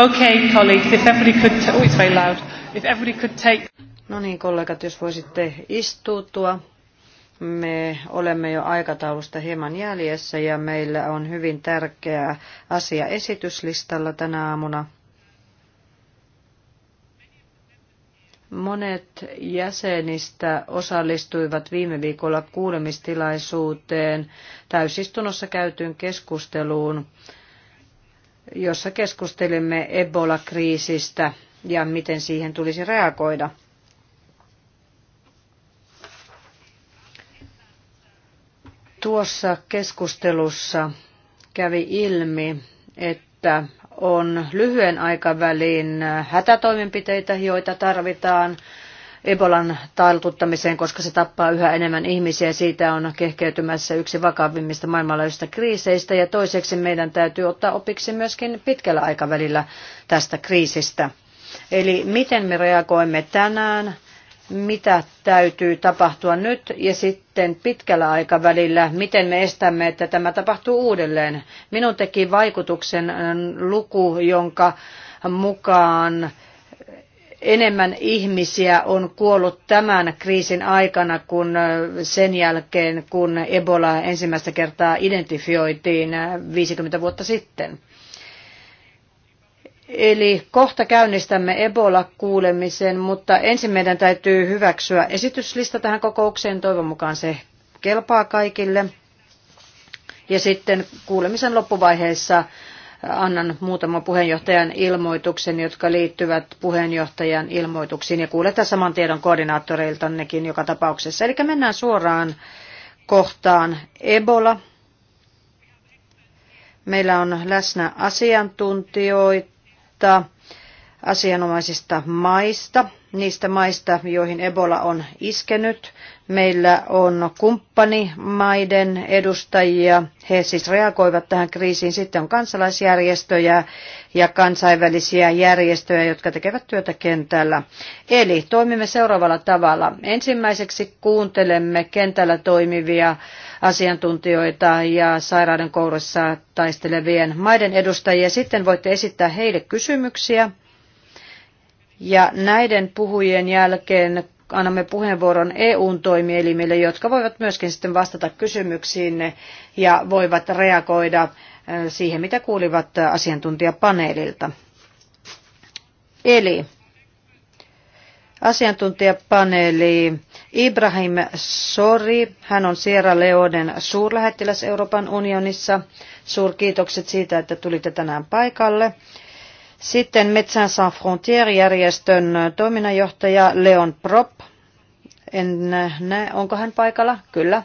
Okay, colleagues, if everybody could... Oh, it's very loud. If everybody could take... No niin, kollegat, jos voisitte istuutua. Me olemme jo aikataulusta hieman jäljessä ja meillä on hyvin tärkeä asia esityslistalla tänä aamuna. Monet jäsenistä osallistuivat viime viikolla kuulemistilaisuuteen täysistunnossa käytyyn keskusteluun jossa keskustelimme Ebola-kriisistä ja miten siihen tulisi reagoida. Tuossa keskustelussa kävi ilmi, että on lyhyen aikavälin hätätoimenpiteitä, joita tarvitaan Ebolan taltuttamiseen, koska se tappaa yhä enemmän ihmisiä. Siitä on kehkeytymässä yksi vakavimmista maailmanlaajuisista kriiseistä. Ja toiseksi meidän täytyy ottaa opiksi myöskin pitkällä aikavälillä tästä kriisistä. Eli miten me reagoimme tänään, mitä täytyy tapahtua nyt ja sitten pitkällä aikavälillä, miten me estämme, että tämä tapahtuu uudelleen. Minun teki vaikutuksen luku, jonka mukaan enemmän ihmisiä on kuollut tämän kriisin aikana kuin sen jälkeen, kun Ebola ensimmäistä kertaa identifioitiin 50 vuotta sitten. Eli kohta käynnistämme Ebola-kuulemisen, mutta ensin meidän täytyy hyväksyä esityslista tähän kokoukseen. Toivon mukaan se kelpaa kaikille. Ja sitten kuulemisen loppuvaiheessa annan muutaman puheenjohtajan ilmoituksen, jotka liittyvät puheenjohtajan ilmoituksiin ja kuulette saman tiedon koordinaattoreiltannekin joka tapauksessa. Eli mennään suoraan kohtaan Ebola. Meillä on läsnä asiantuntijoita asianomaisista maista, niistä maista, joihin Ebola on iskenyt. Meillä on kumppanimaiden edustajia, he siis reagoivat tähän kriisiin. Sitten on kansalaisjärjestöjä ja kansainvälisiä järjestöjä, jotka tekevät työtä kentällä. Eli toimimme seuraavalla tavalla. Ensimmäiseksi kuuntelemme kentällä toimivia asiantuntijoita ja sairauden kourissa taistelevien maiden edustajia. Sitten voitte esittää heille kysymyksiä. Ja näiden puhujien jälkeen annamme puheenvuoron EUn toimielimille, jotka voivat myöskin sitten vastata kysymyksiinne ja voivat reagoida siihen, mitä kuulivat asiantuntijapaneelilta. Eli asiantuntijapaneeli Ibrahim Sori, hän on Sierra Leonen suurlähettiläs Euroopan unionissa. Suurkiitokset siitä, että tulitte tänään paikalle. Sitten Metsän Sans Frontier-järjestön toiminnanjohtaja Leon Prop. En näe, onko hän paikalla? Kyllä.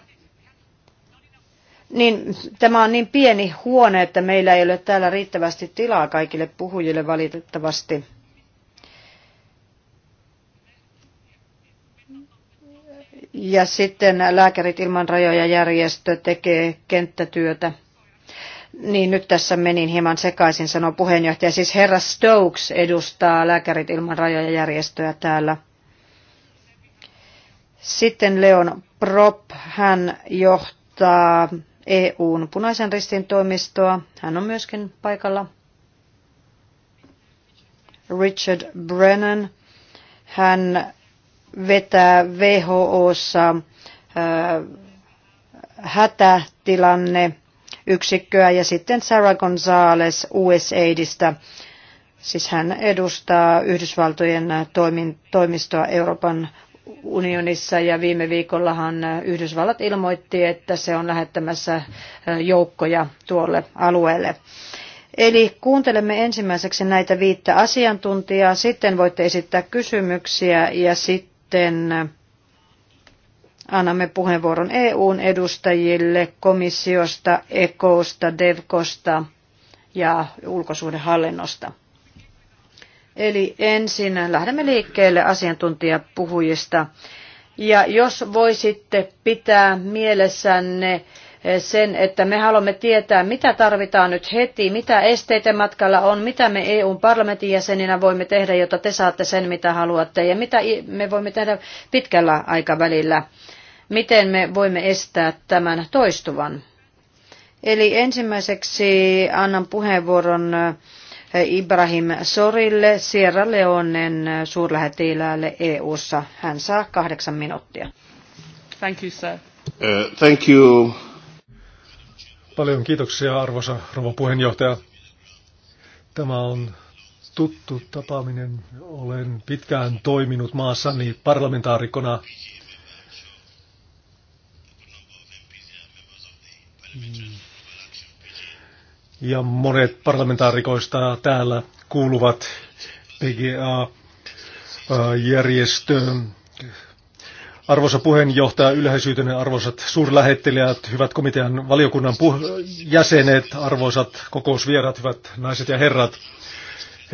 Niin, tämä on niin pieni huone, että meillä ei ole täällä riittävästi tilaa kaikille puhujille valitettavasti. Ja sitten Lääkärit ilman rajoja järjestö tekee kenttätyötä. Niin nyt tässä menin hieman sekaisin, sanoo puheenjohtaja. Siis herra Stokes edustaa Lääkärit ilman rajoja järjestöä täällä. Sitten Leon Prop, hän johtaa EUn punaisen ristin toimistoa. Hän on myöskin paikalla. Richard Brennan, hän vetää WHOssa hätätilanne yksikköä ja sitten Sarah Gonzales USAIDista. Siis hän edustaa Yhdysvaltojen toimistoa Euroopan unionissa ja viime viikollahan Yhdysvallat ilmoitti, että se on lähettämässä joukkoja tuolle alueelle. Eli kuuntelemme ensimmäiseksi näitä viittä asiantuntijaa, sitten voitte esittää kysymyksiä ja sitten annamme puheenvuoron EUn edustajille komissiosta, ECOsta, DEVKosta ja ulkosuhdehallinnosta. Eli ensin lähdemme liikkeelle asiantuntijapuhujista. Ja jos voisitte pitää mielessänne sen, että me haluamme tietää, mitä tarvitaan nyt heti, mitä esteitä matkalla on, mitä me EUn parlamentin jäseninä voimme tehdä, jotta te saatte sen, mitä haluatte, ja mitä me voimme tehdä pitkällä aikavälillä miten me voimme estää tämän toistuvan. Eli ensimmäiseksi annan puheenvuoron eh, Ibrahim Sorille, Sierra Leonen eh, suurlähettiläälle EU-ssa. Hän saa kahdeksan minuuttia. Thank you, sir. Uh, thank you. Paljon kiitoksia, arvoisa rouva puheenjohtaja. Tämä on tuttu tapaaminen. Olen pitkään toiminut maassani parlamentaarikona Mm. Ja monet parlamentaarikoista täällä kuuluvat PGA-järjestöön. Arvoisa puheenjohtaja, ylhäisyytenne arvoisat suurlähettelijät, hyvät komitean valiokunnan jäsenet, arvoisat kokousvierat, hyvät naiset ja herrat.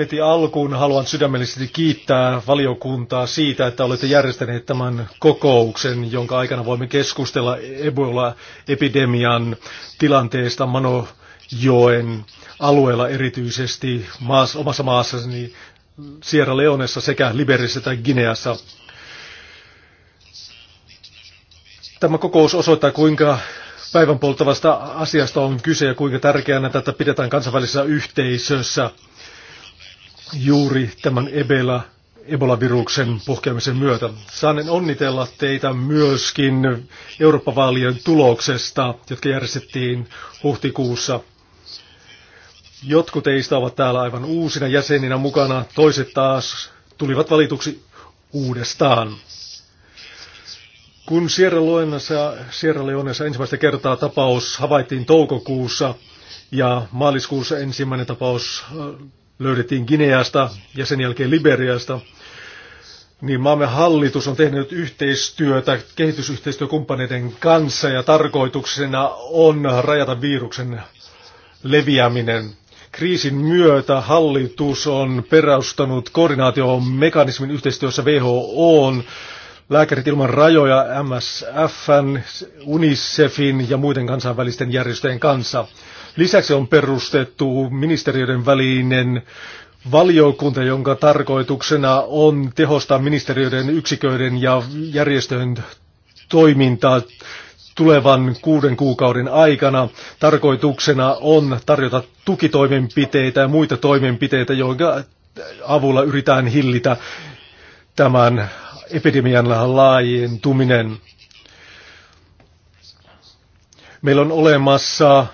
Heti alkuun haluan sydämellisesti kiittää valiokuntaa siitä, että olette järjestäneet tämän kokouksen, jonka aikana voimme keskustella Ebola-epidemian tilanteesta Manojoen alueella erityisesti maassa, omassa maassani Sierra Leonessa sekä Liberissä tai Gineassa. Tämä kokous osoittaa, kuinka päivän polttavasta asiasta on kyse ja kuinka tärkeänä tätä pidetään kansainvälisessä yhteisössä – juuri tämän Ebola, Ebola-viruksen puhkeamisen myötä. Saanen onnitella teitä myöskin Eurooppa-vaalien tuloksesta, jotka järjestettiin huhtikuussa. Jotkut teistä ovat täällä aivan uusina jäseninä mukana, toiset taas tulivat valituksi uudestaan. Kun Sierra Leonessa, Sierra Leonessa ensimmäistä kertaa tapaus havaittiin toukokuussa ja maaliskuussa ensimmäinen tapaus löydettiin Gineasta ja sen jälkeen Liberiasta, niin maamme hallitus on tehnyt yhteistyötä kehitysyhteistyökumppaneiden kanssa ja tarkoituksena on rajata viruksen leviäminen. Kriisin myötä hallitus on perustanut koordinaatiomekanismin yhteistyössä WHOn Lääkärit ilman rajoja, MSFn, UNICEFin ja muiden kansainvälisten järjestöjen kanssa. Lisäksi on perustettu ministeriöiden välinen valiokunta, jonka tarkoituksena on tehostaa ministeriöiden yksiköiden ja järjestöjen toimintaa tulevan kuuden kuukauden aikana. Tarkoituksena on tarjota tukitoimenpiteitä ja muita toimenpiteitä, joiden avulla yritetään hillitä tämän epidemian laajentuminen. Meillä on olemassa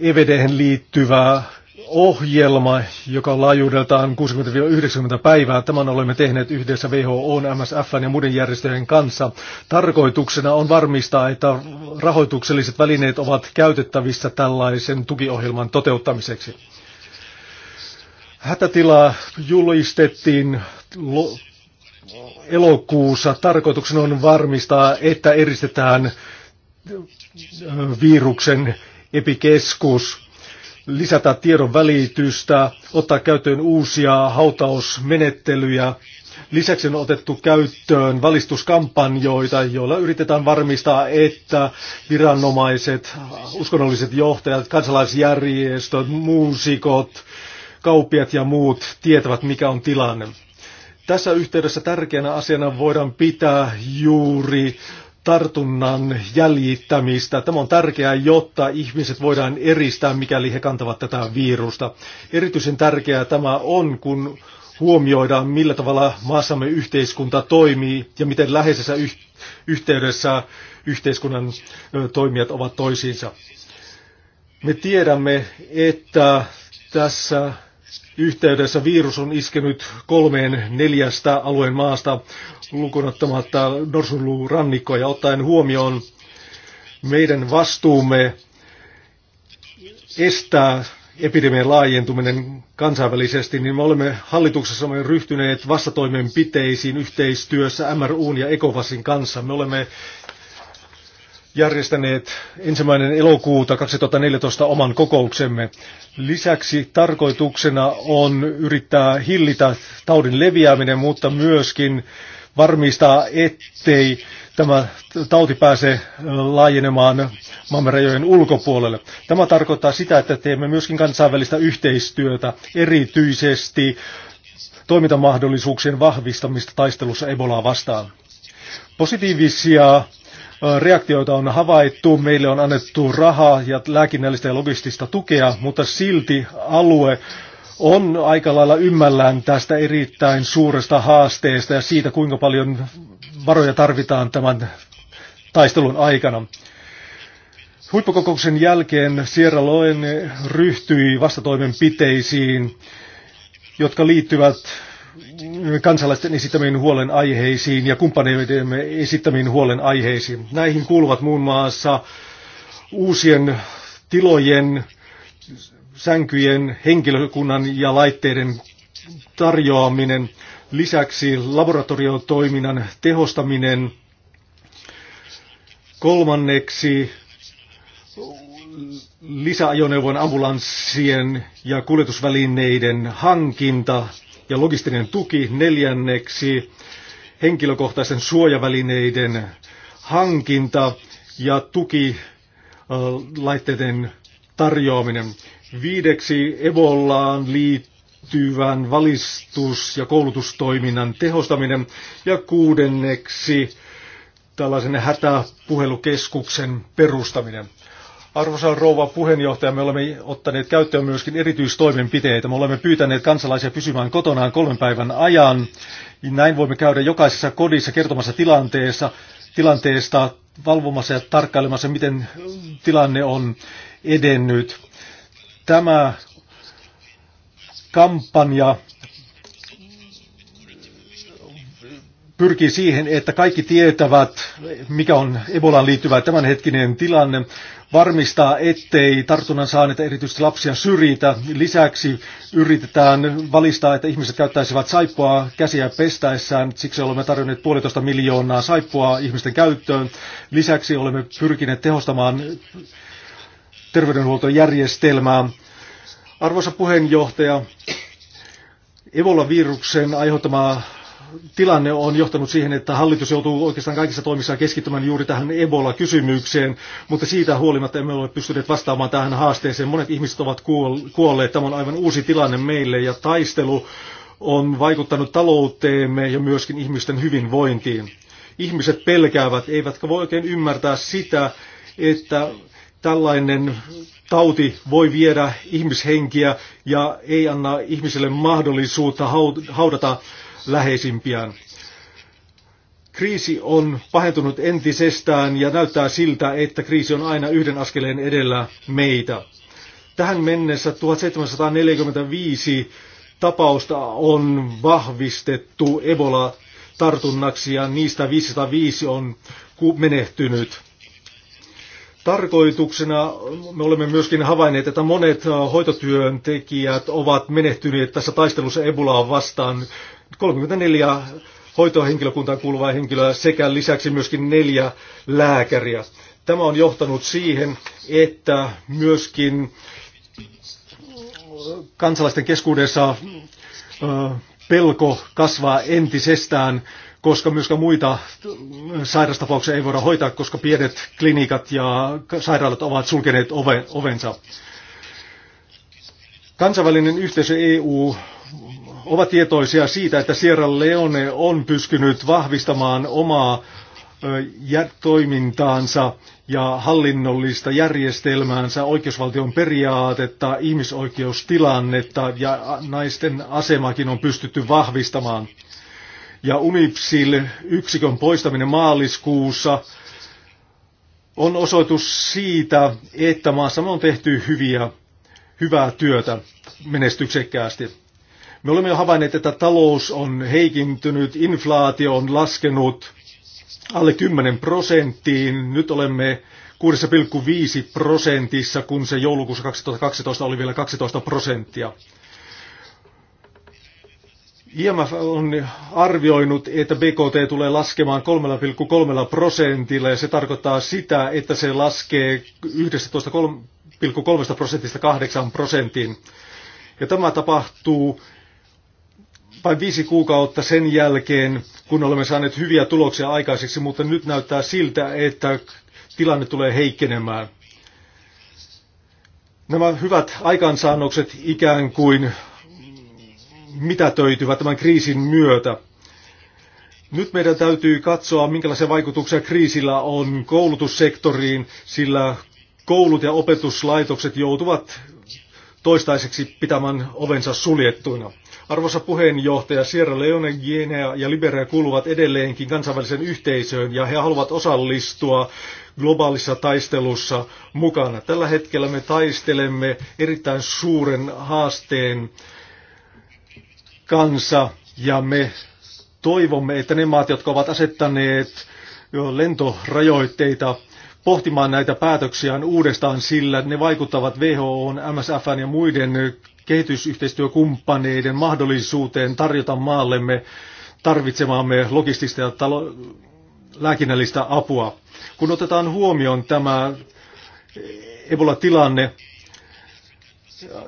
evd liittyvä ohjelma, joka on laajuudeltaan 60-90 päivää. Tämän olemme tehneet yhdessä WHO, MSF ja muiden järjestöjen kanssa. Tarkoituksena on varmistaa, että rahoitukselliset välineet ovat käytettävissä tällaisen tukiohjelman toteuttamiseksi. Hätätila julistettiin elokuussa. Tarkoituksena on varmistaa, että eristetään viruksen epikeskus, lisätä tiedon välitystä, ottaa käyttöön uusia hautausmenettelyjä. Lisäksi on otettu käyttöön valistuskampanjoita, joilla yritetään varmistaa, että viranomaiset, uskonnolliset johtajat, kansalaisjärjestöt, muusikot, kaupiat ja muut tietävät, mikä on tilanne. Tässä yhteydessä tärkeänä asiana voidaan pitää juuri tartunnan jäljittämistä. Tämä on tärkeää, jotta ihmiset voidaan eristää, mikäli he kantavat tätä virusta. Erityisen tärkeää tämä on, kun huomioidaan, millä tavalla maassamme yhteiskunta toimii ja miten läheisessä yh- yhteydessä yhteiskunnan ö, toimijat ovat toisiinsa. Me tiedämme, että tässä yhteydessä virus on iskenyt kolmeen neljästä alueen maasta lukunottamatta Norsunluun rannikkoa ja ottaen huomioon meidän vastuumme estää epidemian laajentuminen kansainvälisesti, niin me olemme hallituksessamme ryhtyneet vastatoimenpiteisiin yhteistyössä MRUn ja ECOVASin kanssa. Me olemme järjestäneet ensimmäinen elokuuta 2014 oman kokouksemme. Lisäksi tarkoituksena on yrittää hillitä taudin leviäminen, mutta myöskin varmistaa, ettei tämä tauti pääse laajenemaan maamerajojen ulkopuolelle. Tämä tarkoittaa sitä, että teemme myöskin kansainvälistä yhteistyötä, erityisesti toimintamahdollisuuksien vahvistamista taistelussa Ebolaa vastaan. Positiivisia reaktioita on havaittu, meille on annettu rahaa ja lääkinnällistä ja logistista tukea, mutta silti alue on aika lailla ymmällään tästä erittäin suuresta haasteesta ja siitä, kuinka paljon varoja tarvitaan tämän taistelun aikana. Huippukokouksen jälkeen Sierra Leone ryhtyi vastatoimenpiteisiin, jotka liittyvät kansalaisten esittämiin huolenaiheisiin ja kumppaneiden esittämiin huolenaiheisiin. Näihin kuuluvat muun muassa uusien tilojen, sänkyjen, henkilökunnan ja laitteiden tarjoaminen, lisäksi laboratoriotoiminnan tehostaminen, kolmanneksi lisäajoneuvon ambulanssien ja kuljetusvälineiden hankinta ja logistinen tuki. Neljänneksi henkilökohtaisen suojavälineiden hankinta ja tuki laitteiden tarjoaminen. Viideksi Ebolaan liittyvän valistus- ja koulutustoiminnan tehostaminen. Ja kuudenneksi tällaisen hätäpuhelukeskuksen perustaminen. Arvoisa rouva puheenjohtaja, me olemme ottaneet käyttöön myöskin erityistoimenpiteitä. Me olemme pyytäneet kansalaisia pysymään kotonaan kolmen päivän ajan. Näin voimme käydä jokaisessa kodissa kertomassa tilanteessa, tilanteesta, valvomassa ja tarkkailemassa, miten tilanne on edennyt. Tämä kampanja pyrkii siihen, että kaikki tietävät, mikä on Ebolaan liittyvä tämänhetkinen tilanne, varmistaa, ettei tartunnan saaneita erityisesti lapsia syrjitä. Lisäksi yritetään valistaa, että ihmiset käyttäisivät saippua käsiä pestäessään. Siksi olemme tarjonneet puolitoista miljoonaa saippua ihmisten käyttöön. Lisäksi olemme pyrkineet tehostamaan terveydenhuoltojärjestelmää. Arvoisa puheenjohtaja, Ebola-viruksen aiheuttama tilanne on johtanut siihen, että hallitus joutuu oikeastaan kaikissa toimissaan keskittymään juuri tähän Ebola-kysymykseen, mutta siitä huolimatta emme ole pystyneet vastaamaan tähän haasteeseen. Monet ihmiset ovat kuolleet. Tämä on aivan uusi tilanne meille ja taistelu on vaikuttanut talouteemme ja myöskin ihmisten hyvinvointiin. Ihmiset pelkäävät, eivätkä voi oikein ymmärtää sitä, että tällainen tauti voi viedä ihmishenkiä ja ei anna ihmiselle mahdollisuutta haudata läheisimpiään. Kriisi on pahentunut entisestään ja näyttää siltä, että kriisi on aina yhden askeleen edellä meitä. Tähän mennessä 1745 tapausta on vahvistettu Ebola-tartunnaksi ja niistä 505 on menehtynyt. Tarkoituksena me olemme myöskin havainneet, että monet hoitotyöntekijät ovat menehtyneet tässä taistelussa Ebolaa vastaan 34 hoitohenkilökuntaan kuuluvaa henkilöä sekä lisäksi myöskin neljä lääkäriä. Tämä on johtanut siihen, että myöskin kansalaisten keskuudessa pelko kasvaa entisestään, koska myöskään muita sairastapauksia ei voida hoitaa, koska pienet klinikat ja sairaalat ovat sulkeneet ovensa. Kansainvälinen yhteisö EU ovat tietoisia siitä, että Sierra Leone on pystynyt vahvistamaan omaa toimintaansa ja hallinnollista järjestelmäänsä, oikeusvaltion periaatetta, ihmisoikeustilannetta ja naisten asemakin on pystytty vahvistamaan. Ja UNIPSIL-yksikön poistaminen maaliskuussa on osoitus siitä, että maassa on tehty hyviä, hyvää työtä menestyksekkäästi. Me olemme jo havainneet, että talous on heikintynyt, inflaatio on laskenut alle 10 prosenttiin. Nyt olemme 6,5 prosentissa, kun se joulukuussa 2012 oli vielä 12 prosenttia. IMF on arvioinut, että BKT tulee laskemaan 3,3 prosentilla ja se tarkoittaa sitä, että se laskee 11,3 prosentista 8 prosenttiin. Ja tämä tapahtuu vain viisi kuukautta sen jälkeen, kun olemme saaneet hyviä tuloksia aikaiseksi, mutta nyt näyttää siltä, että tilanne tulee heikkenemään. Nämä hyvät aikansaannokset ikään kuin mitätöityvät tämän kriisin myötä. Nyt meidän täytyy katsoa, minkälaisia vaikutuksia kriisillä on koulutussektoriin, sillä koulut ja opetuslaitokset joutuvat toistaiseksi pitämään ovensa suljettuina. Arvoisa puheenjohtaja, Sierra Leone, Guinea ja Liberia kuuluvat edelleenkin kansainväliseen yhteisöön ja he haluavat osallistua globaalissa taistelussa mukana. Tällä hetkellä me taistelemme erittäin suuren haasteen kanssa ja me toivomme, että ne maat, jotka ovat asettaneet lentorajoitteita, pohtimaan näitä päätöksiään uudestaan, sillä ne vaikuttavat WHO, MSFn ja muiden kehitysyhteistyökumppaneiden mahdollisuuteen tarjota maallemme tarvitsemaamme logistista ja talo- lääkinnällistä apua. Kun otetaan huomioon tämä Ebola-tilanne,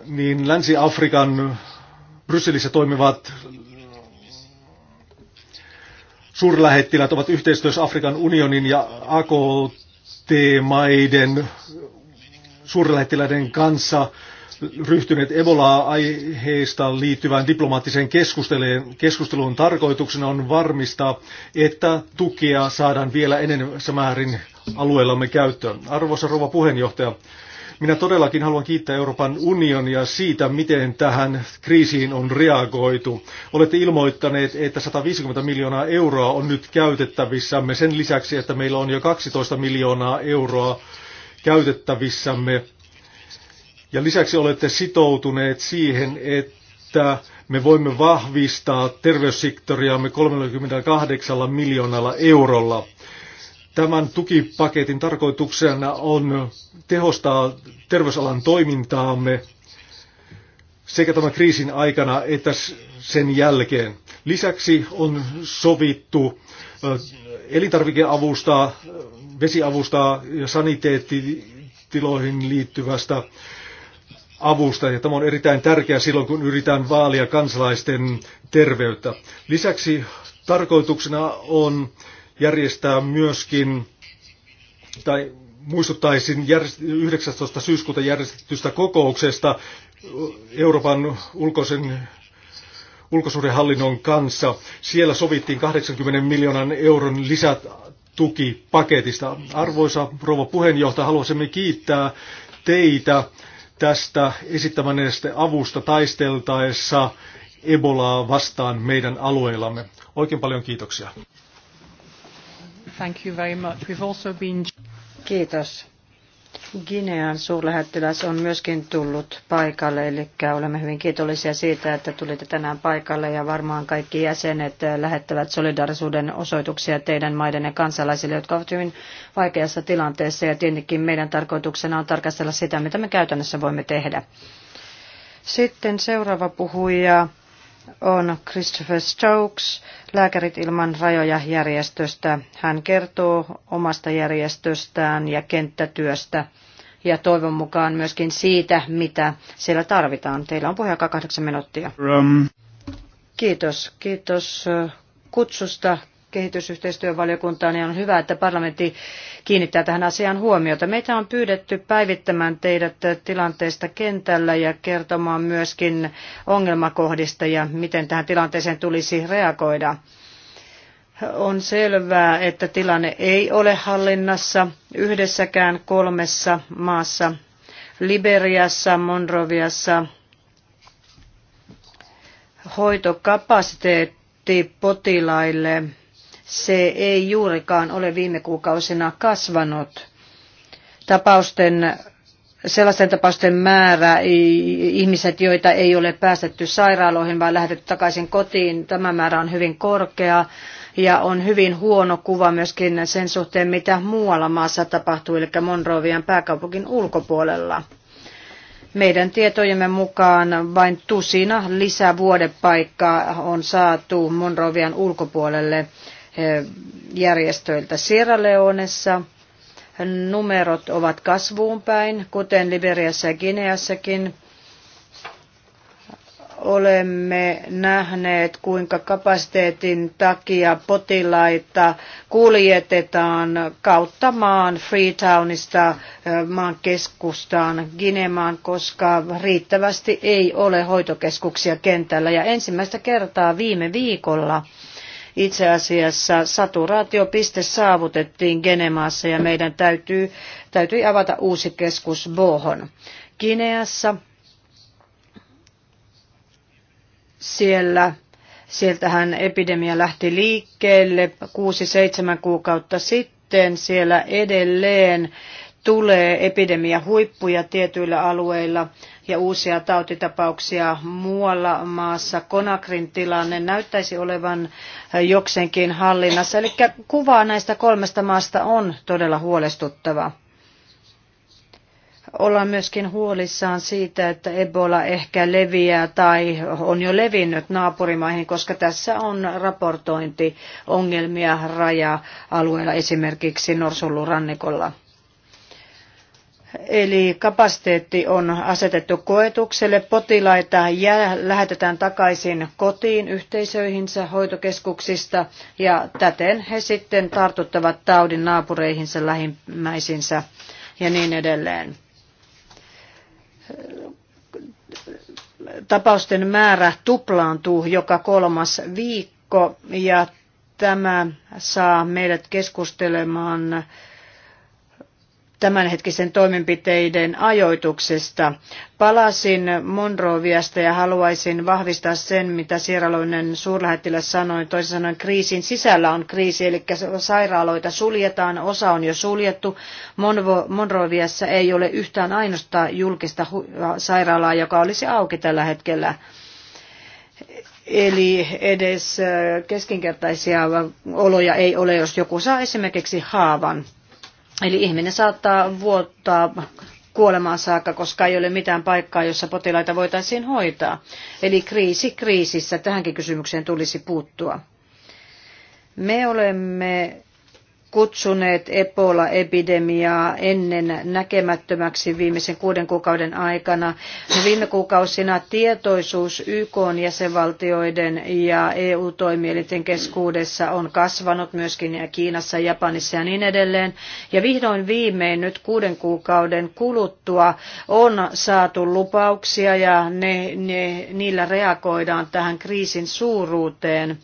niin Länsi-Afrikan Brysselissä toimivat suurlähettilät ovat yhteistyössä Afrikan unionin ja AKT-maiden suurlähettiläiden kanssa ryhtyneet Ebola-aiheista liittyvään diplomaattiseen keskusteluun. Keskustelun tarkoituksena on varmistaa, että tukea saadaan vielä enenevässä määrin alueellamme käyttöön. Arvoisa rouva puheenjohtaja, minä todellakin haluan kiittää Euroopan unionia siitä, miten tähän kriisiin on reagoitu. Olette ilmoittaneet, että 150 miljoonaa euroa on nyt käytettävissämme sen lisäksi, että meillä on jo 12 miljoonaa euroa käytettävissämme ja lisäksi olette sitoutuneet siihen, että me voimme vahvistaa terveyssektoriamme 38 miljoonalla eurolla. Tämän tukipaketin tarkoituksena on tehostaa terveysalan toimintaamme sekä tämän kriisin aikana että sen jälkeen. Lisäksi on sovittu elintarvikeavusta, vesiavusta ja saniteettitiloihin liittyvästä avusta ja tämä on erittäin tärkeää silloin, kun yritetään vaalia kansalaisten terveyttä. Lisäksi tarkoituksena on järjestää myöskin, tai muistuttaisin 19. syyskuuta järjestetystä kokouksesta Euroopan ulkoisen ulkosuhdehallinnon kanssa. Siellä sovittiin 80 miljoonan euron lisätukipaketista. Arvoisa rouva puheenjohtaja, haluaisimme kiittää teitä tästä esittämänestä avusta taisteltaessa Ebolaa vastaan meidän alueillamme. Oikein paljon kiitoksia. Thank you very much. We've also been... Kiitos. Ginean suurlähettiläs on myöskin tullut paikalle, eli olemme hyvin kiitollisia siitä, että tulitte tänään paikalle ja varmaan kaikki jäsenet lähettävät solidarisuuden osoituksia teidän ja kansalaisille, jotka ovat hyvin vaikeassa tilanteessa ja tietenkin meidän tarkoituksena on tarkastella sitä, mitä me käytännössä voimme tehdä. Sitten seuraava puhuja on Christopher Stokes Lääkärit ilman rajoja järjestöstä. Hän kertoo omasta järjestöstään ja kenttätyöstä ja toivon mukaan myöskin siitä, mitä siellä tarvitaan. Teillä on puheenjohtaja kahdeksan minuuttia. Kiitos, kiitos kutsusta kehitysyhteistyövaliokuntaan ja on hyvä, että parlamentti kiinnittää tähän asiaan huomiota. Meitä on pyydetty päivittämään teidät tilanteesta kentällä ja kertomaan myöskin ongelmakohdista ja miten tähän tilanteeseen tulisi reagoida. On selvää, että tilanne ei ole hallinnassa yhdessäkään kolmessa maassa. Liberiassa, Monroviassa, hoitokapasiteetti potilaille se ei juurikaan ole viime kuukausina kasvanut. Tapausten sellaisten tapausten määrä, ihmiset, joita ei ole päästetty sairaaloihin, vaan lähetetty takaisin kotiin, tämä määrä on hyvin korkea ja on hyvin huono kuva myöskin sen suhteen, mitä muualla maassa tapahtuu, eli Monrovian pääkaupunkin ulkopuolella. Meidän tietojemme mukaan vain tusina lisävuodepaikkaa on saatu Monrovian ulkopuolelle järjestöiltä Sierra Leonessa. Numerot ovat kasvuun päin, kuten Liberiassa ja Gineassakin. Olemme nähneet, kuinka kapasiteetin takia potilaita kuljetetaan kautta maan Freetownista maan keskustaan Ginemaan, koska riittävästi ei ole hoitokeskuksia kentällä. Ja ensimmäistä kertaa viime viikolla itse asiassa saturaatiopiste saavutettiin Genemaassa ja meidän täytyy, täytyy avata uusi keskus Bohon. Kineassa siellä Sieltähän epidemia lähti liikkeelle 6-7 kuukautta sitten. Siellä edelleen tulee epidemia huippuja tietyillä alueilla ja uusia tautitapauksia muualla maassa. Konakrin tilanne näyttäisi olevan jokseenkin hallinnassa. Eli kuva näistä kolmesta maasta on todella huolestuttava. Ollaan myöskin huolissaan siitä, että Ebola ehkä leviää tai on jo levinnyt naapurimaihin, koska tässä on raportointiongelmia raja-alueella esimerkiksi Norsulurannikolla. rannikolla Eli kapasiteetti on asetettu koetukselle. Potilaita jää, lähetetään takaisin kotiin yhteisöihinsä hoitokeskuksista ja täten he sitten tartuttavat taudin naapureihinsa, lähimmäisinsä ja niin edelleen. Tapausten määrä tuplaantuu joka kolmas viikko ja tämä saa meidät keskustelemaan tämänhetkisen toimenpiteiden ajoituksesta. Palasin Monroviasta ja haluaisin vahvistaa sen, mitä sieraloinen suurlähettiläs sanoi. Toisin sanoen kriisin sisällä on kriisi, eli sairaaloita suljetaan, osa on jo suljettu. Monroviassa ei ole yhtään ainoasta julkista sairaalaa, joka olisi auki tällä hetkellä. Eli edes keskinkertaisia oloja ei ole, jos joku saa esimerkiksi haavan. Eli ihminen saattaa vuottaa kuolemaan saakka, koska ei ole mitään paikkaa, jossa potilaita voitaisiin hoitaa. Eli kriisi kriisissä, tähänkin kysymykseen tulisi puuttua. Me olemme kutsuneet Ebola-epidemiaa ennen näkemättömäksi viimeisen kuuden kuukauden aikana. No, viime kuukausina tietoisuus YK jäsenvaltioiden ja EU-toimielinten keskuudessa on kasvanut myöskin Kiinassa, Japanissa ja niin edelleen. Ja vihdoin viimein nyt kuuden kuukauden kuluttua on saatu lupauksia ja ne, ne, niillä reagoidaan tähän kriisin suuruuteen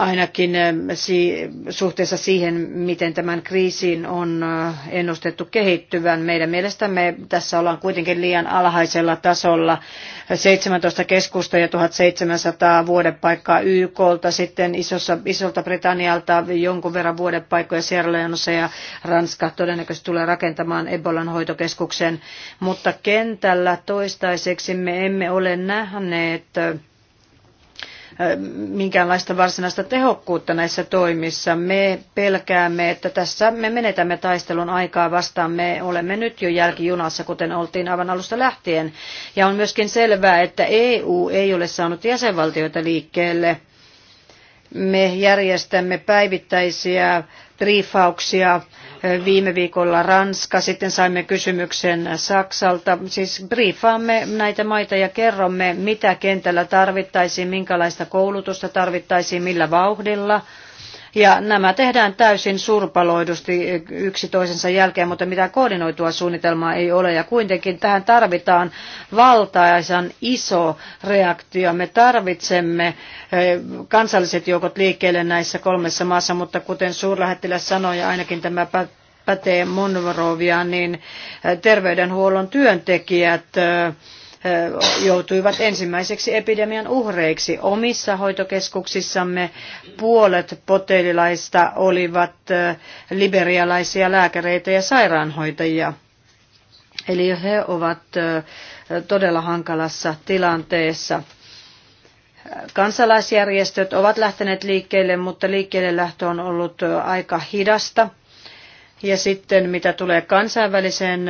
ainakin ähm, suhteessa siihen, miten tämän kriisin on äh, ennustettu kehittyvän. Meidän mielestämme tässä ollaan kuitenkin liian alhaisella tasolla. 17 keskusta ja 1700 vuodepaikkaa YKlta, sitten isossa, isolta Britannialta jonkun verran vuodepaikkoja Sierra Leonessa ja Ranska todennäköisesti tulee rakentamaan Ebolan hoitokeskuksen. Mutta kentällä toistaiseksi me emme ole nähneet äh, minkäänlaista varsinaista tehokkuutta näissä toimissa. Me pelkäämme, että tässä me menetämme taistelun aikaa vastaan. Me olemme nyt jo jälkijunassa, kuten oltiin aivan alusta lähtien. Ja on myöskin selvää, että EU ei ole saanut jäsenvaltioita liikkeelle. Me järjestämme päivittäisiä briefauksia viime viikolla Ranska, sitten saimme kysymyksen Saksalta. Siis briefaamme näitä maita ja kerromme, mitä kentällä tarvittaisiin, minkälaista koulutusta tarvittaisiin, millä vauhdilla – ja nämä tehdään täysin surpaloidusti yksi toisensa jälkeen, mutta mitään koordinoitua suunnitelmaa ei ole. Ja kuitenkin tähän tarvitaan valtaisan iso reaktio. Me tarvitsemme eh, kansalliset joukot liikkeelle näissä kolmessa maassa, mutta kuten suurlähettiläs sanoi, ja ainakin tämä pätee Monrovia, niin eh, terveydenhuollon työntekijät eh, joutuivat ensimmäiseksi epidemian uhreiksi. Omissa hoitokeskuksissamme puolet potilaista olivat liberialaisia lääkäreitä ja sairaanhoitajia. Eli he ovat todella hankalassa tilanteessa. Kansalaisjärjestöt ovat lähteneet liikkeelle, mutta liikkeelle lähtö on ollut aika hidasta. Ja sitten mitä tulee kansainväliseen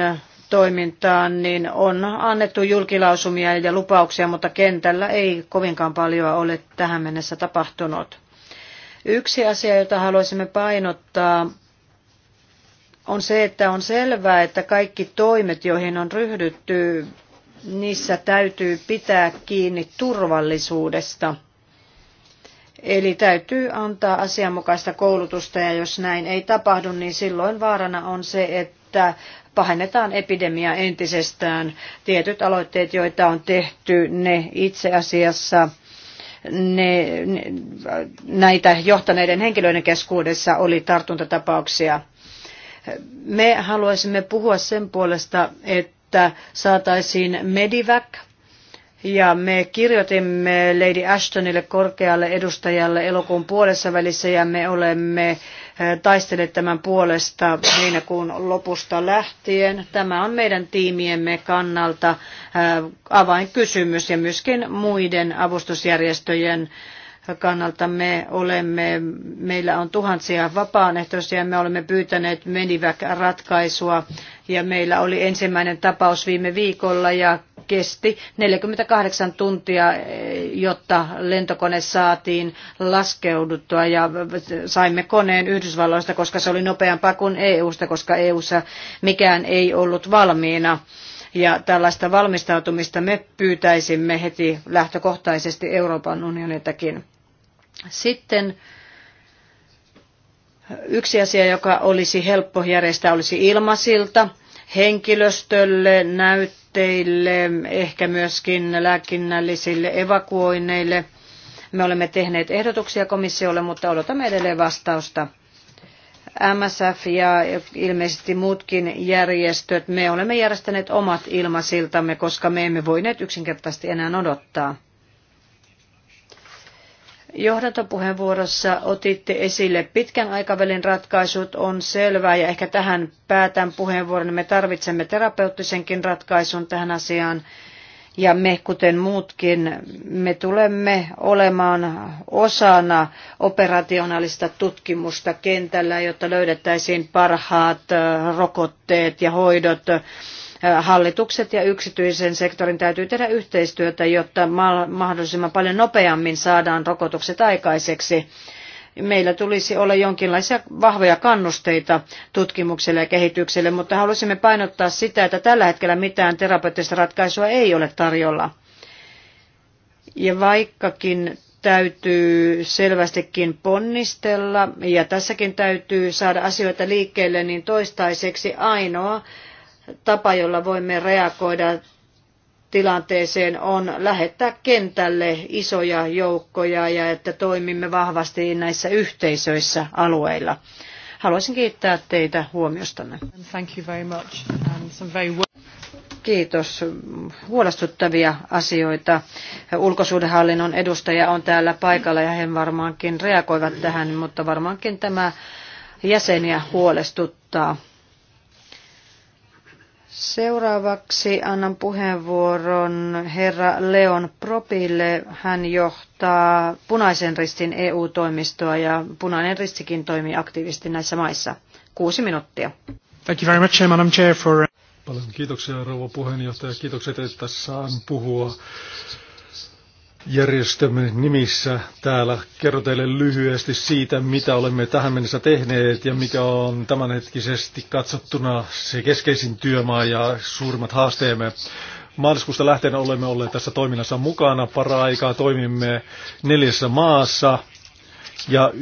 toimintaan, niin on annettu julkilausumia ja lupauksia, mutta kentällä ei kovinkaan paljon ole tähän mennessä tapahtunut. Yksi asia, jota haluaisimme painottaa, on se, että on selvää, että kaikki toimet, joihin on ryhdytty, niissä täytyy pitää kiinni turvallisuudesta. Eli täytyy antaa asianmukaista koulutusta ja jos näin ei tapahdu, niin silloin vaarana on se, että pahennetaan epidemiaa entisestään. Tietyt aloitteet, joita on tehty, ne itse asiassa ne, ne, näitä johtaneiden henkilöiden keskuudessa oli tartuntatapauksia. Me haluaisimme puhua sen puolesta, että saataisiin Medivac ja me kirjoitimme Lady Ashtonille korkealle edustajalle elokuun puolessa välissä ja me olemme eh, taistelleet tämän puolesta heinäkuun lopusta lähtien. Tämä on meidän tiimiemme kannalta eh, avainkysymys ja myöskin muiden avustusjärjestöjen kannalta me olemme, meillä on tuhansia vapaaehtoisia, me olemme pyytäneet menivä ratkaisua ja meillä oli ensimmäinen tapaus viime viikolla ja kesti 48 tuntia, eh, jotta lentokone saatiin laskeuduttua ja saimme koneen Yhdysvalloista, koska se oli nopeampaa kuin EUsta, koska EUssa mikään ei ollut valmiina. Ja tällaista valmistautumista me pyytäisimme heti lähtökohtaisesti Euroopan unionitakin. Sitten eh, yksi asia, joka olisi helppo järjestää, olisi ilmasilta henkilöstölle, näytteille, ehkä myöskin lääkinnällisille evakuoineille. Me olemme tehneet ehdotuksia komissiolle, mutta odotamme edelleen vastausta. MSF ja ilmeisesti muutkin järjestöt, me olemme järjestäneet omat ilmasiltamme, koska me emme voineet yksinkertaisesti enää odottaa. Johdantopuheenvuorossa otitte esille pitkän aikavälin ratkaisut, on selvää ja ehkä tähän päätän puheenvuoron. Me tarvitsemme terapeuttisenkin ratkaisun tähän asiaan ja me, kuten muutkin, me tulemme olemaan osana operationaalista tutkimusta kentällä, jotta löydettäisiin parhaat äh, rokotteet ja hoidot Hallitukset ja yksityisen sektorin täytyy tehdä yhteistyötä, jotta mahdollisimman paljon nopeammin saadaan rokotukset aikaiseksi meillä tulisi olla jonkinlaisia vahvoja kannusteita tutkimukselle ja kehitykselle, mutta halusimme painottaa sitä, että tällä hetkellä mitään terapeuttista ratkaisua ei ole tarjolla. Ja vaikkakin täytyy selvästikin ponnistella ja tässäkin täytyy saada asioita liikkeelle, niin toistaiseksi ainoa tapa, jolla voimme reagoida tilanteeseen on lähettää kentälle isoja joukkoja ja että toimimme vahvasti näissä yhteisöissä alueilla. Haluaisin kiittää teitä huomiostanne. Thank you very much. And some very... Kiitos. Huolestuttavia asioita. Ulkosuudenhallinnon edustaja on täällä paikalla ja he varmaankin reagoivat tähän, mutta varmaankin tämä jäseniä huolestuttaa. Seuraavaksi annan puheenvuoron herra Leon Propille. Hän johtaa Punaisen ristin EU-toimistoa ja Punainen ristikin toimii aktiivisesti näissä maissa. Kuusi minuuttia. Thank you very much, Madam Chair, for... Paljon kiitoksia, rouva puheenjohtaja. Kiitokset, että saan puhua järjestömme nimissä täällä kerron teille lyhyesti siitä, mitä olemme tähän mennessä tehneet ja mikä on tämänhetkisesti katsottuna se keskeisin työmaa ja suurimmat haasteemme. Maaliskuusta lähtien olemme olleet tässä toiminnassa mukana. Para-aikaa toimimme neljässä maassa ja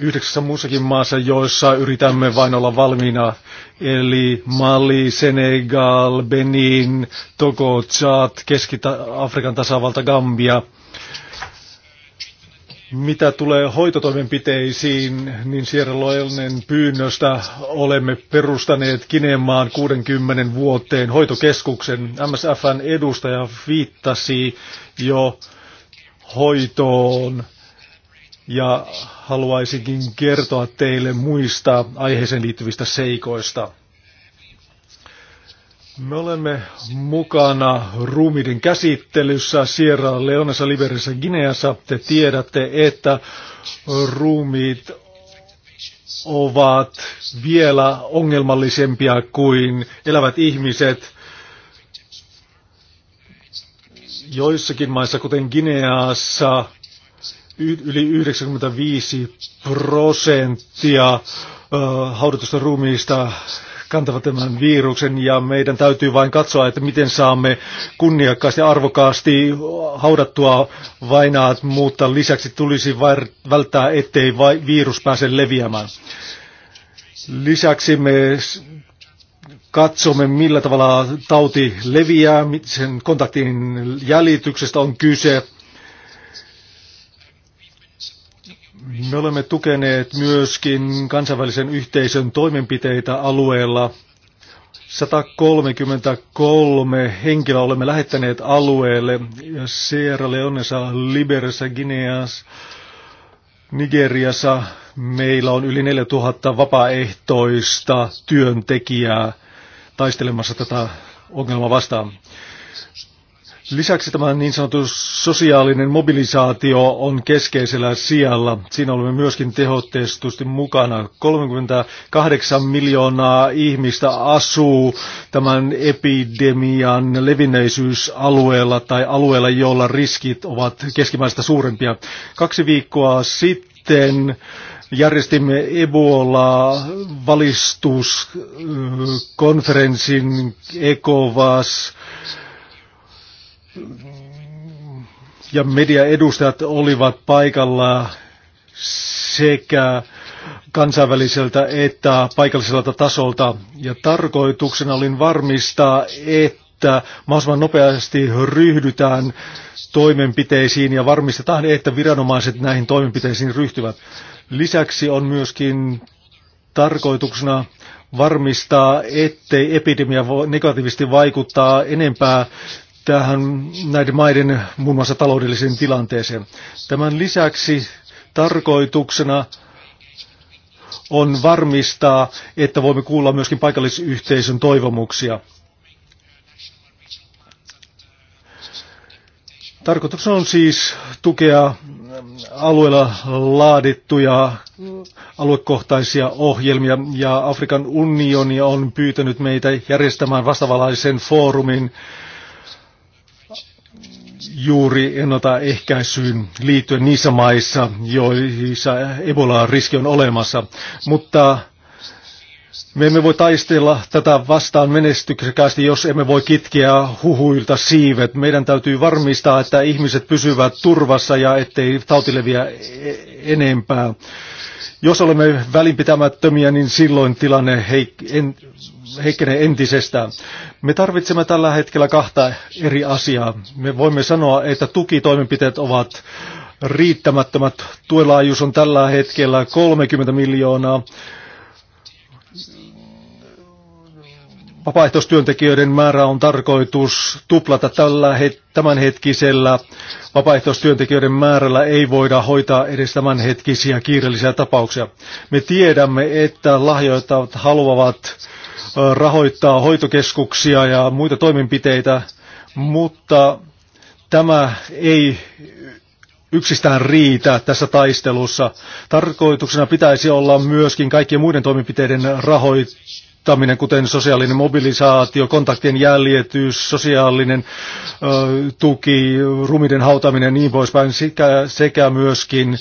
yhdeksässä muussakin maassa, joissa yritämme vain olla valmiina, eli Mali, Senegal, Benin, Togo, Chad, Keski-Afrikan tasavalta, Gambia. Mitä tulee hoitotoimenpiteisiin, niin Sierra Loelnen pyynnöstä olemme perustaneet Kinemaan 60 vuoteen hoitokeskuksen. MSFn edustaja viittasi jo hoitoon ja haluaisinkin kertoa teille muista aiheeseen liittyvistä seikoista. Me olemme mukana ruumiiden käsittelyssä Sierra Leonessa, Liberissa, Gineassa. Te tiedätte, että ruumiit ovat vielä ongelmallisempia kuin elävät ihmiset. Joissakin maissa, kuten Gineassa, yli 95 prosenttia haudutusta ruumiista kantavat tämän viruksen ja meidän täytyy vain katsoa, että miten saamme kunniakkaasti ja arvokkaasti haudattua vainaat, mutta lisäksi tulisi välttää, ettei virus pääse leviämään. Lisäksi me katsomme, millä tavalla tauti leviää, sen kontaktin jäljityksestä on kyse Me olemme tukeneet myöskin kansainvälisen yhteisön toimenpiteitä alueella. 133 henkilöä olemme lähettäneet alueelle. Sierra Leonessa, Liberissa, Gineassa, Nigeriassa meillä on yli 4000 vapaaehtoista työntekijää taistelemassa tätä ongelmaa vastaan. Lisäksi tämä niin sanottu sosiaalinen mobilisaatio on keskeisellä sijalla. Siinä olemme myöskin tehotestusti mukana. 38 miljoonaa ihmistä asuu tämän epidemian levinneisyysalueella tai alueella, jolla riskit ovat keskimääräistä suurempia. Kaksi viikkoa sitten järjestimme Ebola-valistuskonferenssin ECOVAS ja mediaedustajat olivat paikalla sekä kansainväliseltä että paikalliselta tasolta. Ja tarkoituksena oli varmistaa, että mahdollisimman nopeasti ryhdytään toimenpiteisiin ja varmistetaan, että viranomaiset näihin toimenpiteisiin ryhtyvät. Lisäksi on myöskin tarkoituksena varmistaa, ettei epidemia negatiivisesti vaikuttaa enempää tähän näiden maiden muun muassa taloudelliseen tilanteeseen. Tämän lisäksi tarkoituksena on varmistaa, että voimme kuulla myöskin paikallisyhteisön toivomuksia. Tarkoituksena on siis tukea alueella laadittuja aluekohtaisia ohjelmia ja Afrikan unioni on pyytänyt meitä järjestämään vastavalaisen foorumin juuri ennaltaehkäisyyn liittyen niissä maissa, joissa Ebola-riski on olemassa. Mutta me emme voi taistella tätä vastaan menestyksekästi, jos emme voi kitkeä huhuilta siivet. Meidän täytyy varmistaa, että ihmiset pysyvät turvassa ja ettei tautileviä e- enempää. Jos olemme välinpitämättömiä, niin silloin tilanne heik- en- heikkenee entisestään. Me tarvitsemme tällä hetkellä kahta eri asiaa. Me voimme sanoa, että tukitoimenpiteet ovat riittämättömät. Tuelaajuus on tällä hetkellä 30 miljoonaa Vapaaehtoistyöntekijöiden määrä on tarkoitus tuplata tällä het- tämänhetkisellä. Vapaaehtoistyöntekijöiden määrällä ei voida hoitaa edes tämänhetkisiä kiireellisiä tapauksia. Me tiedämme, että lahjoittavat haluavat rahoittaa hoitokeskuksia ja muita toimenpiteitä, mutta tämä ei yksistään riitä tässä taistelussa. Tarkoituksena pitäisi olla myöskin kaikkien muiden toimenpiteiden rahoittaminen auttaminen, kuten sosiaalinen mobilisaatio, kontaktien jäljetys, sosiaalinen ö, tuki, rumiden hautaminen ja niin poispäin, sekä, sekä myöskin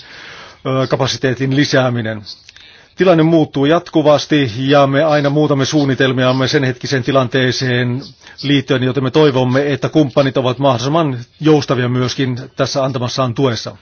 ö, kapasiteetin lisääminen. Tilanne muuttuu jatkuvasti ja me aina muutamme suunnitelmiamme sen hetkiseen tilanteeseen liittyen, joten me toivomme, että kumppanit ovat mahdollisimman joustavia myöskin tässä antamassaan tuessa.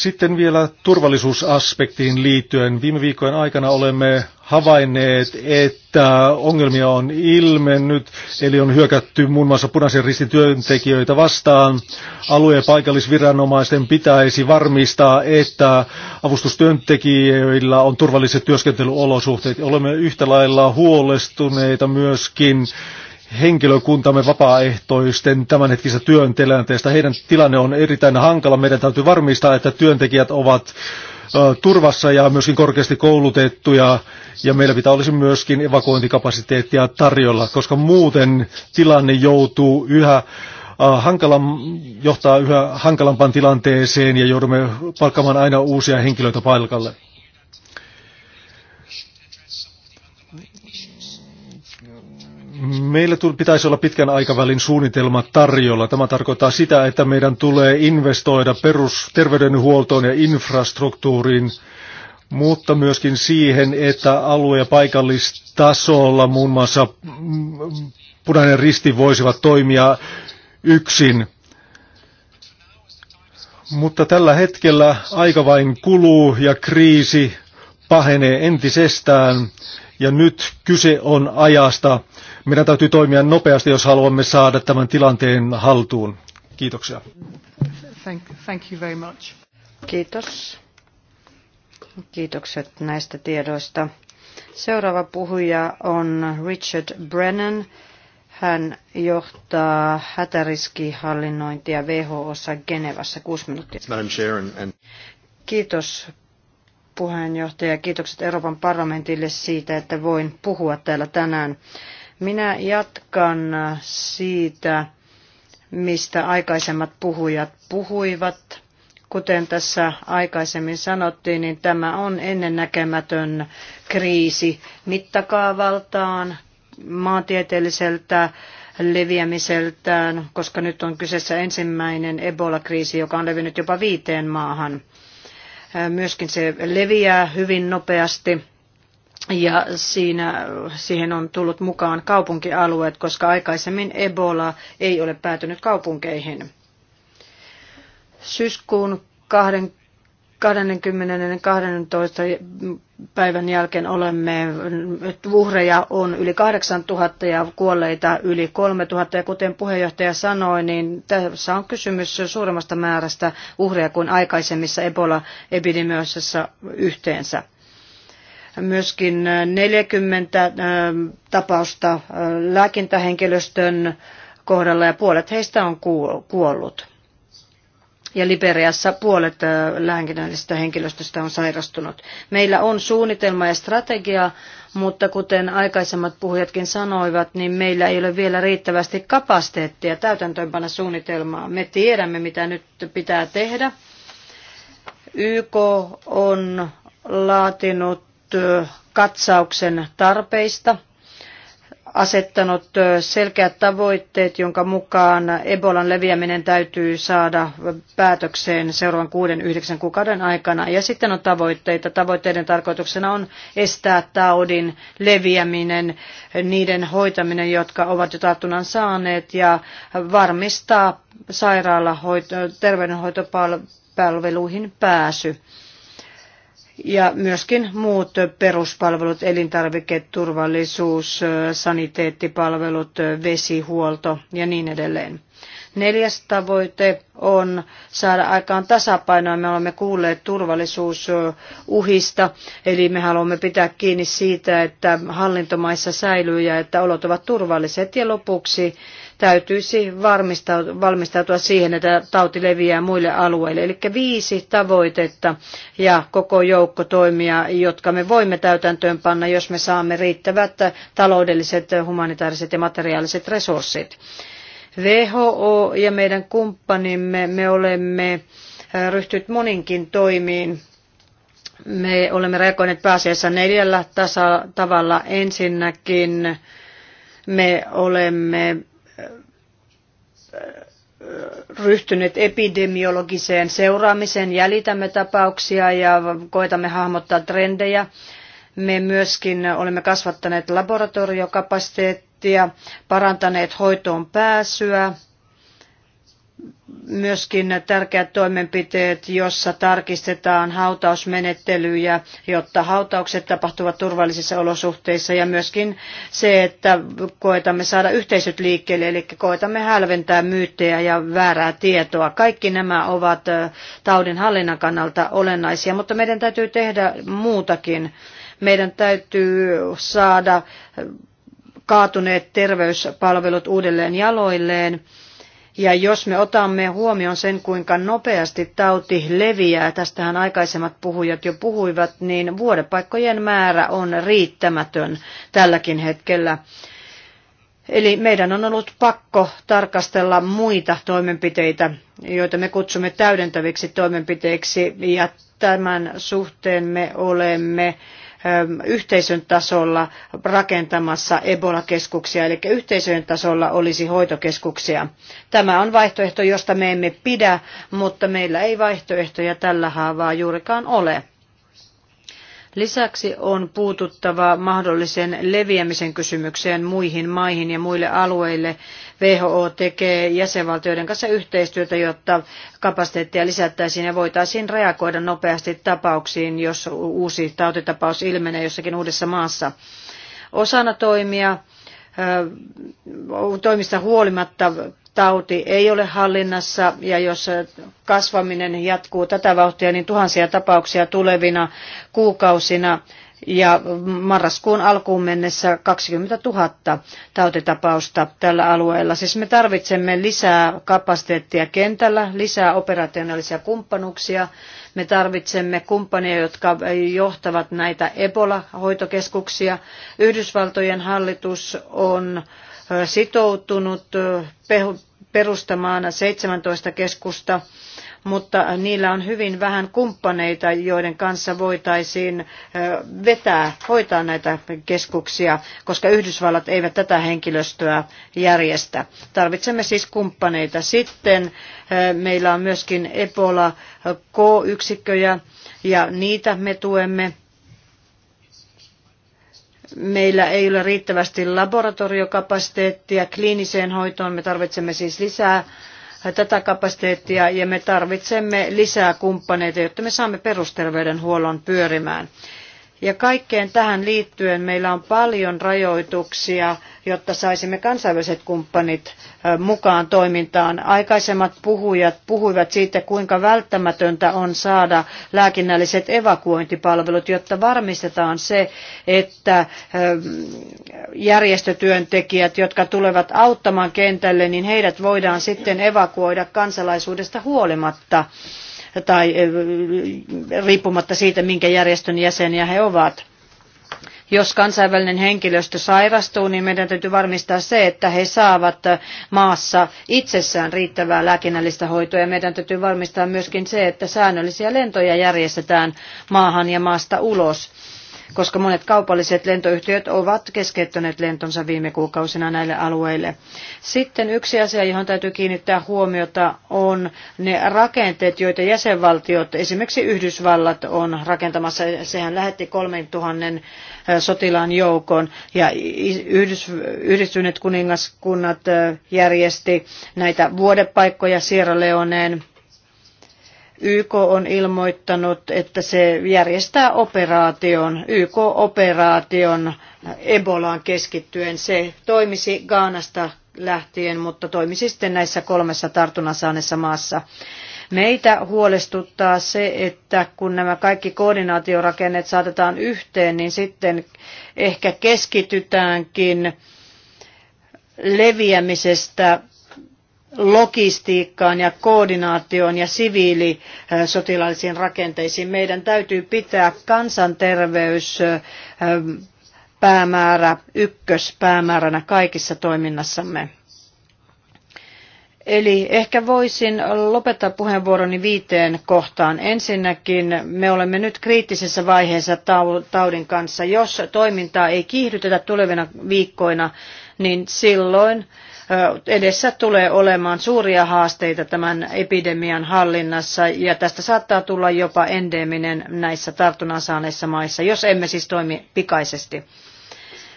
Sitten vielä turvallisuusaspektiin liittyen. Viime viikkojen aikana olemme havainneet, että ongelmia on ilmennyt, eli on hyökätty muun muassa punaisen ristin työntekijöitä vastaan. Alue- ja paikallisviranomaisten pitäisi varmistaa, että avustustyöntekijöillä on turvalliset työskentelyolosuhteet. Olemme yhtä lailla huolestuneita myöskin henkilökuntamme vapaaehtoisten tämänhetkisestä työn Heidän tilanne on erittäin hankala. Meidän täytyy varmistaa, että työntekijät ovat turvassa ja myöskin korkeasti koulutettuja ja meillä pitää olisi myöskin evakuointikapasiteettia tarjolla, koska muuten tilanne joutuu yhä hankalan, johtaa yhä hankalampaan tilanteeseen ja joudumme palkkaamaan aina uusia henkilöitä paikalle. Meillä pitäisi olla pitkän aikavälin suunnitelma tarjolla. Tämä tarkoittaa sitä, että meidän tulee investoida perusterveydenhuoltoon ja infrastruktuuriin, mutta myöskin siihen, että alue- ja paikallistasolla muun muassa mm, punainen risti voisivat toimia yksin. Mutta tällä hetkellä aika vain kuluu ja kriisi pahenee entisestään ja nyt kyse on ajasta, meidän täytyy toimia nopeasti, jos haluamme saada tämän tilanteen haltuun. Kiitoksia. Thank, thank you very much. Kiitos. Kiitokset näistä tiedoista. Seuraava puhuja on Richard Brennan. Hän johtaa hätäriskihallinnointia WHOssa Genevassa. Kuusi minuuttia. Kiitos puheenjohtaja. Kiitokset Euroopan parlamentille siitä, että voin puhua täällä tänään. Minä jatkan siitä, mistä aikaisemmat puhujat puhuivat. Kuten tässä aikaisemmin sanottiin, niin tämä on ennennäkemätön kriisi mittakaavaltaan, maantieteelliseltä leviämiseltään, koska nyt on kyseessä ensimmäinen Ebola-kriisi, joka on levinnyt jopa viiteen maahan. Myöskin se leviää hyvin nopeasti ja siinä, siihen on tullut mukaan kaupunkialueet, koska aikaisemmin Ebola ei ole päätynyt kaupunkeihin. Syyskuun 20 22. päivän jälkeen olemme, uhreja on yli 8000 ja kuolleita yli 3000. Ja kuten puheenjohtaja sanoi, niin tässä on kysymys suuremmasta määrästä uhreja kuin aikaisemmissa Ebola-epidemioissa yhteensä myöskin 40 äh, äh, tapausta äh, lääkintähenkilöstön kohdalla ja puolet heistä on kuollut. Ja Liberiassa puolet lääkinnällisestä henkilöstöstä on sairastunut. Meillä on suunnitelma ja strategia, mutta kuten aikaisemmat puhujatkin sanoivat, niin meillä ei ole vielä riittävästi kapasiteettia täytäntöönpana suunnitelmaa. Me tiedämme, mitä nyt pitää tehdä. YK on laatinut katsauksen tarpeista, asettanut selkeät tavoitteet, jonka mukaan Ebolan leviäminen täytyy saada päätökseen seuraavan kuuden yhdeksän kuukauden aikana. Ja sitten on tavoitteita. Tavoitteiden tarkoituksena on estää taudin leviäminen, niiden hoitaminen, jotka ovat jo tartunnan saaneet, ja varmistaa sairaalahoito, terveydenhoitopalveluihin pääsy ja myöskin muut peruspalvelut, elintarviketurvallisuus, saniteettipalvelut, vesihuolto ja niin edelleen. Neljäs tavoite on saada aikaan tasapainoa. Me olemme kuulleet turvallisuusuhista, eli me haluamme pitää kiinni siitä, että hallintomaissa säilyy ja että olot ovat turvalliset. Ja lopuksi täytyisi valmistautua siihen, että tauti leviää muille alueille. Eli viisi tavoitetta ja koko joukko toimia, jotka me voimme täytäntöön panna, jos me saamme riittävät taloudelliset, humanitaariset ja materiaaliset resurssit. WHO ja meidän kumppanimme, me olemme äh, ryhtyneet moninkin toimiin me olemme reagoineet pääasiassa neljällä tasa- tavalla. Ensinnäkin me olemme ryhtyneet epidemiologiseen seuraamiseen, jäljitämme tapauksia ja koetamme hahmottaa trendejä. Me myöskin olemme kasvattaneet laboratoriokapasiteettia, parantaneet hoitoon pääsyä myöskin tärkeät toimenpiteet, jossa tarkistetaan hautausmenettelyjä, jotta hautaukset tapahtuvat turvallisissa olosuhteissa ja myöskin se, että koetamme saada yhteisöt liikkeelle, eli koetamme hälventää myyttejä ja väärää tietoa. Kaikki nämä ovat taudin hallinnan kannalta olennaisia, mutta meidän täytyy tehdä muutakin. Meidän täytyy saada kaatuneet terveyspalvelut uudelleen jaloilleen ja jos me otamme huomioon sen, kuinka nopeasti tauti leviää, tästähän aikaisemmat puhujat jo puhuivat, niin vuodepaikkojen määrä on riittämätön tälläkin hetkellä. Eli meidän on ollut pakko tarkastella muita toimenpiteitä, joita me kutsumme täydentäviksi toimenpiteiksi, ja tämän suhteen me olemme Ähm, yhteisön tasolla rakentamassa Ebola-keskuksia, eli yhteisöjen tasolla olisi hoitokeskuksia. Tämä on vaihtoehto, josta me emme pidä, mutta meillä ei vaihtoehtoja tällä haavaa juurikaan ole. Lisäksi on puututtava mahdollisen leviämisen kysymykseen muihin maihin ja muille alueille WHO tekee jäsenvaltioiden kanssa yhteistyötä, jotta kapasiteettia lisättäisiin ja voitaisiin reagoida nopeasti tapauksiin, jos uusi tautitapaus ilmenee jossakin uudessa maassa. Osana toimia toimista huolimatta tauti ei ole hallinnassa ja jos kasvaminen jatkuu tätä vauhtia, niin tuhansia tapauksia tulevina kuukausina ja marraskuun alkuun mennessä 20 000 tautitapausta tällä alueella. Siis me tarvitsemme lisää kapasiteettia kentällä, lisää operationaalisia kumppanuuksia. Me tarvitsemme kumppaneja, jotka johtavat näitä Ebola-hoitokeskuksia. Yhdysvaltojen hallitus on sitoutunut perustamaan 17 keskusta, mutta niillä on hyvin vähän kumppaneita, joiden kanssa voitaisiin vetää, hoitaa näitä keskuksia, koska Yhdysvallat eivät tätä henkilöstöä järjestä. Tarvitsemme siis kumppaneita. Sitten meillä on myöskin Ebola K-yksikköjä ja niitä me tuemme Meillä ei ole riittävästi laboratoriokapasiteettia kliiniseen hoitoon. Me tarvitsemme siis lisää tätä kapasiteettia ja me tarvitsemme lisää kumppaneita, jotta me saamme perusterveydenhuollon pyörimään. Ja kaikkeen tähän liittyen meillä on paljon rajoituksia, jotta saisimme kansainväliset kumppanit mukaan toimintaan. Aikaisemmat puhujat puhuivat siitä, kuinka välttämätöntä on saada lääkinnälliset evakuointipalvelut, jotta varmistetaan se, että järjestötyöntekijät, jotka tulevat auttamaan kentälle, niin heidät voidaan sitten evakuoida kansalaisuudesta huolimatta tai riippumatta siitä, minkä järjestön jäseniä he ovat. Jos kansainvälinen henkilöstö sairastuu, niin meidän täytyy varmistaa se, että he saavat maassa itsessään riittävää lääkinnällistä hoitoa. Ja meidän täytyy varmistaa myöskin se, että säännöllisiä lentoja järjestetään maahan ja maasta ulos koska monet kaupalliset lentoyhtiöt ovat keskeyttäneet lentonsa viime kuukausina näille alueille. Sitten yksi asia, johon täytyy kiinnittää huomiota, on ne rakenteet, joita jäsenvaltiot, esimerkiksi Yhdysvallat, on rakentamassa. Sehän lähetti 3000 sotilaan joukon ja Yhdys, Yhdistyneet kuningaskunnat järjesti näitä vuodepaikkoja Sierra Leoneen YK on ilmoittanut, että se järjestää operaation, YK-operaation Ebolaan keskittyen. Se toimisi Gaanasta lähtien, mutta toimisi sitten näissä kolmessa tartunnan saaneessa maassa. Meitä huolestuttaa se, että kun nämä kaikki koordinaatiorakennet saatetaan yhteen, niin sitten ehkä keskitytäänkin leviämisestä logistiikkaan ja koordinaatioon ja siviilisotilaallisiin rakenteisiin. Meidän täytyy pitää kansanterveys päämäärä ykköspäämääränä kaikissa toiminnassamme. Eli ehkä voisin lopettaa puheenvuoroni viiteen kohtaan. Ensinnäkin me olemme nyt kriittisessä vaiheessa taudin kanssa. Jos toimintaa ei kiihdytetä tulevina viikkoina, niin silloin edessä tulee olemaan suuria haasteita tämän epidemian hallinnassa ja tästä saattaa tulla jopa endeminen näissä tartunnan saaneissa maissa, jos emme siis toimi pikaisesti.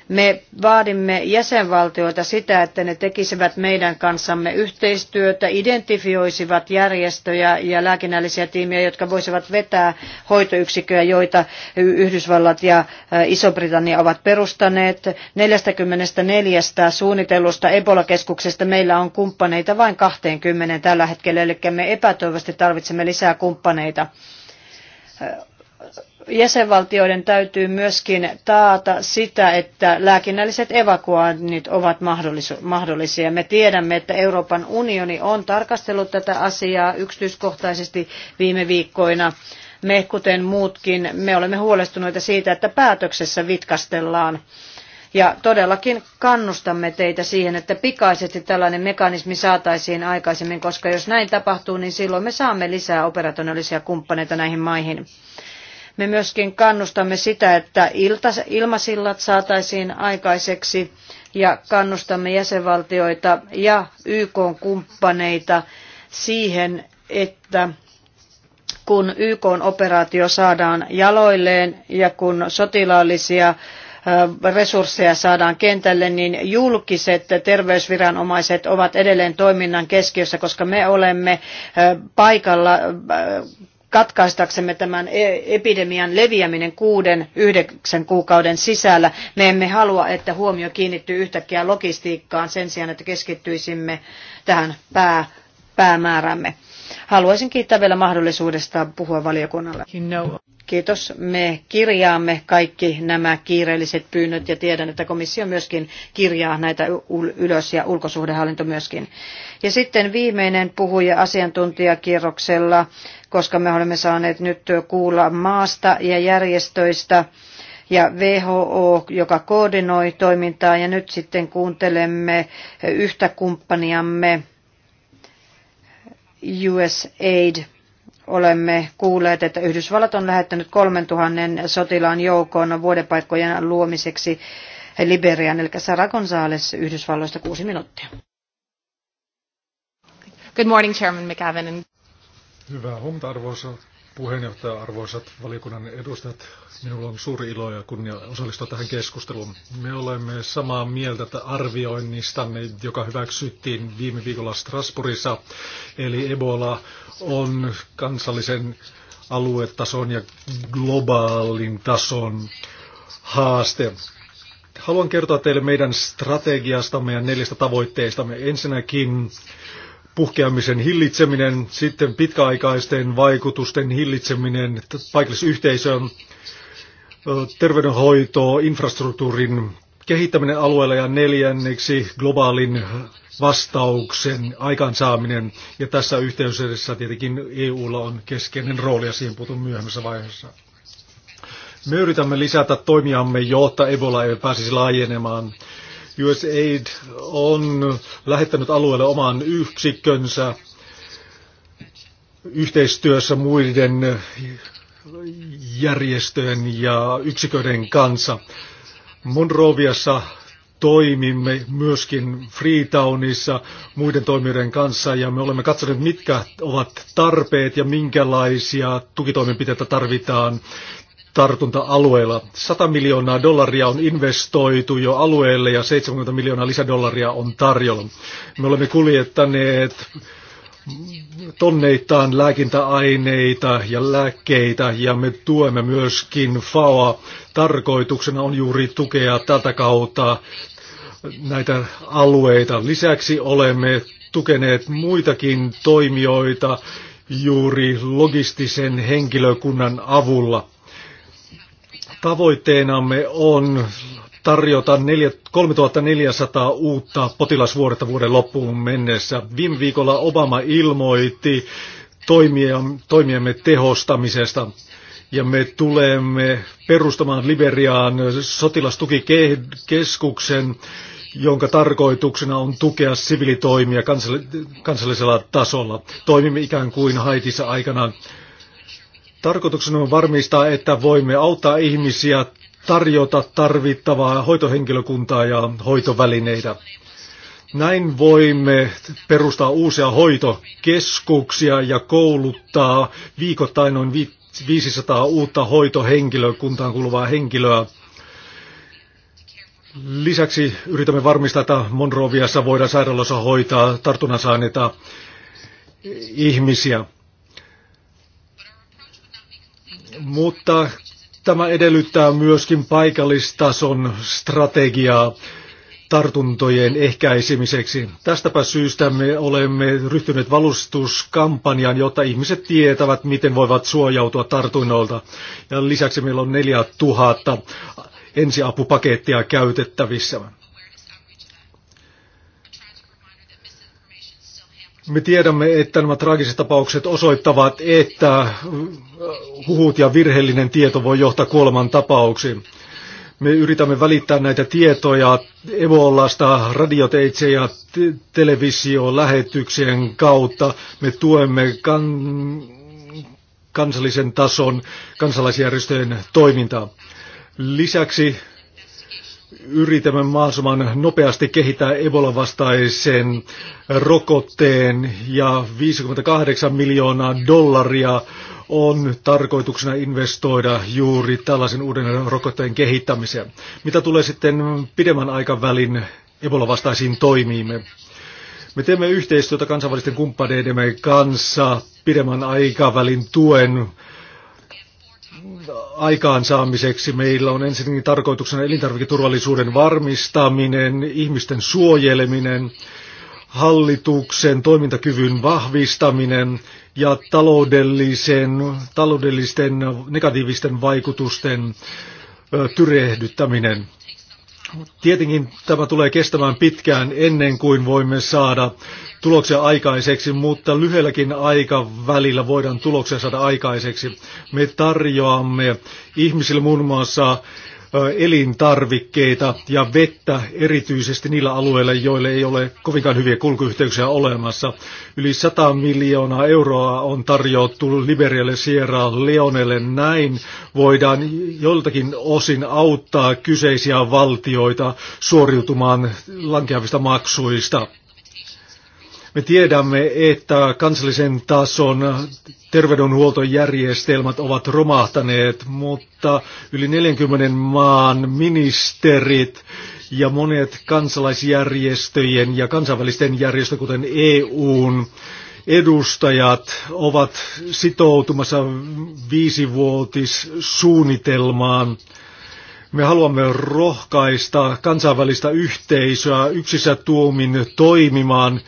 Me vaadimme jäsenvaltioita sitä, että ne tekisivät meidän kanssamme yhteistyötä, identifioisivat järjestöjä ja lääkinnällisiä tiimiä, jotka voisivat vetää hoitoyksikköjä, joita Yhdysvallat ja äh, Iso-Britannia ovat perustaneet. 44 suunnitellusta Ebola-keskuksesta meillä on kumppaneita vain 20 tällä hetkellä, eli me epätoivosti tarvitsemme lisää kumppaneita äh, jäsenvaltioiden täytyy myöskin taata sitä, että lääkinnälliset evakuoinnit ovat mahdollisia. Me tiedämme, että Euroopan unioni on tarkastellut tätä asiaa yksityiskohtaisesti viime viikkoina. Me, kuten muutkin, me olemme huolestuneita siitä, että päätöksessä vitkastellaan. Ja todellakin kannustamme teitä siihen, että pikaisesti tällainen mekanismi saataisiin aikaisemmin, koska jos näin tapahtuu, niin silloin me saamme lisää operationaalisia kumppaneita näihin maihin. Me myöskin kannustamme sitä, että ilmasillat saataisiin aikaiseksi ja kannustamme jäsenvaltioita ja YK-kumppaneita siihen, että kun YK-operaatio saadaan jaloilleen ja kun sotilaallisia resursseja saadaan kentälle, niin julkiset terveysviranomaiset ovat edelleen toiminnan keskiössä, koska me olemme paikalla katkaistaksemme tämän e- epidemian leviäminen kuuden, yhdeksän kuukauden sisällä. Me emme halua, että huomio kiinnittyy yhtäkkiä logistiikkaan sen sijaan, että keskittyisimme tähän pää, päämäärämme. Haluaisin kiittää vielä mahdollisuudesta puhua valiokunnalle. Kiitos. Me kirjaamme kaikki nämä kiireelliset pyynnöt ja tiedän, että komissio myöskin kirjaa näitä ylös ja ulkosuhdehallinto myöskin. Ja sitten viimeinen puhuja asiantuntijakierroksella koska me olemme saaneet nyt kuulla maasta ja järjestöistä ja WHO, joka koordinoi toimintaa, ja nyt sitten kuuntelemme yhtä kumppaniamme USAID. Olemme kuulleet, että Yhdysvallat on lähettänyt 3000 sotilaan joukon vuodepaikkojen luomiseksi Liberian, eli Sara Gonzales Yhdysvalloista kuusi minuuttia. Good morning, Chairman McAvin. Hyvää huomenta, arvoisa puheenjohtaja, arvoisat valiokunnan edustajat. Minulla on suuri ilo ja kunnia osallistua tähän keskusteluun. Me olemme samaa mieltä että arvioinnista, joka hyväksyttiin viime viikolla Strasbourgissa. Eli Ebola on kansallisen aluetason ja globaalin tason haaste. Haluan kertoa teille meidän strategiastamme ja neljästä tavoitteistamme. Ensinnäkin puhkeamisen hillitseminen, sitten pitkäaikaisten vaikutusten hillitseminen paikallisyhteisöön, terveydenhoito, infrastruktuurin kehittäminen alueella ja neljänneksi globaalin vastauksen aikaansaaminen. Ja tässä yhteydessä tietenkin EUlla on keskeinen rooli ja siihen puutun myöhemmässä vaiheessa. Me yritämme lisätä toimiamme, jotta Ebola ei pääsisi laajenemaan USAID on lähettänyt alueelle oman yksikkönsä yhteistyössä muiden järjestöjen ja yksiköiden kanssa. Monroviassa toimimme myöskin Freetownissa muiden toimijoiden kanssa ja me olemme katsoneet, mitkä ovat tarpeet ja minkälaisia tukitoimenpiteitä tarvitaan tartunta-alueella. 100 miljoonaa dollaria on investoitu jo alueelle ja 70 miljoonaa lisädollaria on tarjolla. Me olemme kuljettaneet tonneittain lääkintäaineita ja lääkkeitä ja me tuemme myöskin FAOa. Tarkoituksena on juuri tukea tätä kautta näitä alueita. Lisäksi olemme tukeneet muitakin toimijoita juuri logistisen henkilökunnan avulla. Tavoitteenamme on tarjota 3400 uutta potilasvuodetta vuoden loppuun mennessä. Viime viikolla Obama ilmoitti toimiemme tehostamisesta ja me tulemme perustamaan Liberiaan sotilastukikeskuksen, jonka tarkoituksena on tukea sivilitoimia kansallisella tasolla. Toimimme ikään kuin Haitissa aikanaan Tarkoituksena on varmistaa, että voimme auttaa ihmisiä tarjota tarvittavaa hoitohenkilökuntaa ja hoitovälineitä. Näin voimme perustaa uusia hoitokeskuksia ja kouluttaa viikoittain noin 500 uutta hoitohenkilökuntaan kuuluvaa henkilöä. Lisäksi yritämme varmistaa, että Monroviassa voidaan sairaalassa hoitaa tartunnan saaneita ihmisiä mutta tämä edellyttää myöskin paikallistason strategiaa tartuntojen ehkäisemiseksi. Tästäpä syystä me olemme ryhtyneet valustuskampanjaan, jotta ihmiset tietävät, miten voivat suojautua tartunnoilta. Ja lisäksi meillä on 4000 ensiapupakettia käytettävissä. Me tiedämme, että nämä traagiset tapaukset osoittavat, että huhut ja virheellinen tieto voi johtaa kuoleman tapauksiin. Me yritämme välittää näitä tietoja Evolasta, radioteitse ja televisiolähetyksien kautta. Me tuemme kan- kansallisen tason kansalaisjärjestöjen toimintaa. Lisäksi yritämme mahdollisimman nopeasti kehittää Ebola-vastaisen rokotteen ja 58 miljoonaa dollaria on tarkoituksena investoida juuri tällaisen uuden rokotteen kehittämiseen. Mitä tulee sitten pidemmän aikavälin Ebola-vastaisiin toimiimme? Me teemme yhteistyötä kansainvälisten kumppaneidemme kanssa pidemmän aikavälin tuen aikaansaamiseksi meillä on ensinnäkin tarkoituksena elintarviketurvallisuuden varmistaminen, ihmisten suojeleminen, hallituksen toimintakyvyn vahvistaminen ja taloudellisen, taloudellisten negatiivisten vaikutusten tyrehdyttäminen. Tietenkin tämä tulee kestämään pitkään ennen kuin voimme saada tuloksia aikaiseksi, mutta lyhyelläkin aikavälillä voidaan tuloksia saada aikaiseksi. Me tarjoamme ihmisille muun muassa elintarvikkeita ja vettä erityisesti niillä alueilla, joille ei ole kovinkaan hyviä kulkuyhteyksiä olemassa. Yli 100 miljoonaa euroa on tarjottu Liberialle, Sierra Leonelle. Näin voidaan joltakin osin auttaa kyseisiä valtioita suoriutumaan lankeavista maksuista. Me tiedämme, että kansallisen tason terveydenhuoltojärjestelmät ovat romahtaneet, mutta yli 40 maan ministerit ja monet kansalaisjärjestöjen ja kansainvälisten järjestöjen kuten EUn edustajat, ovat sitoutumassa viisivuotissuunnitelmaan. Me haluamme rohkaista kansainvälistä yhteisöä yksissä tuomin toimimaan,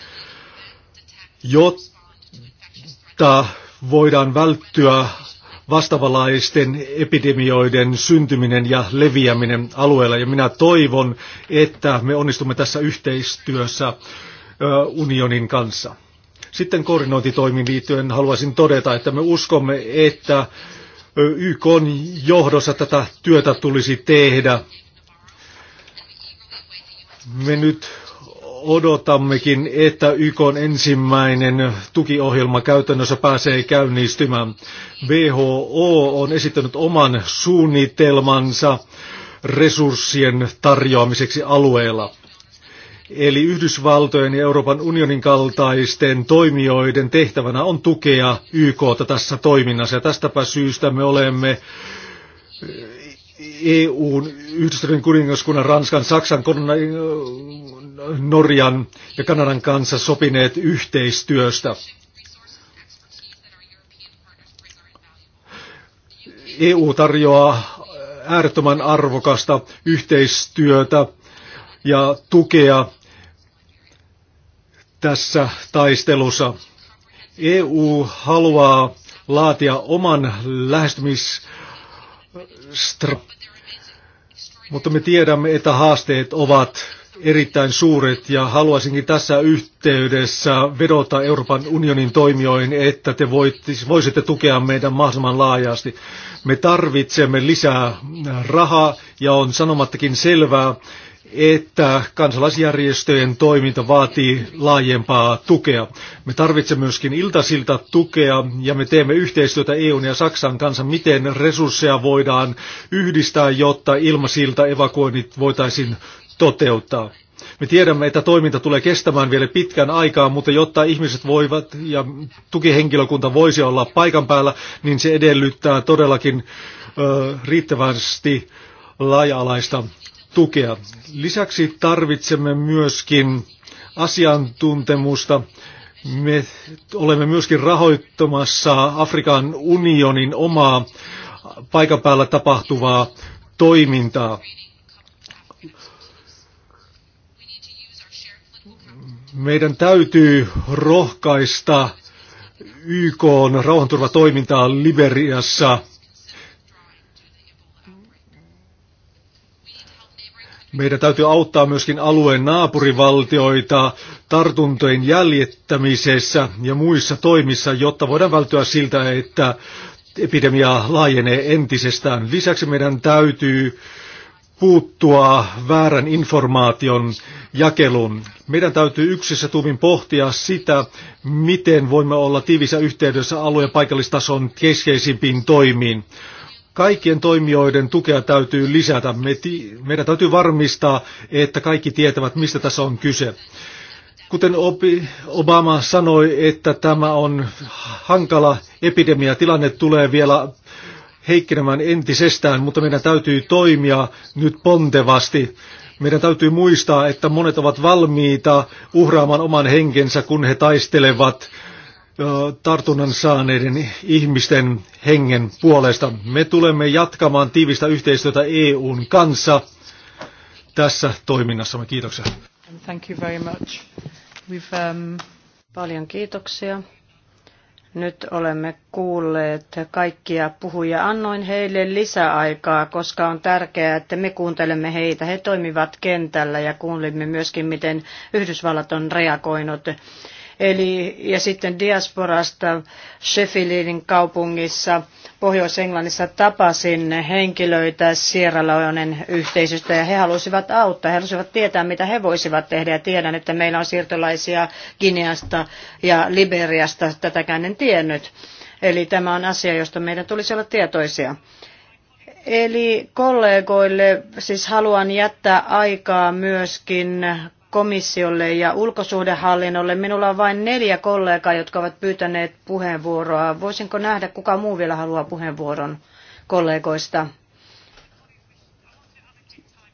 jotta voidaan välttyä vastavalaisten epidemioiden syntyminen ja leviäminen alueella. Ja minä toivon, että me onnistumme tässä yhteistyössä unionin kanssa. Sitten koordinointitoimiin liittyen haluaisin todeta, että me uskomme, että YK johdossa tätä työtä tulisi tehdä. Me nyt odotammekin, että YK ensimmäinen tukiohjelma käytännössä pääsee käynnistymään. WHO on esittänyt oman suunnitelmansa resurssien tarjoamiseksi alueella. Eli Yhdysvaltojen ja Euroopan unionin kaltaisten toimijoiden tehtävänä on tukea YKta tässä toiminnassa. Ja tästäpä syystä me olemme EUn, Yhdistyneen kuningaskunnan, Ranskan, Saksan, äh, Norjan ja Kanadan kanssa sopineet yhteistyöstä. EU tarjoaa äärettömän arvokasta yhteistyötä ja tukea tässä taistelussa. EU haluaa laatia oman lähestymis- mutta me tiedämme, että haasteet ovat erittäin suuret ja haluaisinkin tässä yhteydessä vedota Euroopan unionin toimijoihin, että te voisitte tukea meidän mahdollisimman laajasti. Me tarvitsemme lisää rahaa ja on sanomattakin selvää, että kansalaisjärjestöjen toiminta vaatii laajempaa tukea. Me tarvitsemme myöskin iltasilta tukea ja me teemme yhteistyötä EUn ja Saksan kanssa, miten resursseja voidaan yhdistää, jotta ilmasilta evakuoinnit voitaisiin toteuttaa. Me tiedämme, että toiminta tulee kestämään vielä pitkän aikaa, mutta jotta ihmiset voivat ja tukihenkilökunta voisi olla paikan päällä, niin se edellyttää todellakin ö, riittävästi laaja-alaista tukea. Lisäksi tarvitsemme myöskin asiantuntemusta. Me olemme myöskin rahoittamassa Afrikan unionin omaa paikan päällä tapahtuvaa toimintaa. Meidän täytyy rohkaista YK rauhanturvatoimintaa Liberiassa – Meidän täytyy auttaa myöskin alueen naapurivaltioita tartuntojen jäljittämisessä ja muissa toimissa, jotta voidaan välttyä siltä, että epidemia laajenee entisestään. Lisäksi meidän täytyy puuttua väärän informaation jakeluun. Meidän täytyy yksissä tuumin pohtia sitä, miten voimme olla tiivissä yhteydessä alueen paikallistason keskeisimpiin toimiin. Kaikkien toimijoiden tukea täytyy lisätä. Me meidän täytyy varmistaa, että kaikki tietävät, mistä tässä on kyse. Kuten Obama sanoi, että tämä on hankala epidemia, tilanne tulee vielä heikkenemään entisestään, mutta meidän täytyy toimia nyt pontevasti. Meidän täytyy muistaa, että monet ovat valmiita uhraamaan oman henkensä, kun he taistelevat tartunnan saaneiden ihmisten hengen puolesta. Me tulemme jatkamaan tiivistä yhteistyötä EUn kanssa tässä toiminnassamme. Kiitoksia. Thank you very much. We've, um... Paljon kiitoksia. Nyt olemme kuulleet kaikkia puhuja. Annoin heille lisäaikaa, koska on tärkeää, että me kuuntelemme heitä. He toimivat kentällä ja kuulimme myöskin, miten Yhdysvallat on reagoinut Eli, ja sitten diasporasta Sheffieldin kaupungissa Pohjois-Englannissa tapasin henkilöitä Sierra Leonen yhteisöstä ja he halusivat auttaa, he halusivat tietää mitä he voisivat tehdä ja tiedän, että meillä on siirtolaisia Gineasta ja Liberiasta, tätäkään en tiennyt. Eli tämä on asia, josta meidän tulisi olla tietoisia. Eli kollegoille siis haluan jättää aikaa myöskin komissiolle ja ulkosuhdehallinnolle. Minulla on vain neljä kollegaa, jotka ovat pyytäneet puheenvuoroa. Voisinko nähdä, kuka muu vielä haluaa puheenvuoron kollegoista?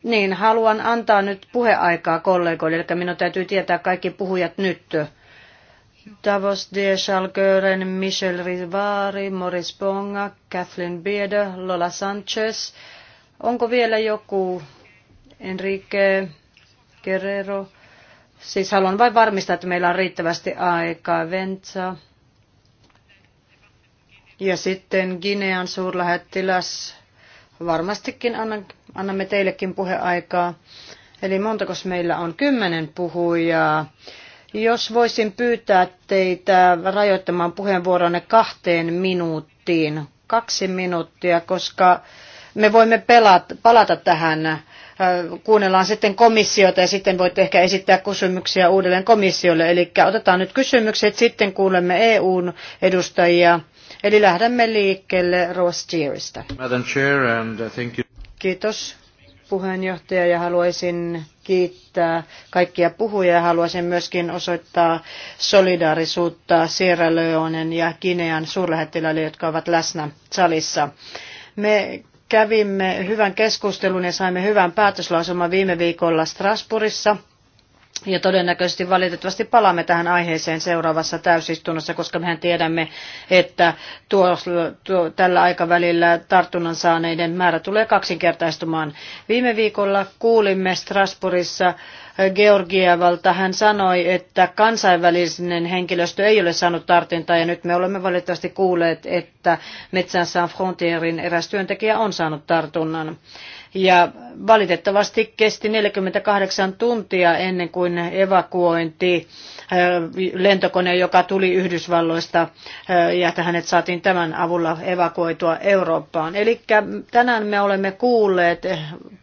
Niin, haluan antaa nyt puheaikaa kollegoille, eli minun täytyy tietää kaikki puhujat nyt. Davos de Chalgören, Michel Rivari, Morris Bonga, Kathleen Bieder, Lola Sanchez. Onko vielä joku? Enrique, Guerrero. Siis haluan vain varmistaa, että meillä on riittävästi aikaa. Ventsa. Ja sitten Ginean suurlähettiläs. Varmastikin annan, annamme teillekin puheaikaa. Eli montako meillä on kymmenen puhujaa. Jos voisin pyytää teitä rajoittamaan puheenvuoronne kahteen minuuttiin, kaksi minuuttia, koska me voimme pelata, palata tähän kuunnellaan sitten komissiota ja sitten voitte ehkä esittää kysymyksiä uudelleen komissiolle. Eli otetaan nyt kysymykset, sitten kuulemme EUn edustajia. Eli lähdemme liikkeelle Rosteerista. Uh, Kiitos puheenjohtaja ja haluaisin kiittää kaikkia puhujia ja haluaisin myöskin osoittaa solidaarisuutta Sierra Leonen ja Kinean suurlähettiläille, jotka ovat läsnä salissa. Me kävimme hyvän keskustelun ja saimme hyvän päätöslauselman viime viikolla Strasbourgissa – ja todennäköisesti valitettavasti palaamme tähän aiheeseen seuraavassa täysistunnossa, koska mehän tiedämme, että tuo, tuo, tällä aikavälillä tartunnan saaneiden määrä tulee kaksinkertaistumaan. Viime viikolla kuulimme Strasbourgissa Georgievalta. Hän sanoi, että kansainvälinen henkilöstö ei ole saanut tartuntaa ja nyt me olemme valitettavasti kuulleet, että Metsän San Frontierin eräs työntekijä on saanut tartunnan ja valitettavasti kesti 48 tuntia ennen kuin evakuointi äh, lentokone, joka tuli Yhdysvalloista äh, ja hänet saatiin tämän avulla evakuoitua Eurooppaan. Eli tänään me olemme kuulleet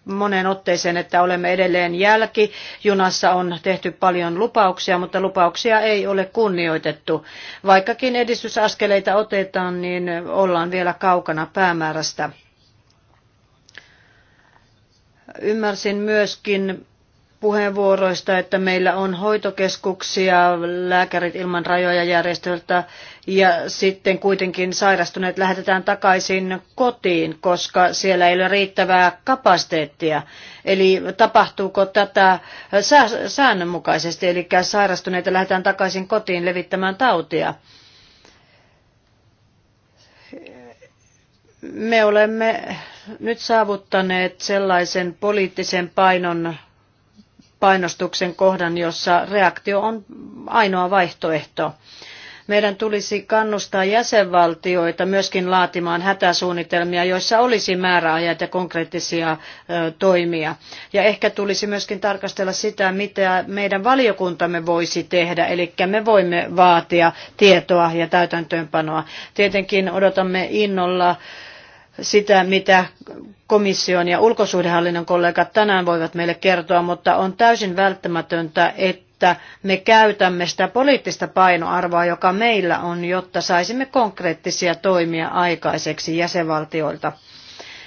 moneen otteeseen, että olemme edelleen jälki. Junassa on tehty paljon lupauksia, mutta lupauksia ei ole kunnioitettu. Vaikkakin edistysaskeleita otetaan, niin ollaan vielä kaukana päämäärästä. Ymmärsin myöskin puheenvuoroista, että meillä on hoitokeskuksia, lääkärit ilman rajoja järjestöltä ja sitten kuitenkin sairastuneet lähetetään takaisin kotiin, koska siellä ei ole riittävää kapasiteettia. Eli tapahtuuko tätä säännönmukaisesti, eli sairastuneita lähetetään takaisin kotiin levittämään tautia? Me olemme nyt saavuttaneet sellaisen poliittisen painon painostuksen kohdan, jossa reaktio on ainoa vaihtoehto. Meidän tulisi kannustaa jäsenvaltioita myöskin laatimaan hätäsuunnitelmia, joissa olisi määräajat ja konkreettisia toimia. Ja ehkä tulisi myöskin tarkastella sitä, mitä meidän valiokuntamme voisi tehdä, eli me voimme vaatia tietoa ja täytäntöönpanoa. Tietenkin odotamme innolla sitä, mitä komission ja ulkosuhdehallinnon kollegat tänään voivat meille kertoa, mutta on täysin välttämätöntä, että me käytämme sitä poliittista painoarvoa, joka meillä on, jotta saisimme konkreettisia toimia aikaiseksi jäsenvaltioilta.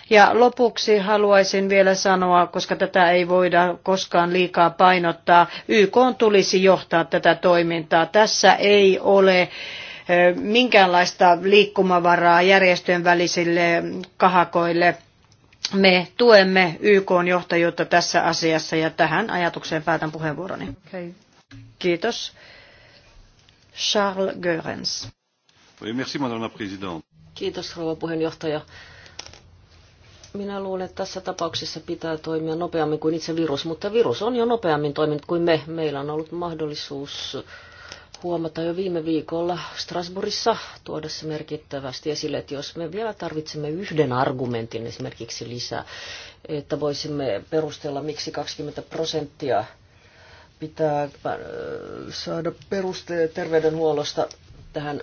Ja lopuksi haluaisin vielä sanoa, koska tätä ei voida koskaan liikaa painottaa, YK tulisi johtaa tätä toimintaa. Tässä ei ole minkäänlaista liikkumavaraa järjestöjen välisille kahakoille. Me tuemme YK johtajuutta tässä asiassa ja tähän ajatukseen päätän puheenvuoroni. Okay. Kiitos. Charles Görens. Kiitos, rouva puheenjohtaja. Minä luulen, että tässä tapauksessa pitää toimia nopeammin kuin itse virus, mutta virus on jo nopeammin toiminut kuin me. Meillä on ollut mahdollisuus äh, huomata jo viime viikolla Strasbourgissa tuodessa merkittävästi esille, että jos me vielä tarvitsemme yhden argumentin esimerkiksi lisää, että voisimme perustella, miksi 20 prosenttia pitää äh, saada peruste terveydenhuollosta tähän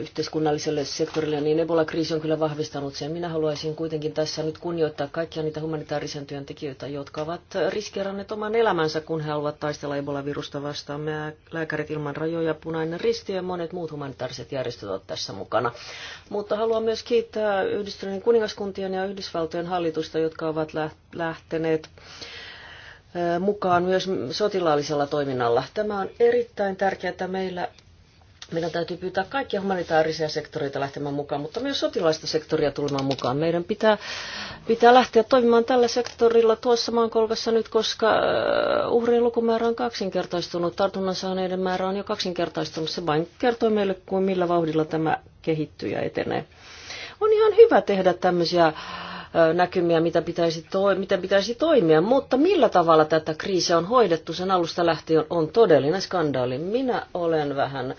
yhteiskunnalliselle sektorille, niin Ebola-kriisi on kyllä vahvistanut sen. Minä haluaisin kuitenkin tässä nyt kunnioittaa kaikkia niitä humanitaarisen työntekijöitä, jotka ovat riskeeranneet oman elämänsä, kun he haluavat taistella Ebola-virusta vastaan. Me lääkärit ilman rajoja, punainen risti ja monet muut humanitaariset järjestöt ovat tässä mukana. Mutta haluan myös kiittää Yhdistyneen kuningaskuntien ja Yhdysvaltojen hallitusta, jotka ovat lähteneet mukaan myös sotilaallisella toiminnalla. Tämä on erittäin tärkeää meillä meidän täytyy pyytää kaikkia humanitaarisia sektoreita lähtemään mukaan, mutta myös sotilaista sektoria tulemaan mukaan. Meidän pitää, pitää lähteä toimimaan tällä sektorilla tuossa maankolkassa nyt, koska äh, uhrien lukumäärä on kaksinkertaistunut, tartunnan saaneiden määrä on jo kaksinkertaistunut. Se vain kertoo meille, kuin millä vauhdilla tämä kehittyy ja etenee. On ihan hyvä tehdä tämmöisiä äh, näkymiä, mitä pitäisi toi, miten pitäisi toimia, mutta millä tavalla tätä kriisiä on hoidettu sen alusta lähtien on todellinen skandaali. Minä olen vähän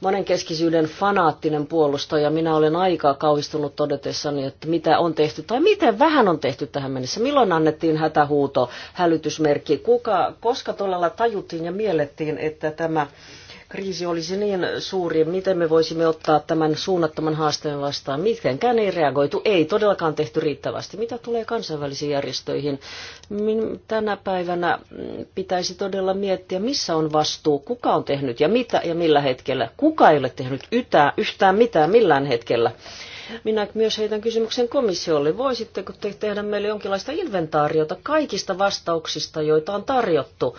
monenkeskisyyden fanaattinen puolustaja. Minä olen aika kauhistunut todetessani, että mitä on tehty tai miten vähän on tehty tähän mennessä. Milloin annettiin hätähuuto, hälytysmerkki, kuka, koska todella tajuttiin ja miellettiin, että tämä kriisi olisi niin suuri, miten me voisimme ottaa tämän suunnattoman haasteen vastaan. Mitenkään ei reagoitu, ei todellakaan tehty riittävästi. Mitä tulee kansainvälisiin järjestöihin? Tänä päivänä mm, pitäisi todella miettiä, missä on vastuu, kuka on tehnyt ja mitä ja millä hetkellä. Kuka ei ole tehnyt yhtään mitään millään hetkellä. Minä myös heitän kysymyksen komissiolle. Voisitteko te tehdä meille jonkinlaista inventaariota kaikista vastauksista, joita on tarjottu?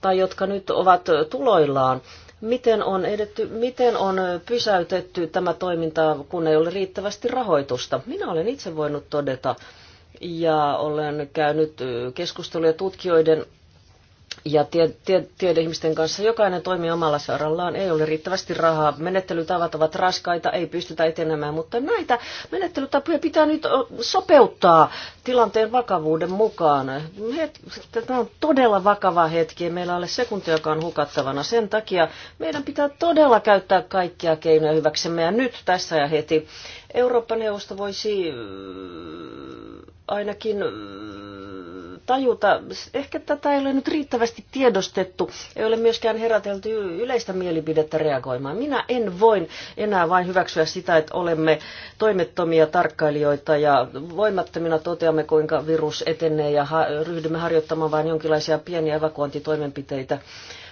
tai jotka nyt ovat tuloillaan Miten on, edetty, miten on pysäytetty tämä toiminta, kun ei ole riittävästi rahoitusta? Minä olen itse voinut todeta ja olen käynyt keskusteluja tutkijoiden ja tie, tie, tiedeihmisten kanssa jokainen toimii omalla sarallaan. Ei ole riittävästi rahaa, menettelytavat ovat raskaita, ei pystytä etenemään, mutta näitä menettelytapoja pitää nyt sopeuttaa tilanteen vakavuuden mukaan. Tämä on todella vakava hetki, meillä ole sekuntiakaan hukattavana. Sen takia meidän pitää todella käyttää kaikkia keinoja hyväksemme ja nyt tässä ja heti. Eurooppa-neuvosto voisi ainakin tajuta, ehkä tätä ei ole nyt riittävästi tiedostettu, ei ole myöskään herätelty yleistä mielipidettä reagoimaan. Minä en voi enää vain hyväksyä sitä, että olemme toimettomia tarkkailijoita ja voimattomina toteamme, kuinka virus etenee ja ryhdymme harjoittamaan vain jonkinlaisia pieniä evakuointitoimenpiteitä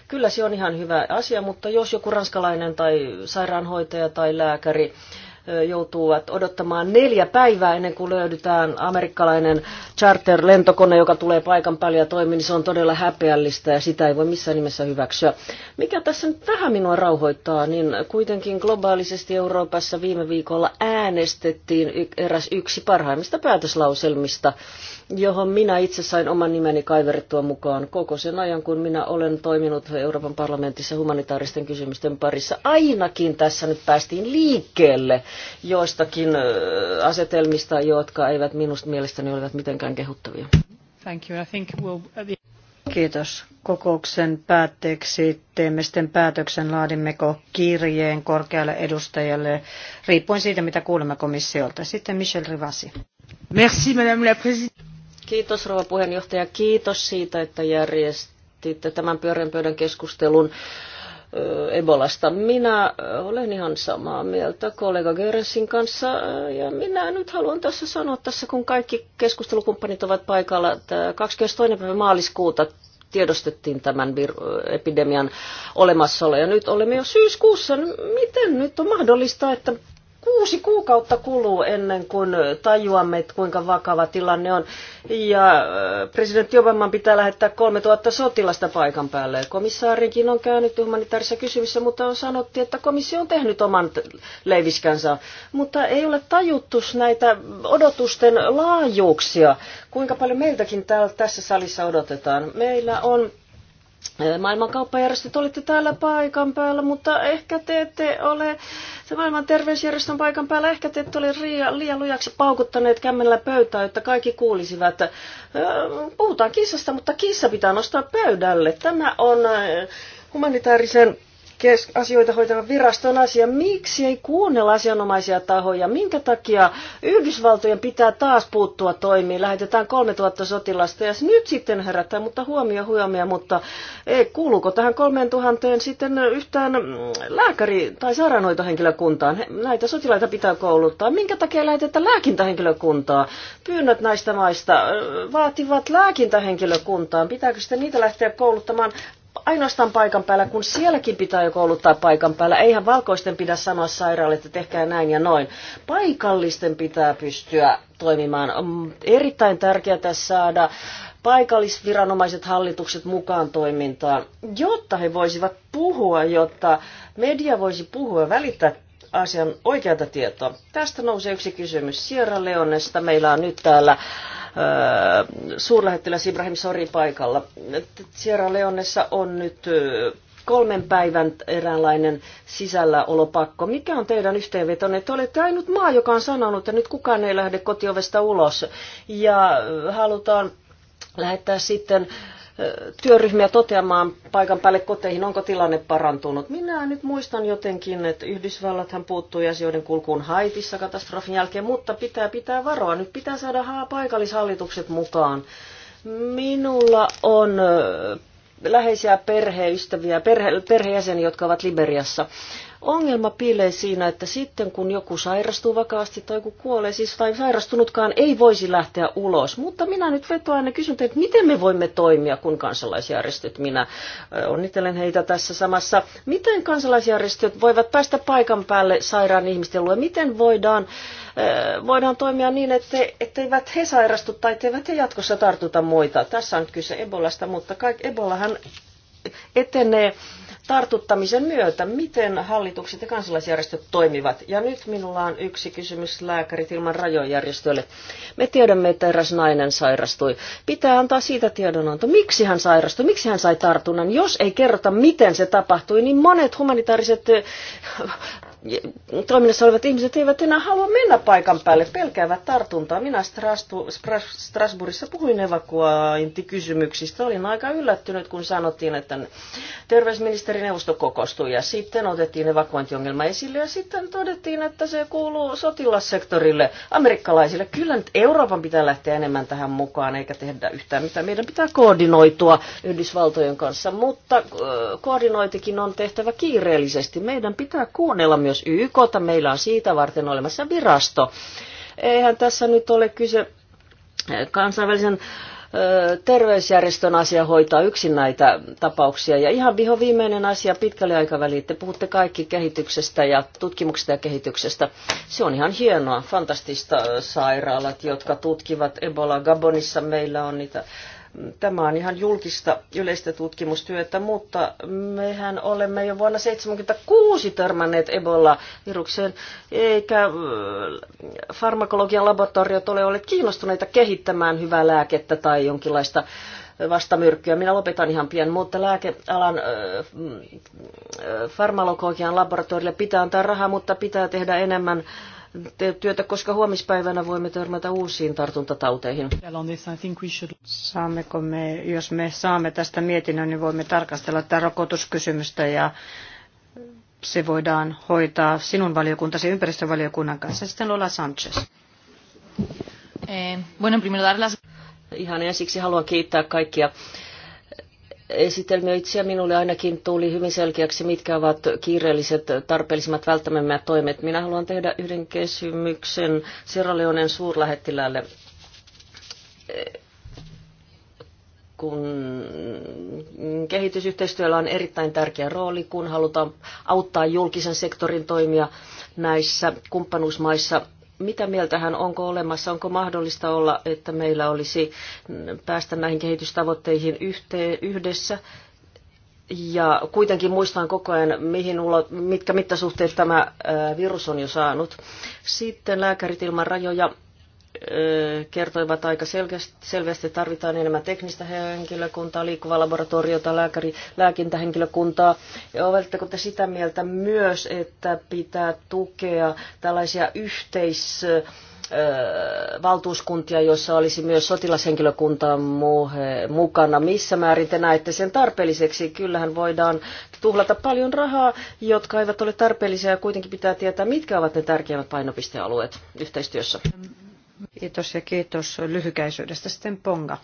kyllä se on ihan hyvä asia, mutta jos joku ranskalainen tai sairaanhoitaja tai lääkäri joutuvat odottamaan neljä päivää ennen kuin löydetään amerikkalainen charter-lentokone, joka tulee paikan päälle ja toimii, niin se on todella häpeällistä ja sitä ei voi missään nimessä hyväksyä. Mikä tässä nyt vähän minua rauhoittaa, niin kuitenkin globaalisesti Euroopassa viime viikolla äänestettiin eräs yksi parhaimmista päätöslauselmista johon minä itse sain oman nimeni kaiverrettua mukaan koko sen ajan, kun minä olen toiminut Euroopan parlamentissa humanitaaristen kysymysten parissa. Ainakin tässä nyt päästiin liikkeelle joistakin asetelmista, jotka eivät minusta mielestäni ole mitenkään kehuttavia. Thank you. I think we'll... Uh, Kiitos. Kokouksen päätteeksi teemme sitten päätöksen, laadimmeko kirjeen korkealle edustajalle, riippuen siitä, mitä kuulemme komissiolta. Sitten Michel Rivasi. Merci, Madame la Présidente. Kiitos rouva puheenjohtaja, kiitos siitä, että järjestitte tämän pyörän pöydän keskustelun. Ebolasta. Minä olen ihan samaa mieltä kollega Gerensin kanssa ja minä nyt haluan tässä sanoa tässä, kun kaikki keskustelukumppanit ovat paikalla, että 22. päivä maaliskuuta tiedostettiin tämän epidemian olemassaolo ja nyt olemme jo syyskuussa. Miten nyt on mahdollista, että kuusi kuukautta kuluu ennen kuin tajuamme, että kuinka vakava tilanne on. Ja äh, presidentti Obama pitää lähettää 3000 sotilasta paikan päälle. Komissaarinkin on käynyt humanitaarissa kysymyksissä, mutta on sanottu, että komissio on tehnyt oman leiviskänsä. Mutta ei ole tajuttu näitä odotusten laajuuksia, kuinka paljon meiltäkin täällä, tässä salissa odotetaan. Meillä on maailmankauppajärjestöt olette täällä paikan päällä, mutta ehkä te ette ole, se maailman terveysjärjestön paikan päällä, ehkä te ette ole liian, lujaksi paukuttaneet kämmenellä pöytää, että kaikki kuulisivat. Puhutaan kissasta, mutta kissa pitää nostaa pöydälle. Tämä on humanitaarisen asioita hoitavan viraston asia. Miksi ei kuunnella asianomaisia tahoja? Minkä takia Yhdysvaltojen pitää taas puuttua toimiin? Lähetetään 3000 sotilasta ja nyt sitten herättää mutta huomio huomio, mutta ei, kuuluuko tähän 3000 sitten yhtään mm, lääkäri- tai sairaanhoitohenkilökuntaan? Näitä sotilaita pitää kouluttaa. Minkä takia lähetetään lääkintähenkilökuntaa? Pyynnöt näistä maista vaativat lääkintähenkilökuntaan. Pitääkö sitten niitä lähteä kouluttamaan ainoastaan paikan päällä, kun sielläkin pitää jo kouluttaa paikan päällä. Eihän valkoisten pidä sanoa sairaalle, että tehkää näin ja noin. Paikallisten pitää pystyä toimimaan. On mm, erittäin tärkeää saada paikallisviranomaiset hallitukset mukaan toimintaan, jotta he voisivat puhua, jotta media voisi puhua ja välittää asian oikeata tietoa. Tästä nousee yksi kysymys Sierra Leonesta. Meillä on nyt täällä äh, suurlähettiläs Ibrahim Sori paikalla. Sierra Leonessa on nyt äh, kolmen päivän eräänlainen sisälläolopakko. Mikä on teidän yhteenvetonne? Te olette ainut maa, joka on sanonut, että nyt kukaan ei lähde kotiovesta ulos. Ja äh, halutaan lähettää sitten äh, työryhmiä toteamaan paikan päälle koteihin, onko tilanne parantunut. Minä nyt muistan jotenkin, että Yhdysvallathan puuttui asioiden kulkuun Haitissa katastrofin jälkeen, mutta pitää pitää varoa. Nyt pitää saada paikallishallitukset mukaan. Minulla on läheisiä perheystäviä, perhe, perhejäseniä, jotka ovat Liberiassa. Ongelma piilee siinä, että sitten kun joku sairastuu vakavasti tai kun kuolee, siis tai sairastunutkaan ei voisi lähteä ulos. Mutta minä nyt vetoan ja kysyn että miten me voimme toimia, kun kansalaisjärjestöt, minä onnittelen heitä tässä samassa, miten kansalaisjärjestöt voivat päästä paikan päälle sairaan ihmisten luo, miten voidaan voidaan toimia niin, että, etteivät he sairastu tai etteivät he jatkossa tartuta muita. Tässä on kyse Ebolasta, mutta kaik, Ebolahan etenee tartuttamisen myötä. Miten hallitukset ja kansalaisjärjestöt toimivat? Ja nyt minulla on yksi kysymys lääkärit ilman rajojärjestölle. Me tiedämme, että eräs nainen sairastui. Pitää antaa siitä tiedonanto. Miksi hän sairastui? Miksi hän sai tartunnan? Jos ei kerrota, miten se tapahtui, niin monet humanitaariset toiminnassa olevat ihmiset eivät enää halua mennä paikan päälle, pelkäävät tartuntaa. Minä Strasbourgissa puhuin evakuointikysymyksistä. Olin aika yllättynyt, kun sanottiin, että terveysministerineuvosto kokostui ja sitten otettiin evakuointiongelma esille ja sitten todettiin, että se kuuluu sotilassektorille, amerikkalaisille. Kyllä nyt Euroopan pitää lähteä enemmän tähän mukaan eikä tehdä yhtään mitään. Meidän pitää koordinoitua Yhdysvaltojen kanssa, mutta koordinointikin on tehtävä kiireellisesti. Meidän pitää kuunnella myös myös YKta, meillä on siitä varten olemassa virasto. Eihän tässä nyt ole kyse eh, kansainvälisen eh, terveysjärjestön asia hoitaa yksin näitä tapauksia. Ja ihan viho viimeinen asia pitkälle aikaväliin. Te puhutte kaikki kehityksestä ja tutkimuksesta ja kehityksestä. Se on ihan hienoa, fantastista eh, sairaalat, jotka tutkivat Ebola Gabonissa. Meillä on niitä Tämä on ihan julkista yleistä tutkimustyötä, mutta mehän olemme jo vuonna 1976 törmänneet Ebola-virukseen, eikä äh, farmakologian laboratoriot ole olleet kiinnostuneita kehittämään hyvää lääkettä tai jonkinlaista vastamyrkkyä. Minä lopetan ihan pian, mutta lääkealan äh, äh, farmakologian laboratorille pitää antaa rahaa, mutta pitää tehdä enemmän työtä, koska huomispäivänä voimme törmätä uusiin tartuntatauteihin. Saammeko me, jos me saamme tästä mietinnön, niin voimme tarkastella tätä rokotuskysymystä ja se voidaan hoitaa sinun valiokuntasi ympäristövaliokunnan kanssa. Sitten Lola Sanchez. Eh, bueno, primero dar las... Ihan ensiksi haluan kiittää kaikkia esitelmöitsijä minulle ainakin tuli hyvin selkeäksi, mitkä ovat kiireelliset, tarpeellisimmat, välttämättömät toimet. Minä haluan tehdä yhden kysymyksen Sierra Leonen suurlähettiläälle. Kun kehitysyhteistyöllä on erittäin tärkeä rooli, kun halutaan auttaa julkisen sektorin toimia näissä kumppanuusmaissa – mitä mieltä hän onko olemassa, onko mahdollista olla, että meillä olisi mm, päästä näihin kehitystavoitteihin yhteen, yhdessä ja kuitenkin muistan koko ajan, mihin ulo, mitkä mittasuhteet tämä virus on jo saanut. Sitten lääkärit ilman rajoja kertoivat aika selvästi, että tarvitaan enemmän teknistä henkilökuntaa, liikkuvaa laboratoriota, lääkäri, lääkintähenkilökuntaa. Ja oletteko te sitä mieltä myös, että pitää tukea tällaisia yhteis valtuuskuntia, joissa olisi myös sotilashenkilökuntaa mukana. Missä määrin te näette sen tarpeelliseksi? Kyllähän voidaan tuhlata paljon rahaa, jotka eivät ole tarpeellisia ja kuitenkin pitää tietää, mitkä ovat ne tärkeimmät painopistealueet yhteistyössä. Kiitos ja kiitos lyhykäisyydestä sitten Ponga.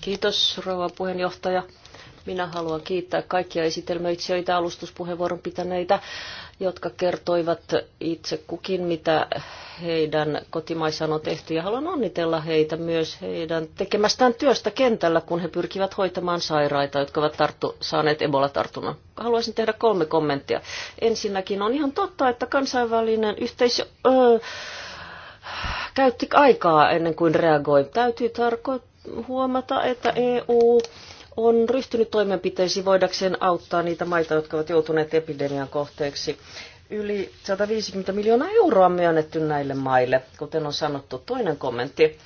Kiitos rouva puheenjohtaja. Minä haluan kiittää kaikkia esitelmöitsijöitä, alustuspuheenvuoron pitäneitä, jotka kertoivat itse kukin, mitä heidän kotimaissaan on tehty. Ja haluan onnitella heitä myös heidän tekemästään työstä kentällä, kun he pyrkivät hoitamaan sairaita, jotka ovat tarttu, saaneet Ebola-tartunnan. Haluaisin tehdä kolme kommenttia. Ensinnäkin on ihan totta, että kansainvälinen yhteisö... Öö, käytti aikaa ennen kuin reagoi. Täytyy tarkoittaa huomata, että EU on ryhtynyt toimenpiteisiin voidakseen auttaa niitä maita, jotka ovat joutuneet epidemian kohteeksi. Yli 150 miljoonaa euroa on myönnetty näille maille, kuten on sanottu. Toinen kommentti.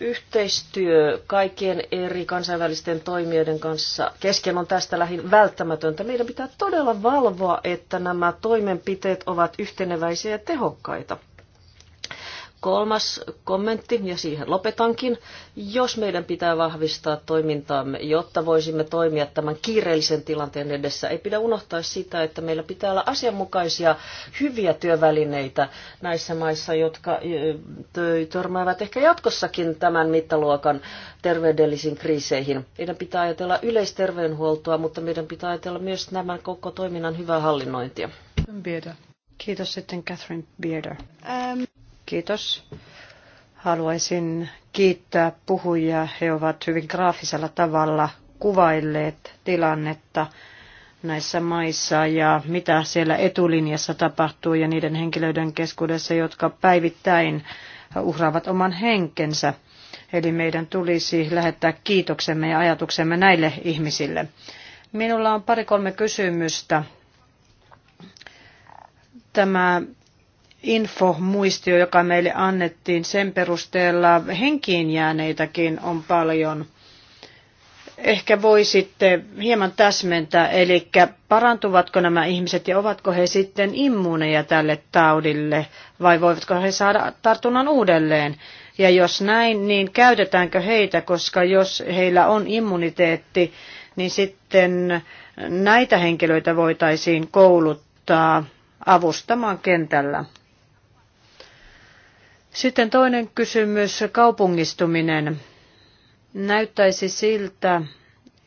Yhteistyö kaikkien eri kansainvälisten toimijoiden kanssa kesken on tästä lähin välttämätöntä. Meidän pitää todella valvoa, että nämä toimenpiteet ovat yhteneväisiä ja tehokkaita. Kolmas kommentti, ja siihen lopetankin. Jos meidän pitää vahvistaa toimintaamme, jotta voisimme toimia tämän kiireellisen tilanteen edessä, ei pidä unohtaa sitä, että meillä pitää olla asianmukaisia, hyviä työvälineitä näissä maissa, jotka törmäävät ehkä jatkossakin tämän mittaluokan terveydellisiin kriiseihin. Meidän pitää ajatella yleisterveydenhuoltoa, mutta meidän pitää ajatella myös nämä koko toiminnan hyvää hallinnointia. Kiitos sitten Catherine Bearder. Um. Kiitos. Haluaisin kiittää puhujia. He ovat hyvin graafisella tavalla kuvailleet tilannetta näissä maissa ja mitä siellä etulinjassa tapahtuu ja niiden henkilöiden keskuudessa, jotka päivittäin uhraavat oman henkensä. Eli meidän tulisi lähettää kiitoksemme ja ajatuksemme näille ihmisille. Minulla on pari-kolme kysymystä. Tämä infomuistio, joka meille annettiin sen perusteella. Henkiin jääneitäkin on paljon. Ehkä sitten hieman täsmentää, eli parantuvatko nämä ihmiset ja ovatko he sitten immuuneja tälle taudille vai voivatko he saada tartunnan uudelleen? Ja jos näin, niin käytetäänkö heitä, koska jos heillä on immuniteetti, niin sitten näitä henkilöitä voitaisiin kouluttaa avustamaan kentällä. Sitten toinen kysymys, kaupungistuminen. Näyttäisi siltä,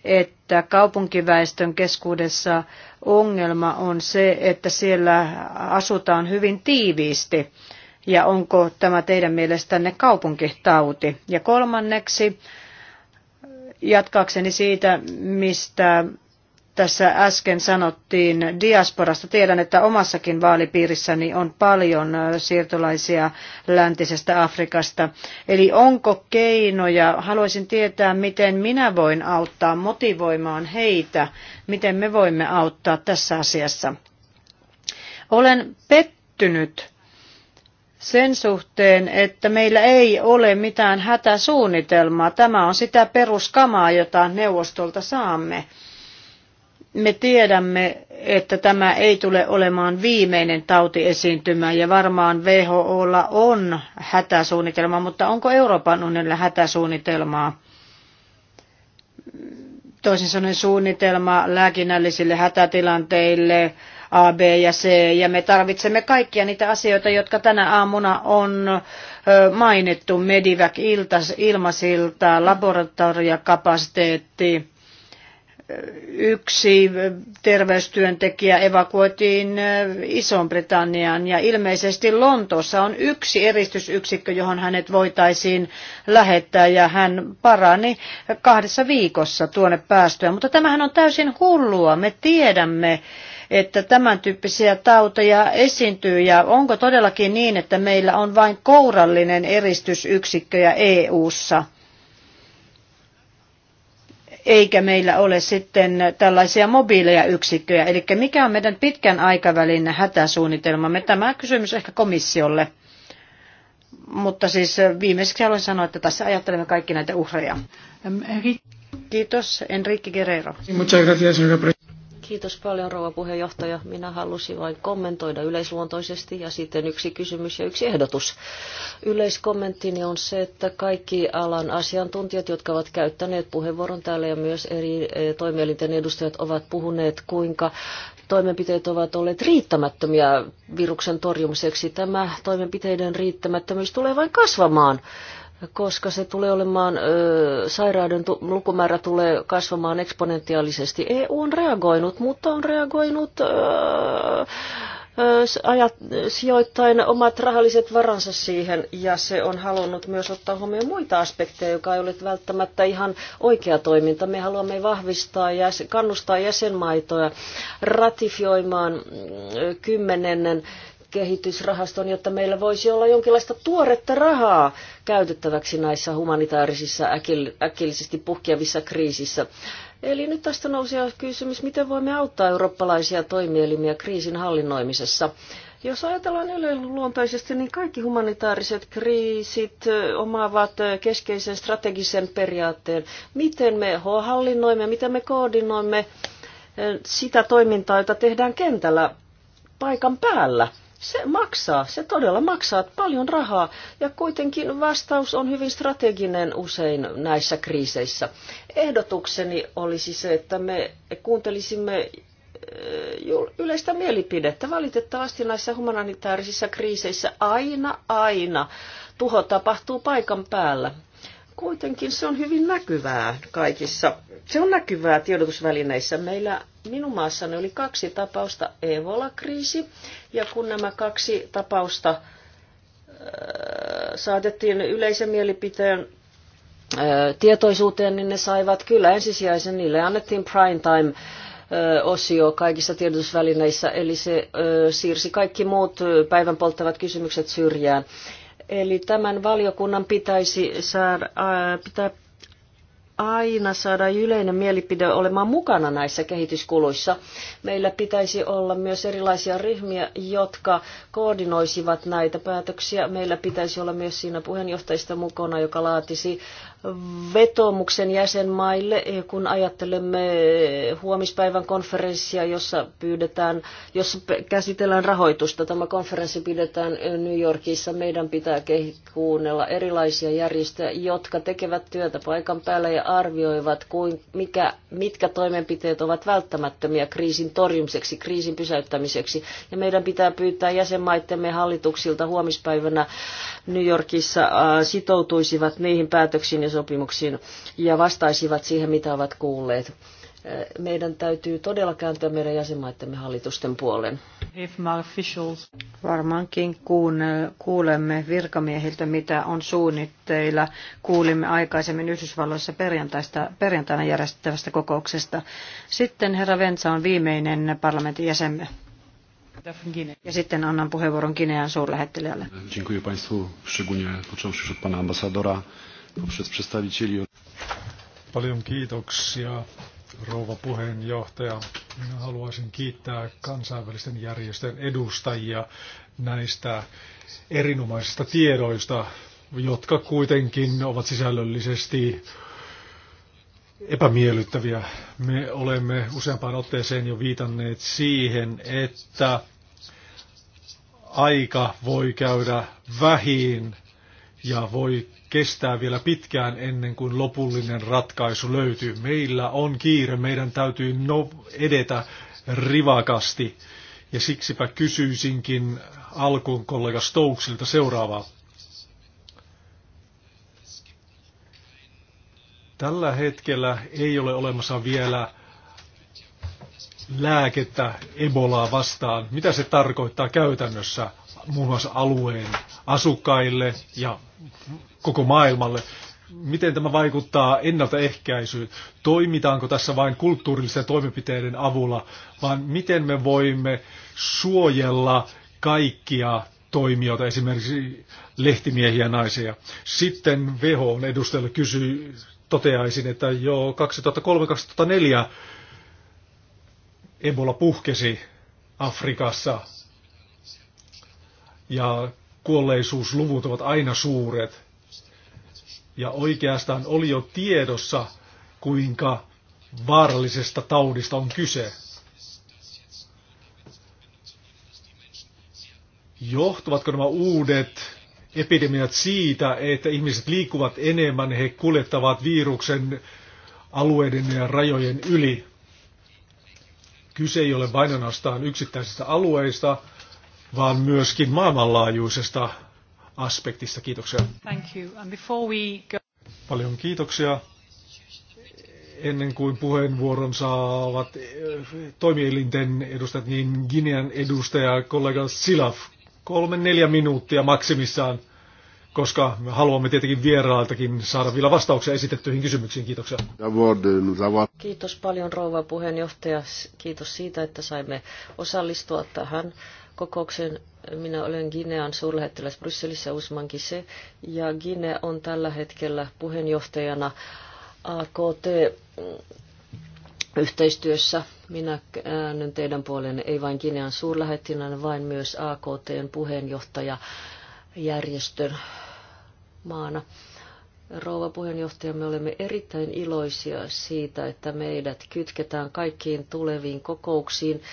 että kaupunkiväestön keskuudessa ongelma on se, että siellä asutaan hyvin tiiviisti. Ja onko tämä teidän mielestänne kaupunkitauti? Ja kolmanneksi, jatkaakseni siitä, mistä tässä äsken sanottiin diasporasta. Tiedän, että omassakin vaalipiirissäni on paljon siirtolaisia läntisestä Afrikasta. Eli onko keinoja? Haluaisin tietää, miten minä voin auttaa motivoimaan heitä, miten me voimme auttaa tässä asiassa. Olen pettynyt sen suhteen, että meillä ei ole mitään hätäsuunnitelmaa. Tämä on sitä peruskamaa, jota neuvostolta saamme me tiedämme, että tämä ei tule olemaan viimeinen tautiesiintymä ja varmaan WHOlla on hätäsuunnitelma, mutta onko Euroopan unionilla hätäsuunnitelmaa? Toisin sanoen suunnitelma lääkinnällisille hätätilanteille, A, B ja C, ja me tarvitsemme kaikkia niitä asioita, jotka tänä aamuna on mainittu, Medivac, iltas, ilmasilta, laboratoriakapasiteetti, yksi terveystyöntekijä evakuoitiin Iso-Britanniaan ja ilmeisesti Lontoossa on yksi eristysyksikkö, johon hänet voitaisiin lähettää ja hän parani kahdessa viikossa tuonne päästyä. Mutta tämähän on täysin hullua. Me tiedämme, että tämän tyyppisiä tauteja esiintyy ja onko todellakin niin, että meillä on vain kourallinen eristysyksikkö ja EU-ssa? eikä meillä ole sitten tällaisia mobiileja yksikköjä. Eli mikä on meidän pitkän aikavälin hätäsuunnitelmamme? Tämä kysymys ehkä komissiolle. Mutta siis viimeiseksi haluan sanoa, että tässä ajattelemme kaikki näitä uhreja. Kiitos, Enrique Guerrero. Kiitos puhemies Minä halusin vain kommentoida yleisluontoisesti ja sitten yksi kysymys ja yksi ehdotus. Yleiskommenttini on se, että kaikki alan asiantuntijat, jotka ovat käyttäneet puheenvuoron täällä ja myös eri e, toimielinten edustajat ovat puhuneet, kuinka toimenpiteet ovat olleet riittämättömiä viruksen torjumiseksi. Tämä toimenpiteiden riittämättömyys tulee vain kasvamaan koska se tulee olemaan, ö, sairauden tu- lukumäärä tulee kasvamaan eksponentiaalisesti. EU on reagoinut, mutta on reagoinut ö, ö, ajat, sijoittain omat rahalliset varansa siihen, ja se on halunnut myös ottaa huomioon muita aspekteja, joka ei ole välttämättä ihan oikea toiminta. Me haluamme vahvistaa ja kannustaa jäsenmaitoja ratifioimaan mm, kymmenennen kehitysrahaston, jotta meillä voisi olla jonkinlaista tuoretta rahaa käytettäväksi näissä humanitaarisissa äkillisesti puhkeavissa kriisissä. Eli nyt tästä nousi kysymys, miten voimme auttaa eurooppalaisia toimielimiä kriisin hallinnoimisessa. Jos ajatellaan yleiluontoisesti, niin kaikki humanitaariset kriisit omaavat keskeisen strategisen periaatteen. Miten me hallinnoimme, miten me koordinoimme eh, sitä toimintaa, jota tehdään kentällä paikan päällä se maksaa, se todella maksaa paljon rahaa ja kuitenkin vastaus on hyvin strateginen usein näissä kriiseissä. Ehdotukseni olisi se, että me kuuntelisimme eh, yleistä mielipidettä. Valitettavasti näissä humanitaarisissa kriiseissä aina, aina tuho tapahtuu paikan päällä kuitenkin se on hyvin näkyvää kaikissa. Se on näkyvää tiedotusvälineissä. Meillä minun maassani oli kaksi tapausta Evola-kriisi, ja kun nämä kaksi tapausta äh, saatettiin yleisen mielipiteen äh, tietoisuuteen, niin ne saivat kyllä ensisijaisen, niille annettiin prime time äh, osio kaikissa tiedotusvälineissä, eli se äh, siirsi kaikki muut äh, päivän polttavat kysymykset syrjään. Eli tämän valiokunnan pitäisi saada, ää, äh, pitää aina saada yleinen mielipide olemaan mukana näissä kehityskuluissa. Meillä pitäisi olla myös erilaisia ryhmiä, jotka koordinoisivat näitä päätöksiä. Meillä pitäisi olla myös siinä puheenjohtajista mukana, joka laatisi vetomuksen jäsenmaille, eh, kun ajattelemme huomispäivän konferenssia, jossa pyydetään, jossa käsitellään rahoitusta. Tämä konferenssi pidetään New Yorkissa. Meidän pitää kuunnella erilaisia järjestöjä, jotka tekevät työtä paikan päällä ja arvioivat, kuin, mikä, mitkä toimenpiteet ovat välttämättömiä kriisin torjumiseksi, kriisin pysäyttämiseksi. Ja meidän pitää pyytää jäsenmaittemme hallituksilta huomispäivänä New Yorkissa äh, sitoutuisivat niihin päätöksiin, ja sopimuksiin ja vastaisivat siihen, mitä ovat kuulleet. Äh, meidän täytyy todella kääntyä meidän jäsenmaittemme hallitusten puoleen. Varmaankin kun kuulemme virkamiehiltä, mitä on suunnitteilla. Kuulimme aikaisemmin Yhdysvalloissa perjantaista, perjantaina järjestettävästä kokouksesta. Sitten herra Ventsa on viimeinen parlamentin jäsenme. Ja sitten annan puheenvuoron Kinean suurlähettilälle. Dziękuję Państwu, szczególnie począwszy od Pana Ambasadora poprzez przedstawicieli. Paljon kiitoksia, rouva puheenjohtaja. Minä haluaisin kiittää kansainvälisten järjestöjen edustajia näistä erinomaisista tiedoista, jotka kuitenkin ovat sisällöllisesti epämiellyttäviä. Me olemme useampaan otteeseen jo viitanneet siihen, että aika voi käydä vähin ja voi kestää vielä pitkään ennen kuin lopullinen ratkaisu löytyy. Meillä on kiire, meidän täytyy no edetä rivakasti. Ja siksipä kysyisinkin alkuun kollega Stokesilta seuraavaa. Tällä hetkellä ei ole olemassa vielä lääkettä Ebolaa vastaan. Mitä se tarkoittaa käytännössä? muun muassa alueen asukkaille ja koko maailmalle. Miten tämä vaikuttaa ennaltaehkäisyyn? Toimitaanko tässä vain kulttuurillisten toimenpiteiden avulla, vaan miten me voimme suojella kaikkia toimijoita, esimerkiksi lehtimiehiä ja naisia. Sitten WHOn edustajalle kysyi, toteaisin, että jo 2003-2004 Ebola puhkesi Afrikassa ja kuolleisuusluvut ovat aina suuret. Ja oikeastaan oli jo tiedossa, kuinka vaarallisesta taudista on kyse. Johtuvatko nämä uudet epidemiat siitä, että ihmiset liikkuvat enemmän, he kuljettavat viruksen alueiden ja rajojen yli? Kyse ei ole vain ainoastaan yksittäisistä alueista, vaan myöskin maailmanlaajuisesta aspektista. Kiitoksia. Thank you. And before we go... Paljon kiitoksia. Ennen kuin puheenvuoron saavat eh, toimielinten edustajat, niin Ginian edustaja kollega Silaf, kolme neljä minuuttia maksimissaan, koska me haluamme tietenkin vieraaltakin saada vielä vastauksia esitettyihin kysymyksiin. Kiitoksia. Kiitos paljon rouva puheenjohtaja. Kiitos siitä, että saimme osallistua tähän kokouksen. Minä olen Ginean suurlähettiläs Brysselissä Usman Gise, ja Gine on tällä hetkellä puheenjohtajana AKT-yhteistyössä. Mm, Minä käännyn teidän puolen ei vain Ginean suurlähettilän, vaan myös AKTn Järjestön maana. Rouva puheenjohtaja, me olemme erittäin iloisia siitä, että meidät kytketään kaikkiin tuleviin kokouksiin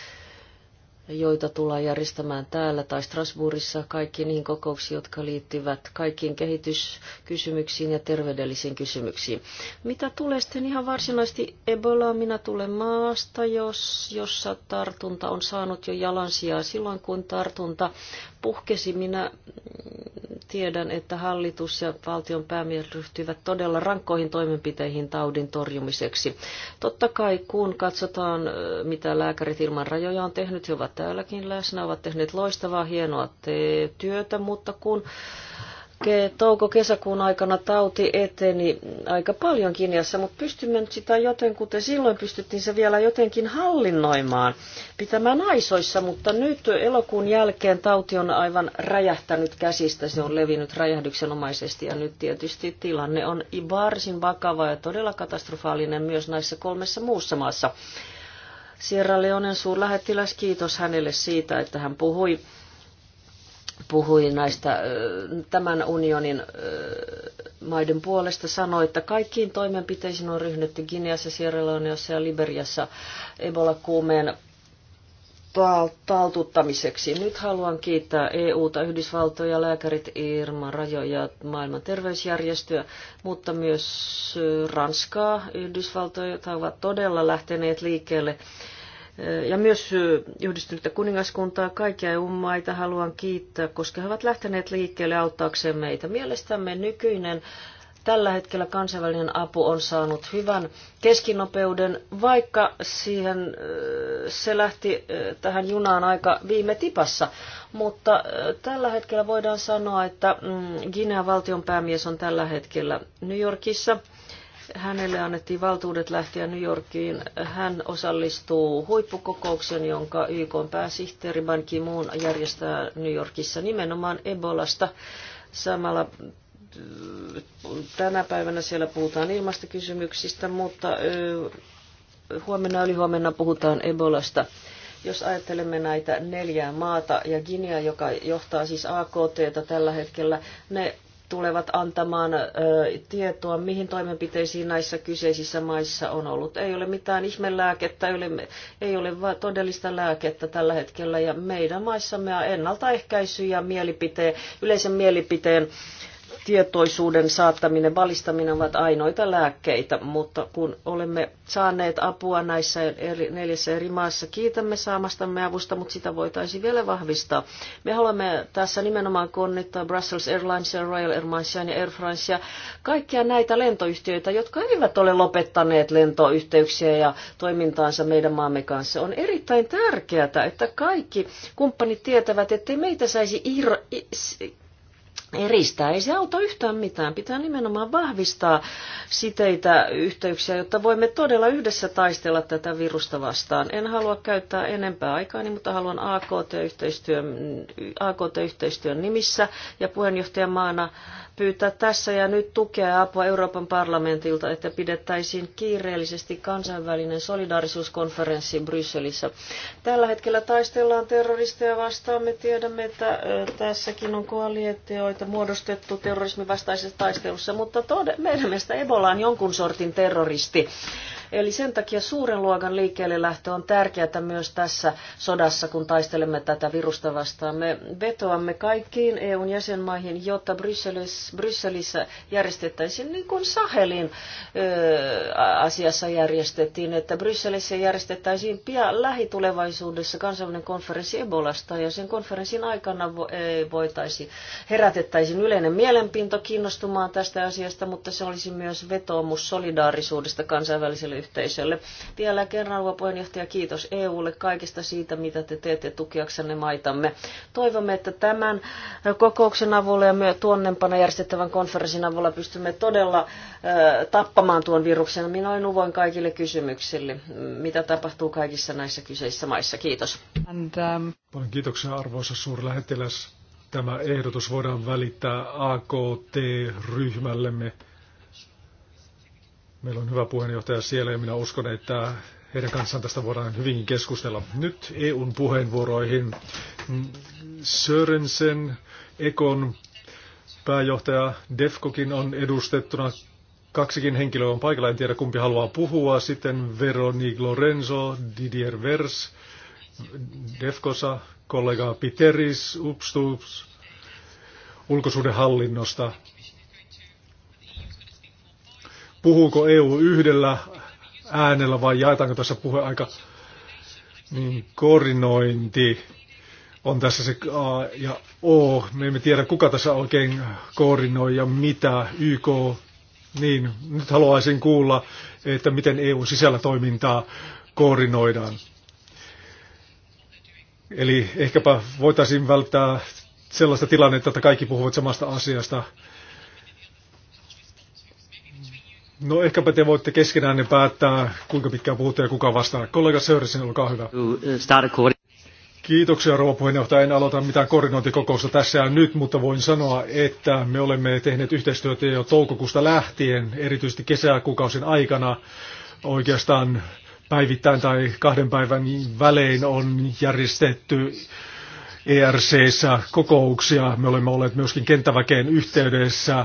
joita tullaan järjestämään täällä tai Strasbourgissa, kaikki niihin kokouksiin, jotka liittyvät kaikkiin kehityskysymyksiin ja terveydellisiin kysymyksiin. Mitä tulee sitten ihan varsinaisesti Ebola, minä tulen maasta, jos, jossa tartunta on saanut jo jalansijaa. Silloin kun tartunta puhkesi, minä mm, tiedän, että hallitus ja valtion päämiehet ryhtyivät todella rankkoihin toimenpiteihin taudin torjumiseksi. Totta kai, kun katsotaan, mitä lääkärit ilman rajoja on tehnyt, he ovat täälläkin läsnä, ovat tehneet loistavaa, hienoa työtä, mutta kun touko-kesäkuun aikana tauti eteni aika paljon Kiniassa, mutta pystymme nyt sitä jotenkin, silloin pystyttiin se vielä jotenkin hallinnoimaan, pitämään aisoissa, mutta nyt elokuun jälkeen tauti on aivan räjähtänyt käsistä, se on levinnyt räjähdyksenomaisesti ja nyt tietysti tilanne on varsin vakava ja todella katastrofaalinen myös näissä kolmessa muussa maassa. Sierra Leonen suurlähettiläs, kiitos hänelle siitä, että hän puhui, puhui näistä tämän unionin maiden puolesta, sanoi, että kaikkiin toimenpiteisiin on ryhdytty Guineassa, Sierra Leoneassa ja Liberiassa Ebola-kuumeen taltuttamiseksi. Nyt haluan kiittää EUta, Yhdysvaltoja, lääkärit, Irma, ja maailman terveysjärjestöä, mutta myös Ranskaa, Yhdysvaltoja, jotka ovat todella lähteneet liikkeelle ja myös yhdistynyttä kuningaskuntaa, kaikkia EU-maita haluan kiittää, koska he ovat lähteneet liikkeelle auttaakseen meitä. Mielestämme nykyinen tällä hetkellä kansainvälinen apu on saanut hyvän keskinopeuden, vaikka siihen se lähti tähän junaan aika viime tipassa. Mutta tällä hetkellä voidaan sanoa, että mm, Guinea valtion päämies on tällä hetkellä New Yorkissa – hänelle annettiin valtuudet lähteä New Yorkiin. Hän osallistuu huippukokouksen, jonka YK pääsihteeri Ban Ki-moon järjestää New Yorkissa nimenomaan Ebolasta. Samalla tänä päivänä siellä puhutaan ilmastokysymyksistä, mutta huomenna yli huomenna puhutaan Ebolasta. Jos ajattelemme näitä neljää maata ja Guinea, joka johtaa siis AKT tällä hetkellä, ne tulevat antamaan ö, tietoa, mihin toimenpiteisiin näissä kyseisissä maissa on ollut. Ei ole mitään ihmelääkettä, ei ole, ei ole todellista lääkettä tällä hetkellä ja meidän maissamme on ennaltaehkäisy ja mielipiteen, yleisen mielipiteen tietoisuuden saattaminen, valistaminen ovat ainoita lääkkeitä, mutta kun olemme saaneet apua näissä eri, neljässä eri maassa, kiitämme saamastamme avusta, mutta sitä voitaisiin vielä vahvistaa. Me haluamme tässä nimenomaan konnittaa Brussels Airlines ja Royal Airlines ja Air France ja kaikkia näitä lentoyhtiöitä, jotka eivät ole lopettaneet lentoyhteyksiä ja toimintaansa meidän maamme kanssa. On erittäin tärkeää, että kaikki kumppanit tietävät, ettei meitä saisi ir- eristää. Ei se auta yhtään mitään. Pitää nimenomaan vahvistaa siteitä, yhteyksiä, jotta voimme todella yhdessä taistella tätä virusta vastaan. En halua käyttää enempää aikaa, mutta haluan AKT-yhteistyön, AKT-yhteistyön nimissä ja puheenjohtajamaana pyytää tässä ja nyt tukea ja apua Euroopan parlamentilta, että pidettäisiin kiireellisesti kansainvälinen solidaarisuuskonferenssi Brysselissä. Tällä hetkellä taistellaan terroristeja vastaan. Me tiedämme, että tässäkin on koalitioita muodostettu terrorismin vastaisessa taistelussa, mutta tode, meidän mielestä Ebola on jonkun sortin terroristi. Eli sen takia suuren luokan liikkeelle lähtö on tärkeää myös tässä sodassa, kun taistelemme tätä virusta vastaan. Me vetoamme kaikkiin EUn jäsenmaihin, jotta Brysselissä, Brysselissä järjestettäisiin niin kuin Sahelin ö, asiassa järjestettiin, että Brysselissä järjestettäisiin pian lähitulevaisuudessa kansainvälinen konferenssi Ebolasta ja sen konferenssin aikana voitaisiin herätettäisiin yleinen mielenpinto kiinnostumaan tästä asiasta, mutta se olisi myös vetoomus solidaarisuudesta kansainväliselle yhteisölle. Vielä kerran, rouva puheenjohtaja, kiitos EUlle kaikista siitä, mitä te teette tukiaksenne maitamme. Toivomme, että tämän kokouksen avulla ja myös tuonnempana järjestettävän konferenssin avulla pystymme todella tappamaan tuon viruksen. Minä olen uvoin kaikille kysymyksille, mitä tapahtuu kaikissa näissä kyseisissä maissa. Kiitos. And, um... Paljon kiitoksia arvoisa suurlähettiläs. Tämä ehdotus voidaan välittää AKT-ryhmällemme. Meillä on hyvä puheenjohtaja siellä ja minä uskon, että heidän kanssaan tästä voidaan hyvinkin keskustella. Nyt EUn puheenvuoroihin. Mm, Sörensen, Ekon pääjohtaja Defkokin on edustettuna. Kaksikin henkilöä on paikalla, en tiedä kumpi haluaa puhua. Sitten Veronique Lorenzo, Didier Vers, Defkosa, kollega Piteris, Upstups, ulkosuudenhallinnosta puhuuko EU yhdellä äänellä vai jaetaanko tässä aika niin koordinointi on tässä se A ja O. Me emme tiedä, kuka tässä oikein koordinoi ja mitä. YK, niin nyt haluaisin kuulla, että miten EUn sisällä toimintaa koordinoidaan. Eli ehkäpä voitaisiin välttää sellaista tilannetta, että kaikki puhuvat samasta asiasta No ehkäpä te voitte keskenään ne päättää, kuinka pitkään puhutte ja kuka vastaa. Kollega Sörsin, olkaa hyvä. Uh, Kiitoksia rouva puheenjohtaja. En aloita mitään koordinointikokousta tässä ja nyt, mutta voin sanoa, että me olemme tehneet yhteistyötä jo toukokuusta lähtien, erityisesti kesäkuukausin aikana. Oikeastaan päivittäin tai kahden päivän välein on järjestetty ERC-kokouksia. Me olemme olleet myöskin kenttäväkeen yhteydessä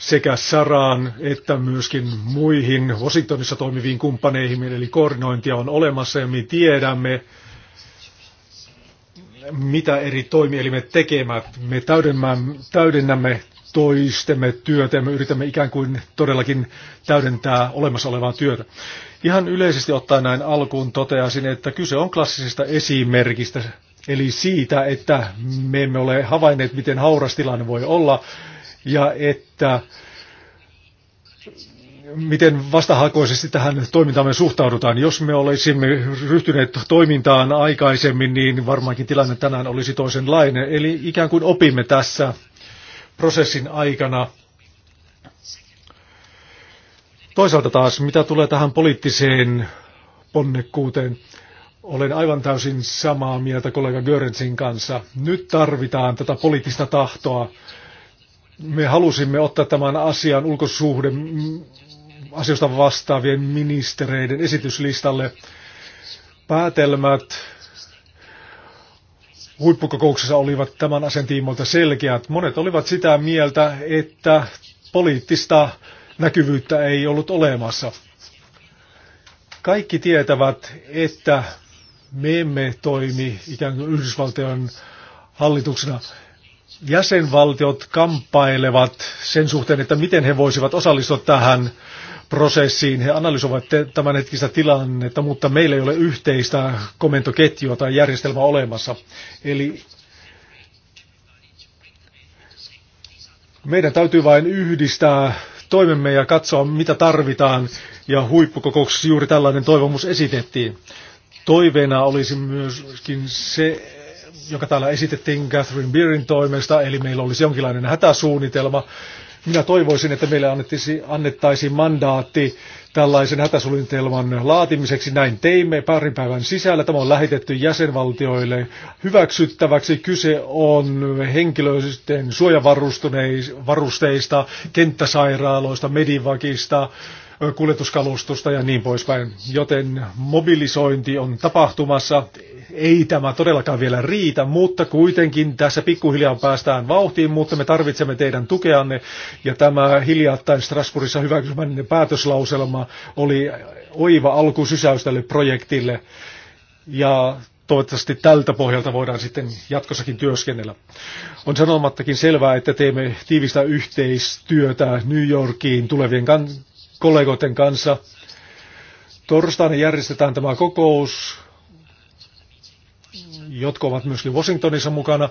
sekä Saraan että myöskin muihin Washingtonissa toimiviin kumppaneihin, eli koordinointia on olemassa ja me tiedämme, mitä eri toimielimet tekevät. Me täydennämme, toistemme työtä ja me yritämme ikään kuin todellakin täydentää olemassa olevaa työtä. Ihan yleisesti ottaen näin alkuun toteaisin, että kyse on klassisesta esimerkistä, eli siitä, että me emme ole havainneet, miten hauras tilanne voi olla, ja että miten vastahakoisesti tähän toimintaamme suhtaudutaan. Jos me olisimme ryhtyneet toimintaan aikaisemmin, niin varmaankin tilanne tänään olisi toisenlainen. Eli ikään kuin opimme tässä prosessin aikana. Toisaalta taas, mitä tulee tähän poliittiseen ponnekkuuteen, olen aivan täysin samaa mieltä kollega Görensin kanssa. Nyt tarvitaan tätä poliittista tahtoa me halusimme ottaa tämän asian ulkosuhde asioista vastaavien ministereiden esityslistalle. Päätelmät huippukokouksessa olivat tämän asian tiimoilta selkeät. Monet olivat sitä mieltä, että poliittista näkyvyyttä ei ollut olemassa. Kaikki tietävät, että me emme toimi ikään kuin Yhdysvaltojen hallituksena jäsenvaltiot kamppailevat sen suhteen, että miten he voisivat osallistua tähän prosessiin. He analysoivat tämän hetkistä tilannetta, mutta meillä ei ole yhteistä komentoketjua tai järjestelmää olemassa. Eli meidän täytyy vain yhdistää toimemme ja katsoa, mitä tarvitaan. Ja huippukokouksessa juuri tällainen toivomus esitettiin. Toiveena olisi myöskin se, joka täällä esitettiin Catherine Beerin toimesta, eli meillä olisi jonkinlainen hätäsuunnitelma. Minä toivoisin, että meille annettaisiin mandaatti tällaisen hätäsuunnitelman laatimiseksi. Näin teimme parin päivän sisällä. Tämä on lähetetty jäsenvaltioille hyväksyttäväksi. Kyse on henkilöisten suojavarusteista, kenttäsairaaloista, medivakista, kuljetuskalustusta ja niin poispäin. Joten mobilisointi on tapahtumassa. Ei tämä todellakaan vielä riitä, mutta kuitenkin tässä pikkuhiljaa päästään vauhtiin, mutta me tarvitsemme teidän tukeanne. Ja tämä hiljattain Strasbourgissa hyväksymänne päätöslauselma oli oiva alku tälle projektille. Ja toivottavasti tältä pohjalta voidaan sitten jatkossakin työskennellä. On sanomattakin selvää, että teemme tiivistä yhteistyötä New Yorkiin tulevien kan- kollegoiden kanssa. Torstaina järjestetään tämä kokous, jotka ovat myöskin Washingtonissa mukana,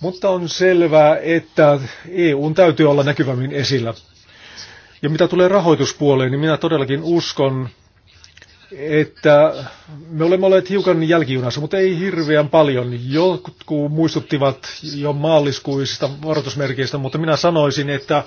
mutta on selvää, että EUn täytyy olla näkyvämmin esillä. Ja mitä tulee rahoituspuoleen, niin minä todellakin uskon, että me olemme olleet hiukan jälkijunassa, mutta ei hirveän paljon. Jotkut muistuttivat jo maaliskuisista varoitusmerkeistä, mutta minä sanoisin, että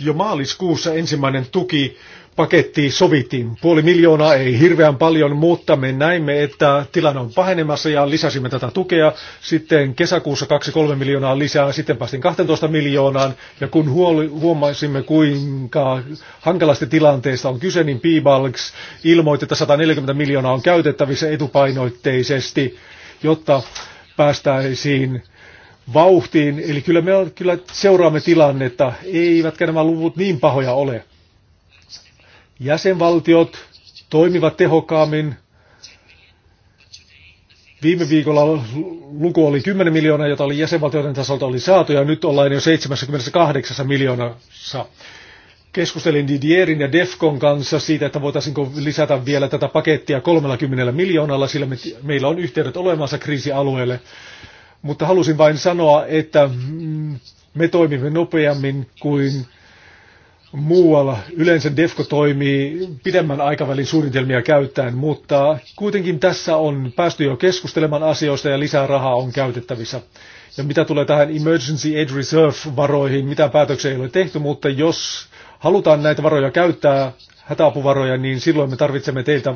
jo maaliskuussa ensimmäinen tuki paketti sovittiin. Puoli miljoonaa ei hirveän paljon, mutta me näimme, että tilanne on pahenemassa ja lisäsimme tätä tukea. Sitten kesäkuussa 2-3 miljoonaa lisää, sitten päästiin 12 miljoonaan. Ja kun huoli, huomaisimme, kuinka hankalasti tilanteesta on kyse, niin Piibalks ilmoitti, että 140 miljoonaa on käytettävissä etupainoitteisesti, jotta päästäisiin vauhtiin. Eli kyllä me kyllä seuraamme tilannetta, eivätkä nämä luvut niin pahoja ole. Jäsenvaltiot toimivat tehokkaammin. Viime viikolla luku oli 10 miljoonaa, jota oli jäsenvaltioiden tasolta oli saatu, ja nyt ollaan jo 78 miljoonassa. Keskustelin Didierin ja Defcon kanssa siitä, että voitaisiinko lisätä vielä tätä pakettia 30 miljoonalla, sillä me, meillä on yhteydet olemassa kriisialueelle. Mutta halusin vain sanoa, että mm, me toimimme nopeammin kuin muualla. Yleensä DEFCO toimii pidemmän aikavälin suunnitelmia käyttäen, mutta kuitenkin tässä on päästy jo keskustelemaan asioista ja lisää rahaa on käytettävissä. Ja mitä tulee tähän Emergency Aid Reserve-varoihin, mitä päätöksiä ei ole tehty, mutta jos halutaan näitä varoja käyttää hätäapuvaroja, niin silloin me tarvitsemme teiltä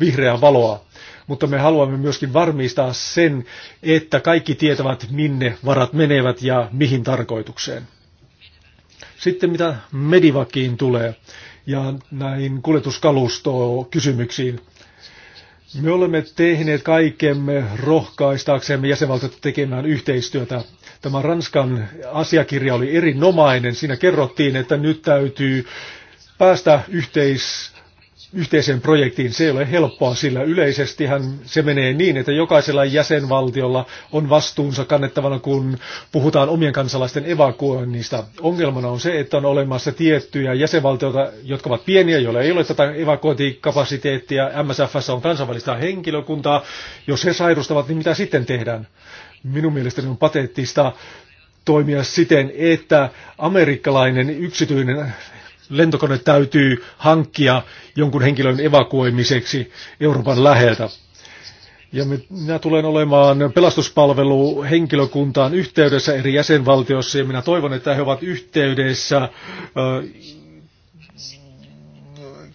vihreää valoa. Mutta me haluamme myöskin varmistaa sen, että kaikki tietävät, minne varat menevät ja mihin tarkoitukseen. Sitten mitä Medivakiin tulee ja näihin kuljetuskalustokysymyksiin. kysymyksiin. Me olemme tehneet kaikkemme rohkaistaaksemme jäsenvaltiot tekemään yhteistyötä. Tämä Ranskan asiakirja oli erinomainen. Siinä kerrottiin, että nyt täytyy päästä yhteis, yhteiseen projektiin. Se ei ole helppoa, sillä yleisesti se menee niin, että jokaisella jäsenvaltiolla on vastuunsa kannettavana, kun puhutaan omien kansalaisten evakuoinnista. Ongelmana on se, että on olemassa tiettyjä jäsenvaltioita, jotka ovat pieniä, joilla ei ole tätä evakuointikapasiteettia. MSF on kansainvälistä henkilökuntaa. Jos he sairustavat, niin mitä sitten tehdään? Minun mielestäni on pateettista toimia siten, että amerikkalainen yksityinen lentokone täytyy hankkia jonkun henkilön evakuoimiseksi Euroopan läheltä. Ja minä tulen olemaan pelastuspalvelu henkilökuntaan yhteydessä eri jäsenvaltioissa ja minä toivon, että he ovat yhteydessä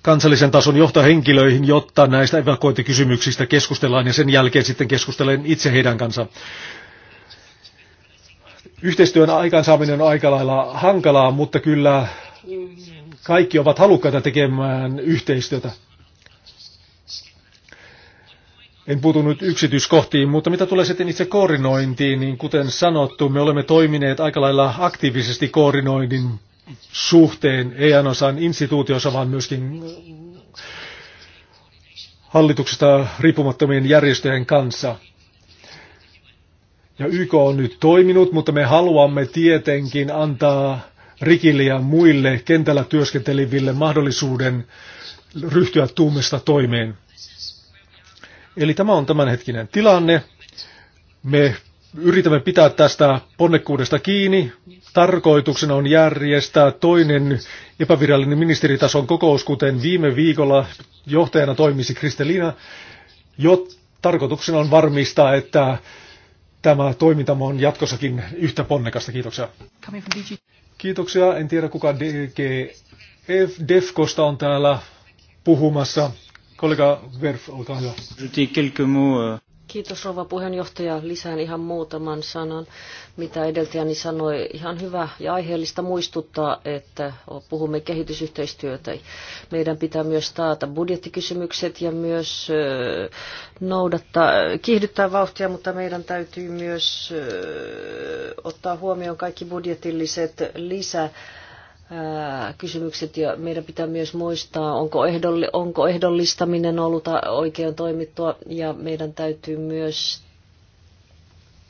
kansallisen tason johtohenkilöihin, jotta näistä evakuointikysymyksistä keskustellaan ja sen jälkeen sitten keskustelen itse heidän kanssa. Yhteistyön aikaansaaminen on aika lailla hankalaa, mutta kyllä kaikki ovat halukkaita tekemään yhteistyötä. En puutu nyt yksityiskohtiin, mutta mitä tulee sitten itse koordinointiin, niin kuten sanottu, me olemme toimineet aika lailla aktiivisesti koordinoinnin suhteen, ei ainoastaan instituutiossa, vaan myöskin hallituksesta riippumattomien järjestöjen kanssa. Ja YK on nyt toiminut, mutta me haluamme tietenkin antaa Rikille ja muille kentällä työskenteleville mahdollisuuden ryhtyä tuumesta toimeen. Eli tämä on tämänhetkinen tilanne. Me yritämme pitää tästä ponnekkuudesta kiinni. Tarkoituksena on järjestää toinen epävirallinen ministeritason kokous, kuten viime viikolla johtajana toimisi Kristelina, jotta tarkoituksena on varmistaa, että tämä toimintamo on jatkossakin yhtä ponnekasta. Kiitoksia. Kiitoksia. En tiedä kuka DG Defkosta on täällä puhumassa. Kollega Verf, olkaa hyvä. Euh. Kiitos rouva puheenjohtaja. Lisään ihan muutaman sanan, mitä edeltäjäni sanoi. Ihan hyvä ja aiheellista muistuttaa, että puhumme kehitysyhteistyötä. Meidän pitää myös taata budjettikysymykset ja myös noudattaa, kiihdyttää vauhtia, mutta meidän täytyy myös ottaa huomioon kaikki budjetilliset lisä kysymykset ja meidän pitää myös muistaa, onko, ehdolli, onko ehdollistaminen ollut oikein toimittua ja meidän täytyy myös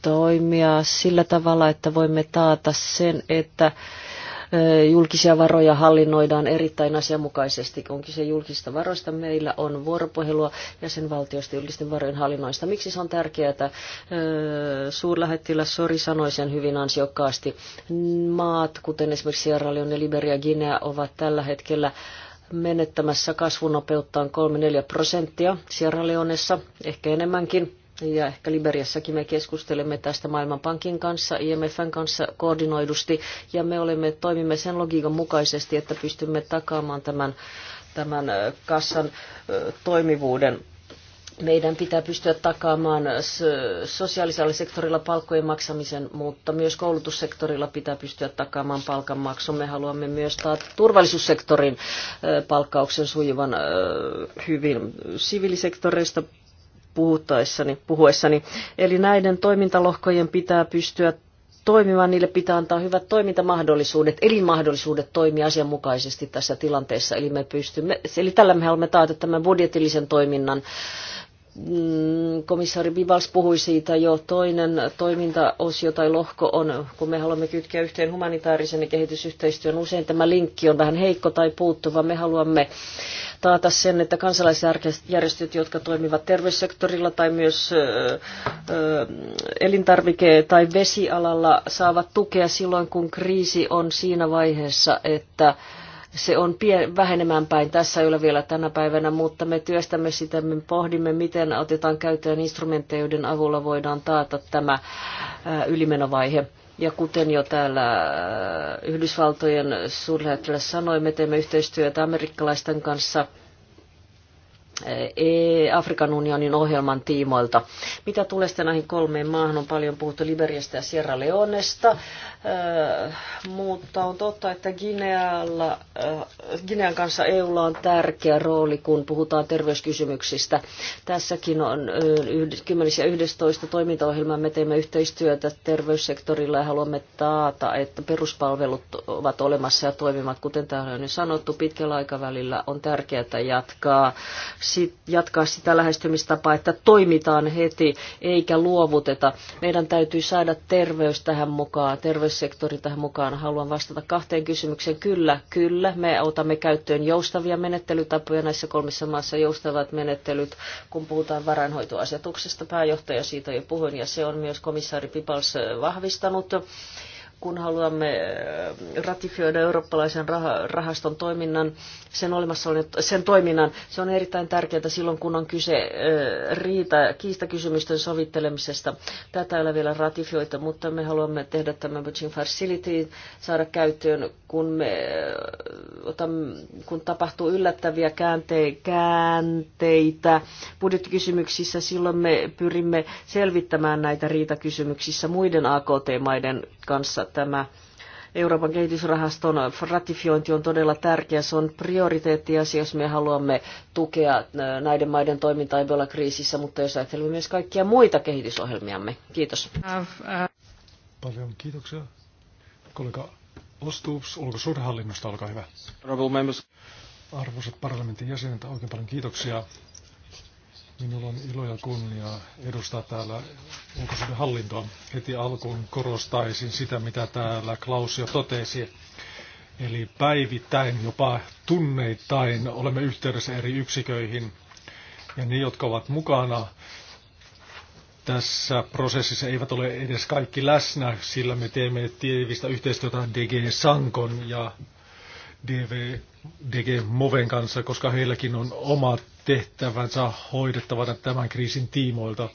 toimia sillä tavalla, että voimme taata sen, että julkisia varoja hallinnoidaan erittäin asianmukaisesti. Onkin se julkista varoista. Meillä on vuoropuhelua jäsenvaltioista julkisten varojen hallinnoista. Miksi se on tärkeää? Että suurlähettiläs Sori sanoi sen hyvin ansiokkaasti. Maat, kuten esimerkiksi Sierra Leone, Liberia, Guinea, ovat tällä hetkellä menettämässä kasvunopeuttaan 3-4 prosenttia Sierra Leonessa, ehkä enemmänkin ja ehkä Liberiassakin me keskustelemme tästä Maailmanpankin kanssa, IMFn kanssa koordinoidusti, ja me olemme, toimimme sen logiikan mukaisesti, että pystymme takaamaan tämän, tämän kassan toimivuuden. Meidän pitää pystyä takaamaan sosiaalisella sektorilla palkkojen maksamisen, mutta myös koulutussektorilla pitää pystyä takaamaan palkanmaksu. Me haluamme myös taata turvallisuussektorin palkkauksen sujuvan hyvin. Siviilisektoreista puhuttaessani, puhuessani. Eli näiden toimintalohkojen pitää pystyä toimimaan, niille pitää antaa hyvät toimintamahdollisuudet, elinmahdollisuudet toimia asianmukaisesti tässä tilanteessa. Eli, me pystymme, eli tällä me haluamme taata tämän budjetillisen toiminnan. Mm, komissaari Bibals puhui siitä jo. Toinen toimintaosio tai lohko on, kun me haluamme kytkeä yhteen humanitaarisen ja kehitysyhteistyön, usein tämä linkki on vähän heikko tai puuttuva. Me haluamme taata sen, että kansalaisjärjestöt, jotka toimivat terveyssektorilla tai myös elintarvike- tai vesialalla, saavat tukea silloin, kun kriisi on siinä vaiheessa, että se on pien, vähenemään päin. Tässä ei ole vielä tänä päivänä, mutta me työstämme sitä, me pohdimme, miten otetaan käyttöön instrumentteja, joiden avulla voidaan taata tämä ylimenovaihe. Ja kuten jo täällä äh, Yhdysvaltojen suurlähettiläs sanoi, me teemme yhteistyötä amerikkalaisten kanssa – E, Afrikan unionin ohjelman tiimoilta. Mitä tulee sitten näihin kolmeen maahan, on paljon puhuttu Liberiasta ja Sierra Leonesta, e, mutta on totta, että Ginealla, e, Ginean kanssa EUlla on tärkeä rooli, kun puhutaan terveyskysymyksistä. Tässäkin on 10 ja 11 toimintaohjelmaa, me teemme yhteistyötä terveyssektorilla ja haluamme taata, että peruspalvelut ovat olemassa ja toimivat, kuten täällä on jo sanottu, pitkällä aikavälillä on tärkeää jatkaa sit, jatkaa sitä lähestymistapaa, että toimitaan heti eikä luovuteta. Meidän täytyy saada terveys tähän mukaan, terveyssektori tähän mukaan. Haluan vastata kahteen kysymykseen. Kyllä, kyllä, me otamme käyttöön joustavia menettelytapoja näissä kolmessa maassa joustavat menettelyt, kun puhutaan varainhoitoasetuksesta. Pääjohtaja siitä jo puhuin ja se on myös komissaari Pipals vahvistanut kun haluamme äh, ratifioida eurooppalaisen rahaston toiminnan, sen, olemassa sen toiminnan, se on erittäin tärkeää silloin, kun on kyse äh, riita, kiistakysymysten sovittelemisesta. Tätä ei ole vielä ratifioita, mutta me haluamme tehdä tämän Bridging Facility, saada käyttöön, kun, me, äh, otamme, kun tapahtuu yllättäviä käänte, käänteitä budjettikysymyksissä, silloin me pyrimme selvittämään näitä riitakysymyksissä muiden AKT-maiden kanssa tämä Euroopan kehitysrahaston ratifiointi on todella tärkeä. Se on prioriteettiasia, jos me haluamme tukea äh, näiden maiden toimintaa Ebola-kriisissä, mutta jos ajattelemme myös kaikkia muita kehitysohjelmiamme. Kiitos. Paljon kiitoksia. Kollega Ostuups, ulkosuudenhallinnosta, olkaa hyvä. Arvoisat parlamentin jäsenet, oikein paljon kiitoksia Minulla on ilo ja kunnia edustaa täällä ulkoisuuden hallintoa. Heti alkuun korostaisin sitä, mitä täällä Klaus jo totesi. Eli päivittäin, jopa tunneittain olemme yhteydessä eri yksiköihin. Ja ne, jotka ovat mukana tässä prosessissa, eivät ole edes kaikki läsnä, sillä me teemme tiivistä yhteistyötä DG Sankon ja DV DG Moven kanssa, koska heilläkin on oma tehtävänsä hoidettavana tämän kriisin tiimoilta.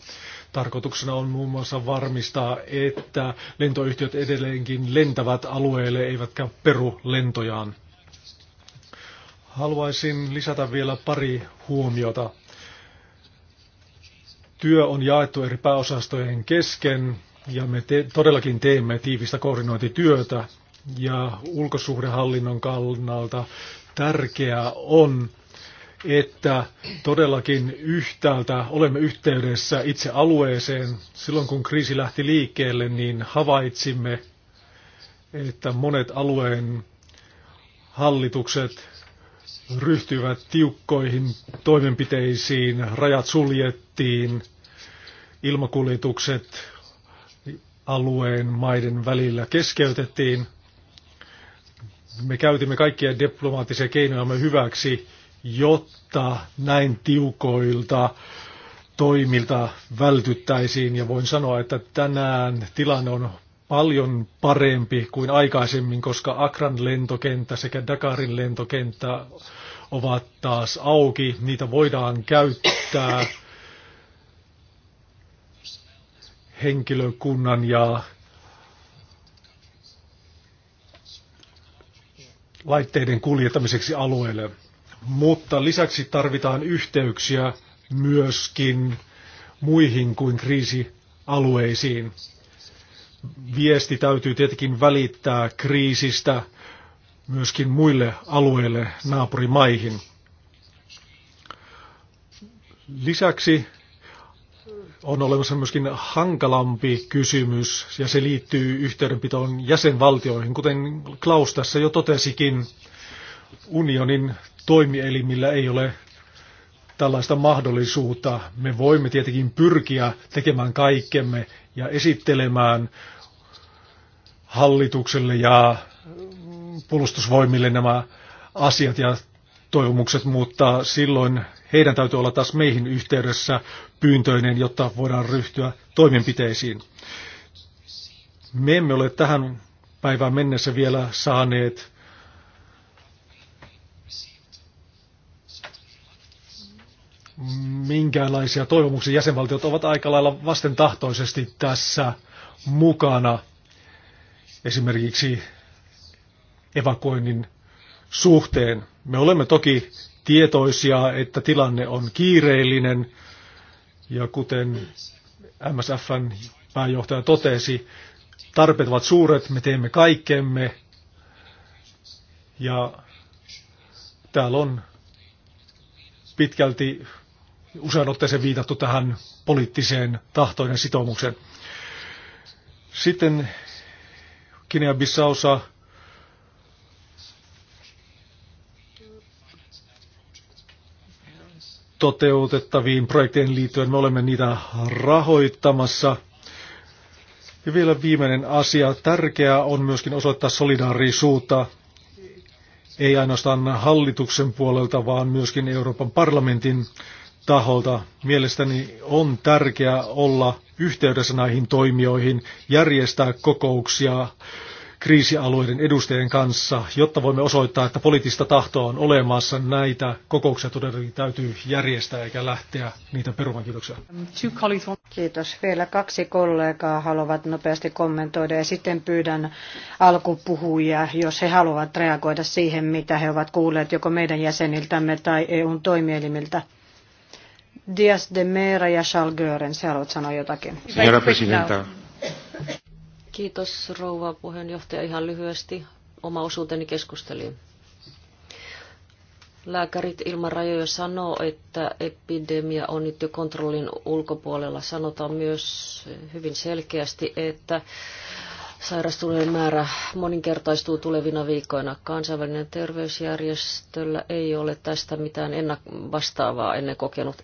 Tarkoituksena on muun muassa varmistaa, että lentoyhtiöt edelleenkin lentävät alueelle eivätkä peru lentojaan. Haluaisin lisätä vielä pari huomiota. Työ on jaettu eri pääosastojen kesken ja me te- todellakin teemme tiivistä koordinointityötä ja ulkosuhdehallinnon kannalta tärkeää on, että todellakin yhtäältä olemme yhteydessä itse alueeseen. Silloin kun kriisi lähti liikkeelle, niin havaitsimme, että monet alueen hallitukset ryhtyivät tiukkoihin toimenpiteisiin, rajat suljettiin, ilmakuljetukset alueen maiden välillä keskeytettiin – me käytimme kaikkia diplomaattisia me hyväksi, jotta näin tiukoilta toimilta vältyttäisiin. Ja voin sanoa, että tänään tilanne on paljon parempi kuin aikaisemmin, koska Akran lentokenttä sekä Dakarin lentokenttä ovat taas auki. Niitä voidaan käyttää henkilökunnan ja laitteiden kuljettamiseksi alueelle. Mutta lisäksi tarvitaan yhteyksiä myöskin muihin kuin kriisialueisiin. Viesti täytyy tietenkin välittää kriisistä myöskin muille alueille naapurimaihin. Lisäksi on olemassa myöskin hankalampi kysymys, ja se liittyy yhteydenpitoon jäsenvaltioihin. Kuten Klaus tässä jo totesikin, unionin toimielimillä ei ole tällaista mahdollisuutta. Me voimme tietenkin pyrkiä tekemään kaikkemme ja esittelemään hallitukselle ja puolustusvoimille nämä asiat ja toivomukset, mutta silloin heidän täytyy olla taas meihin yhteydessä pyyntöinen, jotta voidaan ryhtyä toimenpiteisiin. Me emme ole tähän päivään mennessä vielä saaneet minkäänlaisia toivomuksia. Jäsenvaltiot ovat aika lailla vastentahtoisesti tässä mukana. Esimerkiksi evakuoinnin suhteen. Me olemme toki tietoisia, että tilanne on kiireellinen. Ja kuten MSFn pääjohtaja totesi, tarpeet ovat suuret, me teemme kaikkemme. Ja täällä on pitkälti usein otteeseen viitattu tähän poliittiseen tahtoinen sitoumukseen. Sitten Kinea Bissausa toteutettaviin projekteihin liittyen. Me olemme niitä rahoittamassa. Ja vielä viimeinen asia. Tärkeää on myöskin osoittaa solidaarisuutta ei ainoastaan hallituksen puolelta, vaan myöskin Euroopan parlamentin taholta. Mielestäni on tärkeää olla yhteydessä näihin toimijoihin, järjestää kokouksia, kriisialueiden edustajien kanssa, jotta voimme osoittaa, että poliittista tahtoa on olemassa. Näitä kokouksia todellakin täytyy järjestää eikä lähteä niitä perumaan. Kiitoksia. Kiitos. Vielä kaksi kollegaa haluavat nopeasti kommentoida ja sitten pyydän alkupuhujia, jos he haluavat reagoida siihen, mitä he ovat kuulleet joko meidän jäseniltämme tai EUn toimielimiltä. Dias de Mera ja Charles Görens, haluat sanoa jotakin. Señora presidenta, Kiitos rouva puheenjohtaja ihan lyhyesti oma osuuteni keskusteliin. Lääkärit ilman rajoja sanoo, että epidemia on nyt jo kontrollin ulkopuolella. Sanotaan myös hyvin selkeästi, että sairastuneiden määrä moninkertaistuu tulevina viikkoina. Kansainvälinen terveysjärjestöllä ei ole tästä mitään ennak- vastaavaa ennen kokenut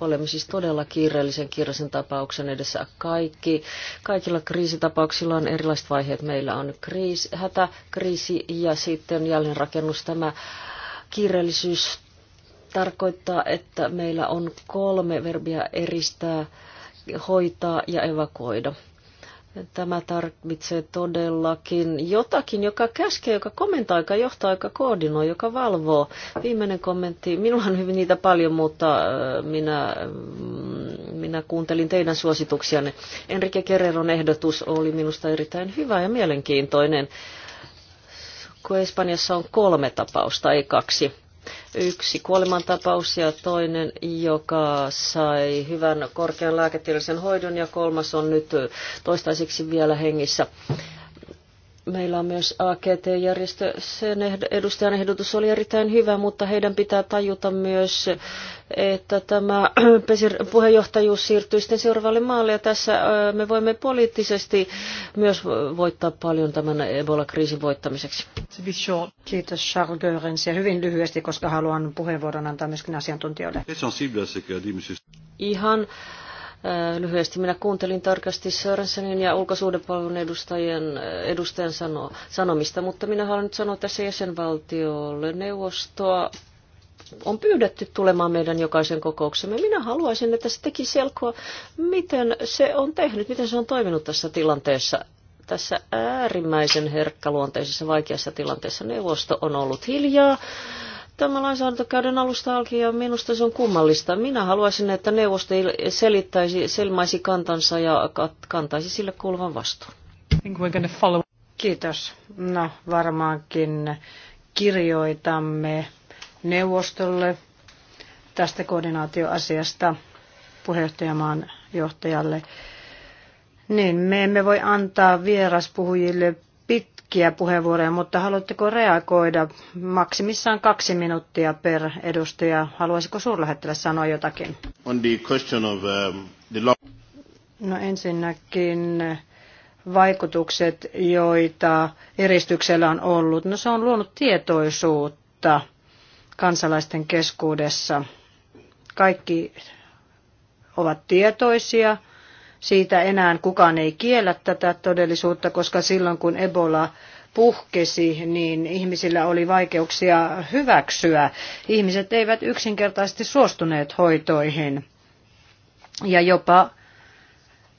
Olemme siis todella kiireellisen kirjallisen tapauksen edessä kaikki. Kaikilla kriisitapauksilla on erilaiset vaiheet. Meillä on kriis, hätä, kriisi ja sitten jälleenrakennus. Tämä kiireellisyys tarkoittaa, että meillä on kolme verbiä eristää, hoitaa ja evakuoida. Tämä tarvitsee todellakin jotakin, joka käskee, joka komentaa, joka johtaa, joka koordinoi, joka valvoo. Viimeinen kommentti. Minulla on hyvin niitä paljon, mutta äh, minä, mm, minä kuuntelin teidän suosituksianne. Enrique Kereron ehdotus oli minusta erittäin hyvä ja mielenkiintoinen kun Espanjassa on kolme tapausta, ei kaksi. Yksi kuolemantapaus ja toinen, joka sai hyvän korkean lääketieteellisen hoidon ja kolmas on nyt toistaiseksi vielä hengissä. Meillä on myös AGT-järjestö. Sen edustajan ehdotus oli erittäin hyvä, mutta heidän pitää tajuta myös, että tämä puheenjohtajuus siirtyy sitten seuraavalle maalle. Ja tässä me voimme poliittisesti myös voittaa paljon tämän Ebola-kriisin voittamiseksi. Kiitos Charles Görens. Ja hyvin lyhyesti, koska haluan puheenvuoron antaa myöskin asiantuntijoille. Ihan lyhyesti. Minä kuuntelin tarkasti Sörensenin ja ulkosuhdepalvelun edustajien, edustajan sano, sanomista, mutta minä haluan nyt sanoa tässä jäsenvaltiolle neuvostoa on pyydetty tulemaan meidän jokaisen kokouksemme. Minä haluaisin, että se teki selkoa, miten se on tehnyt, miten se on toiminut tässä tilanteessa tässä äärimmäisen herkkäluonteisessa vaikeassa tilanteessa neuvosto on ollut hiljaa. Tämä lainsäädäntökäyden alusta alkien ja minusta se on kummallista. Minä haluaisin, että neuvosto selittäisi, selmaisi kantansa ja kantaisi sille kuuluvan vastuun. Kiitos. No varmaankin kirjoitamme neuvostolle tästä koordinaatioasiasta puheenjohtajamaan johtajalle. Niin, me emme voi antaa vieraspuhujille pitkiä puheenvuoroja, mutta haluatteko reagoida maksimissaan kaksi minuuttia per edustaja? Haluaisiko suurlähettiläs sanoa jotakin? On the question of, um, the law. No ensinnäkin vaikutukset, joita eristyksellä on ollut. No se on luonut tietoisuutta kansalaisten keskuudessa. Kaikki ovat tietoisia – siitä enää kukaan ei kiellä tätä todellisuutta, koska silloin kun Ebola puhkesi, niin ihmisillä oli vaikeuksia hyväksyä. Ihmiset eivät yksinkertaisesti suostuneet hoitoihin ja jopa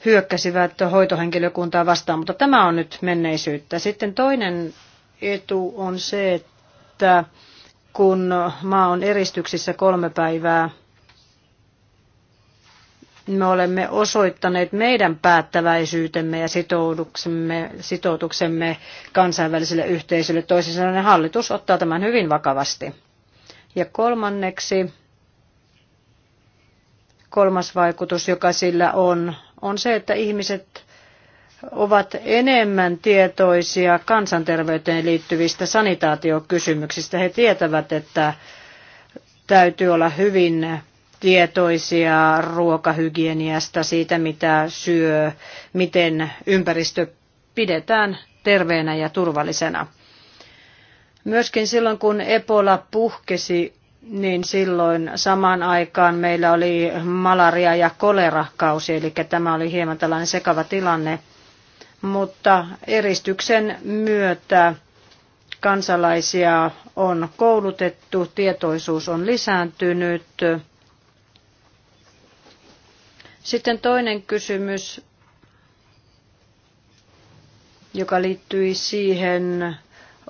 hyökkäsivät hoitohenkilökuntaa vastaan, mutta tämä on nyt menneisyyttä. Sitten toinen etu on se, että kun maa on eristyksissä kolme päivää, me olemme osoittaneet meidän päättäväisyytemme ja sitoutuksemme, sitoutuksemme kansainväliselle yhteisölle. Toisin sanoen hallitus ottaa tämän hyvin vakavasti. Ja kolmanneksi, kolmas vaikutus, joka sillä on, on se, että ihmiset ovat enemmän tietoisia kansanterveyteen liittyvistä sanitaatiokysymyksistä. He tietävät, että täytyy olla hyvin tietoisia ruokahygieniasta, siitä mitä syö, miten ympäristö pidetään terveenä ja turvallisena. Myöskin silloin, kun Ebola puhkesi, niin silloin samaan aikaan meillä oli malaria- ja kolerakausi, eli tämä oli hieman tällainen sekava tilanne. Mutta eristyksen myötä kansalaisia on koulutettu, tietoisuus on lisääntynyt sitten toinen kysymys, joka liittyi siihen,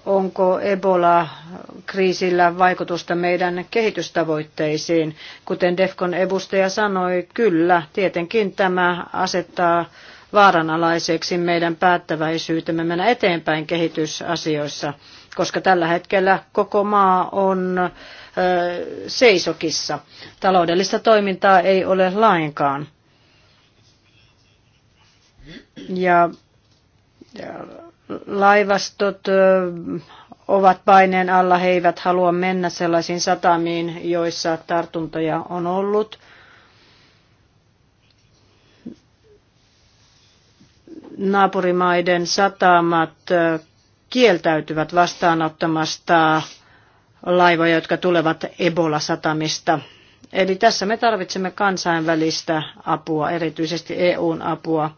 onko Ebola-kriisillä vaikutusta meidän kehitystavoitteisiin. Kuten Defcon edustaja sanoi, kyllä, tietenkin tämä asettaa vaaranalaiseksi meidän päättäväisyytemme mennä eteenpäin kehitysasioissa, koska tällä hetkellä koko maa on seisokissa. Taloudellista toimintaa ei ole lainkaan ja laivastot ovat paineen alla, he eivät halua mennä sellaisiin satamiin, joissa tartuntoja on ollut. Naapurimaiden satamat kieltäytyvät vastaanottamasta laivoja, jotka tulevat Ebola-satamista. Eli tässä me tarvitsemme kansainvälistä apua, erityisesti EUn apua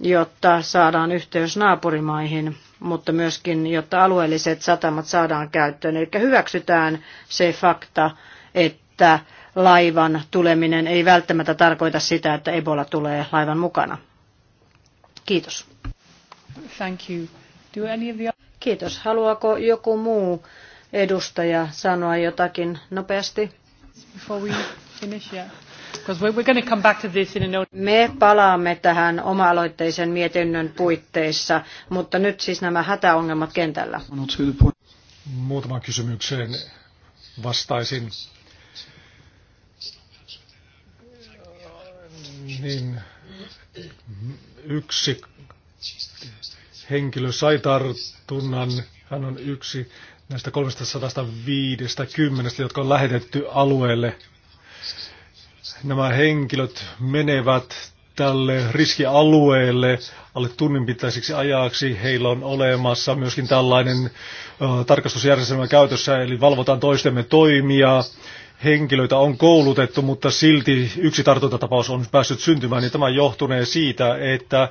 jotta saadaan yhteys naapurimaihin, mutta myöskin jotta alueelliset satamat saadaan käyttöön. Eli hyväksytään se fakta, että laivan tuleminen ei välttämättä tarkoita sitä, että Ebola tulee laivan mukana. Kiitos. Thank you. Do any of the... Kiitos. Haluaako joku muu edustaja sanoa jotakin nopeasti? Before we finish, yeah. Me palaamme tähän oma-aloitteisen mietinnön puitteissa, mutta nyt siis nämä hätäongelmat kentällä. Muutama kysymykseen vastaisin. Niin, yksi henkilö sai tartunnan, hän on yksi näistä 350, jotka on lähetetty alueelle nämä henkilöt menevät tälle riskialueelle alle tunnin pitäisiksi ajaksi. Heillä on olemassa myöskin tällainen ö, tarkastusjärjestelmä käytössä, eli valvotaan toistemme toimia. Henkilöitä on koulutettu, mutta silti yksi tartuntatapaus on päässyt syntymään, niin tämä johtunee siitä, että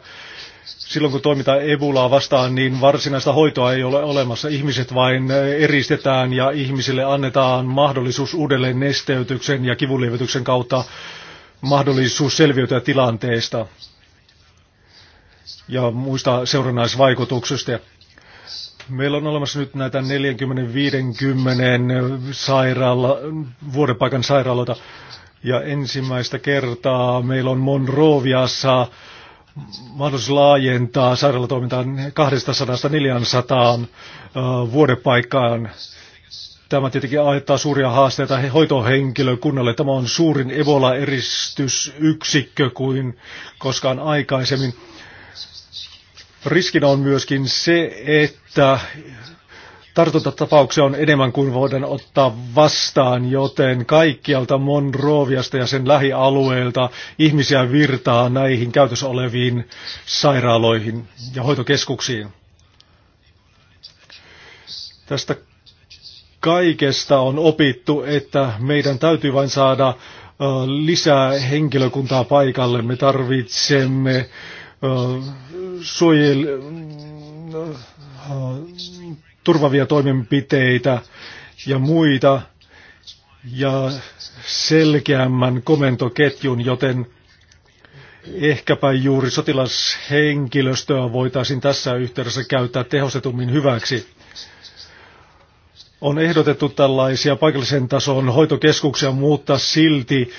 silloin kun toimitaan ebulaa vastaan, niin varsinaista hoitoa ei ole olemassa. Ihmiset vain eh, eristetään ja ihmisille annetaan mahdollisuus uudelleen nesteytyksen ja kivunlievityksen kautta mahdollisuus selviytyä tilanteesta ja muista seurannaisvaikutuksista. Meillä on olemassa nyt näitä 40-50 sairaala, vuodepaikan sairaaloita. Ja ensimmäistä kertaa meillä on Monroviassa mahdollisuus laajentaa sairaalatoimintaa 200-400 vuodepaikkaan. Tämä tietenkin aiheuttaa suuria haasteita hoitohenkilökunnalle. Tämä on suurin Ebola-eristysyksikkö kuin koskaan aikaisemmin. Riskinä on myöskin se, että tartuntatapauksia on enemmän kuin voidaan ottaa vastaan, joten kaikkialta Monroviasta ja sen lähialueilta ihmisiä virtaa näihin käytössä oleviin sairaaloihin ja hoitokeskuksiin. Tästä kaikesta on opittu, että meidän täytyy vain saada lisää henkilökuntaa paikalle. Me tarvitsemme suojel turvavia toimenpiteitä ja muita ja selkeämmän komentoketjun, joten ehkäpä juuri sotilashenkilöstöä voitaisiin tässä yhteydessä käyttää tehostetummin hyväksi. On ehdotettu tällaisia paikallisen tason hoitokeskuksia, mutta silti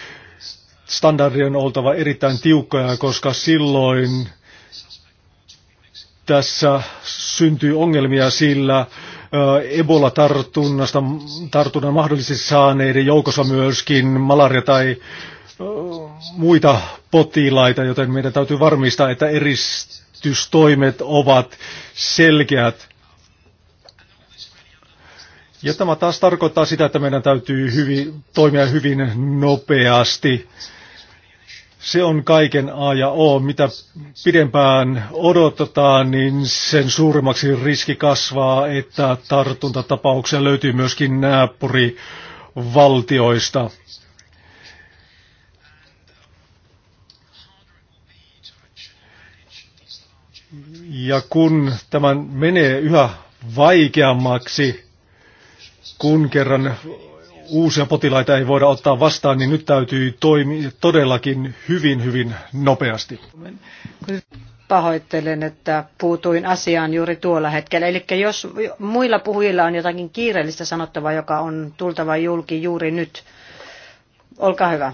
standardien on oltava erittäin tiukkoja, koska silloin tässä syntyy ongelmia, sillä Ebola-tartunnasta tartunnan mahdollisesti saaneiden joukossa myöskin malaria tai muita potilaita, joten meidän täytyy varmistaa, että eristystoimet ovat selkeät. Ja tämä taas tarkoittaa sitä, että meidän täytyy hyvin, toimia hyvin nopeasti se on kaiken A ja O. Mitä pidempään odotetaan, niin sen suurimmaksi riski kasvaa, että tartuntatapauksia löytyy myöskin naapurivaltioista. Ja kun tämän menee yhä vaikeammaksi, kun kerran uusia potilaita ei voida ottaa vastaan, niin nyt täytyy toimia todellakin hyvin, hyvin nopeasti. Pahoittelen, että puutuin asiaan juuri tuolla hetkellä. Eli jos muilla puhujilla on jotakin kiireellistä sanottavaa, joka on tultava julki juuri nyt, olkaa hyvä.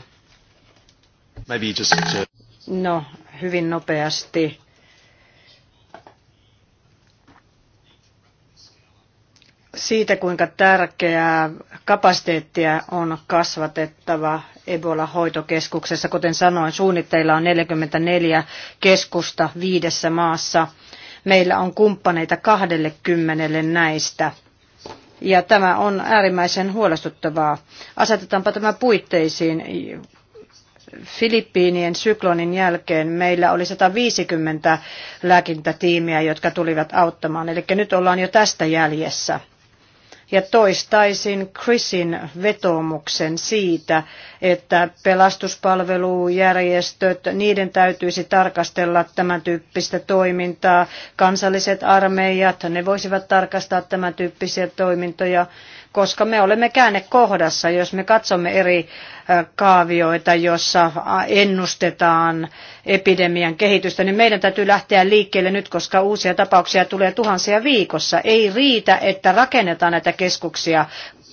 No, hyvin nopeasti siitä, kuinka tärkeää kapasiteettia on kasvatettava Ebola-hoitokeskuksessa. Kuten sanoin, suunnitteilla on 44 keskusta viidessä maassa. Meillä on kumppaneita 20 näistä. Ja tämä on äärimmäisen huolestuttavaa. Asetetaanpa tämä puitteisiin. Filippiinien syklonin jälkeen meillä oli 150 lääkintätiimiä, jotka tulivat auttamaan. Eli nyt ollaan jo tästä jäljessä ja toistaisin Chrisin vetoomuksen siitä, että pelastuspalvelujärjestöt, niiden täytyisi tarkastella tämän tyyppistä toimintaa. Kansalliset armeijat, ne voisivat tarkastaa tämän tyyppisiä toimintoja koska me olemme käännekohdassa, jos me katsomme eri kaavioita, jossa ennustetaan epidemian kehitystä, niin meidän täytyy lähteä liikkeelle nyt, koska uusia tapauksia tulee tuhansia viikossa. Ei riitä, että rakennetaan näitä keskuksia.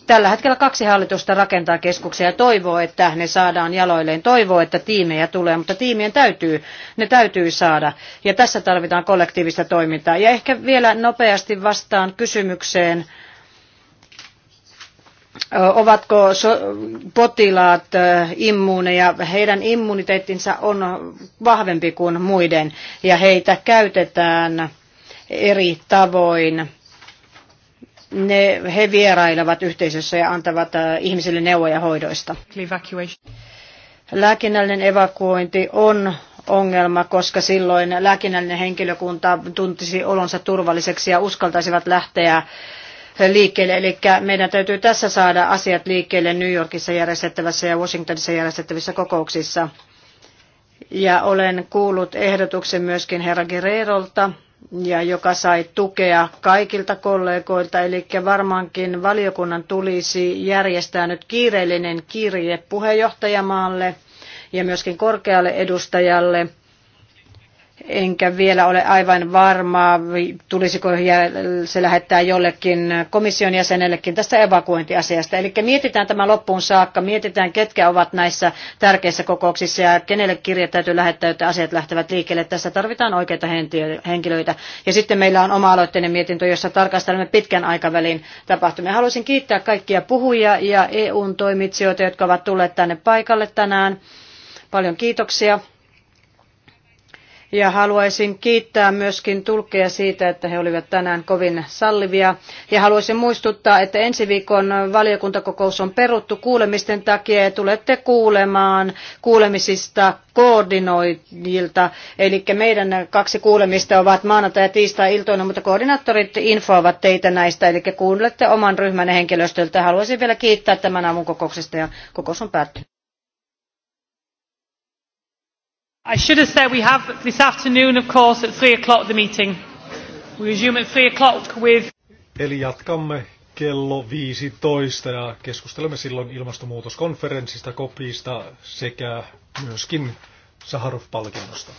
Tällä hetkellä kaksi hallitusta rakentaa keskuksia ja toivoo, että ne saadaan jaloilleen. Toivoo, että tiimejä tulee, mutta tiimien täytyy, ne täytyy saada. Ja tässä tarvitaan kollektiivista toimintaa. Ja ehkä vielä nopeasti vastaan kysymykseen ovatko potilaat immuuneja, heidän immuniteettinsa on vahvempi kuin muiden ja heitä käytetään eri tavoin. Ne, he vierailevat yhteisössä ja antavat ihmisille neuvoja hoidoista. Lääkinnällinen evakuointi on ongelma, koska silloin lääkinnällinen henkilökunta tuntisi olonsa turvalliseksi ja uskaltaisivat lähteä liikkeelle. Eli meidän täytyy tässä saada asiat liikkeelle New Yorkissa järjestettävässä ja Washingtonissa järjestettävissä kokouksissa. Ja olen kuullut ehdotuksen myöskin herra Guerrerolta, ja joka sai tukea kaikilta kollegoilta. Eli varmaankin valiokunnan tulisi järjestää nyt kiireellinen kirje puheenjohtajamaalle ja myöskin korkealle edustajalle – enkä vielä ole aivan varma, tulisiko se lähettää jollekin komission jäsenellekin tästä evakuointiasiasta. Eli mietitään tämä loppuun saakka, mietitään ketkä ovat näissä tärkeissä kokouksissa ja kenelle kirje täytyy lähettää, jotta asiat lähtevät liikkeelle. Tässä tarvitaan oikeita henkilöitä. Ja sitten meillä on oma-aloitteinen mietintö, jossa tarkastelemme pitkän aikavälin tapahtumia. Haluaisin kiittää kaikkia puhujia ja EUn toimitsijoita, jotka ovat tulleet tänne paikalle tänään. Paljon kiitoksia. Ja haluaisin kiittää myöskin tulkkeja siitä, että he olivat tänään kovin sallivia. Ja haluaisin muistuttaa, että ensi viikon valiokuntakokous on peruttu kuulemisten takia ja tulette kuulemaan kuulemisista koordinoijilta. Eli meidän kaksi kuulemista ovat maanantai- ja tiistai-iltoina, mutta koordinaattorit infoavat teitä näistä, eli kuulette oman ryhmänne henkilöstöltä. Haluaisin vielä kiittää tämän aamun kokouksesta ja kokous on päättynyt. I should have said we have this afternoon, of course, at three o'clock the meeting. We resume at three o'clock with... Eli jatkamme kello 15 ja keskustelemme silloin ilmastonmuutoskonferenssista, kopista sekä myöskin Saharov-palkinnosta.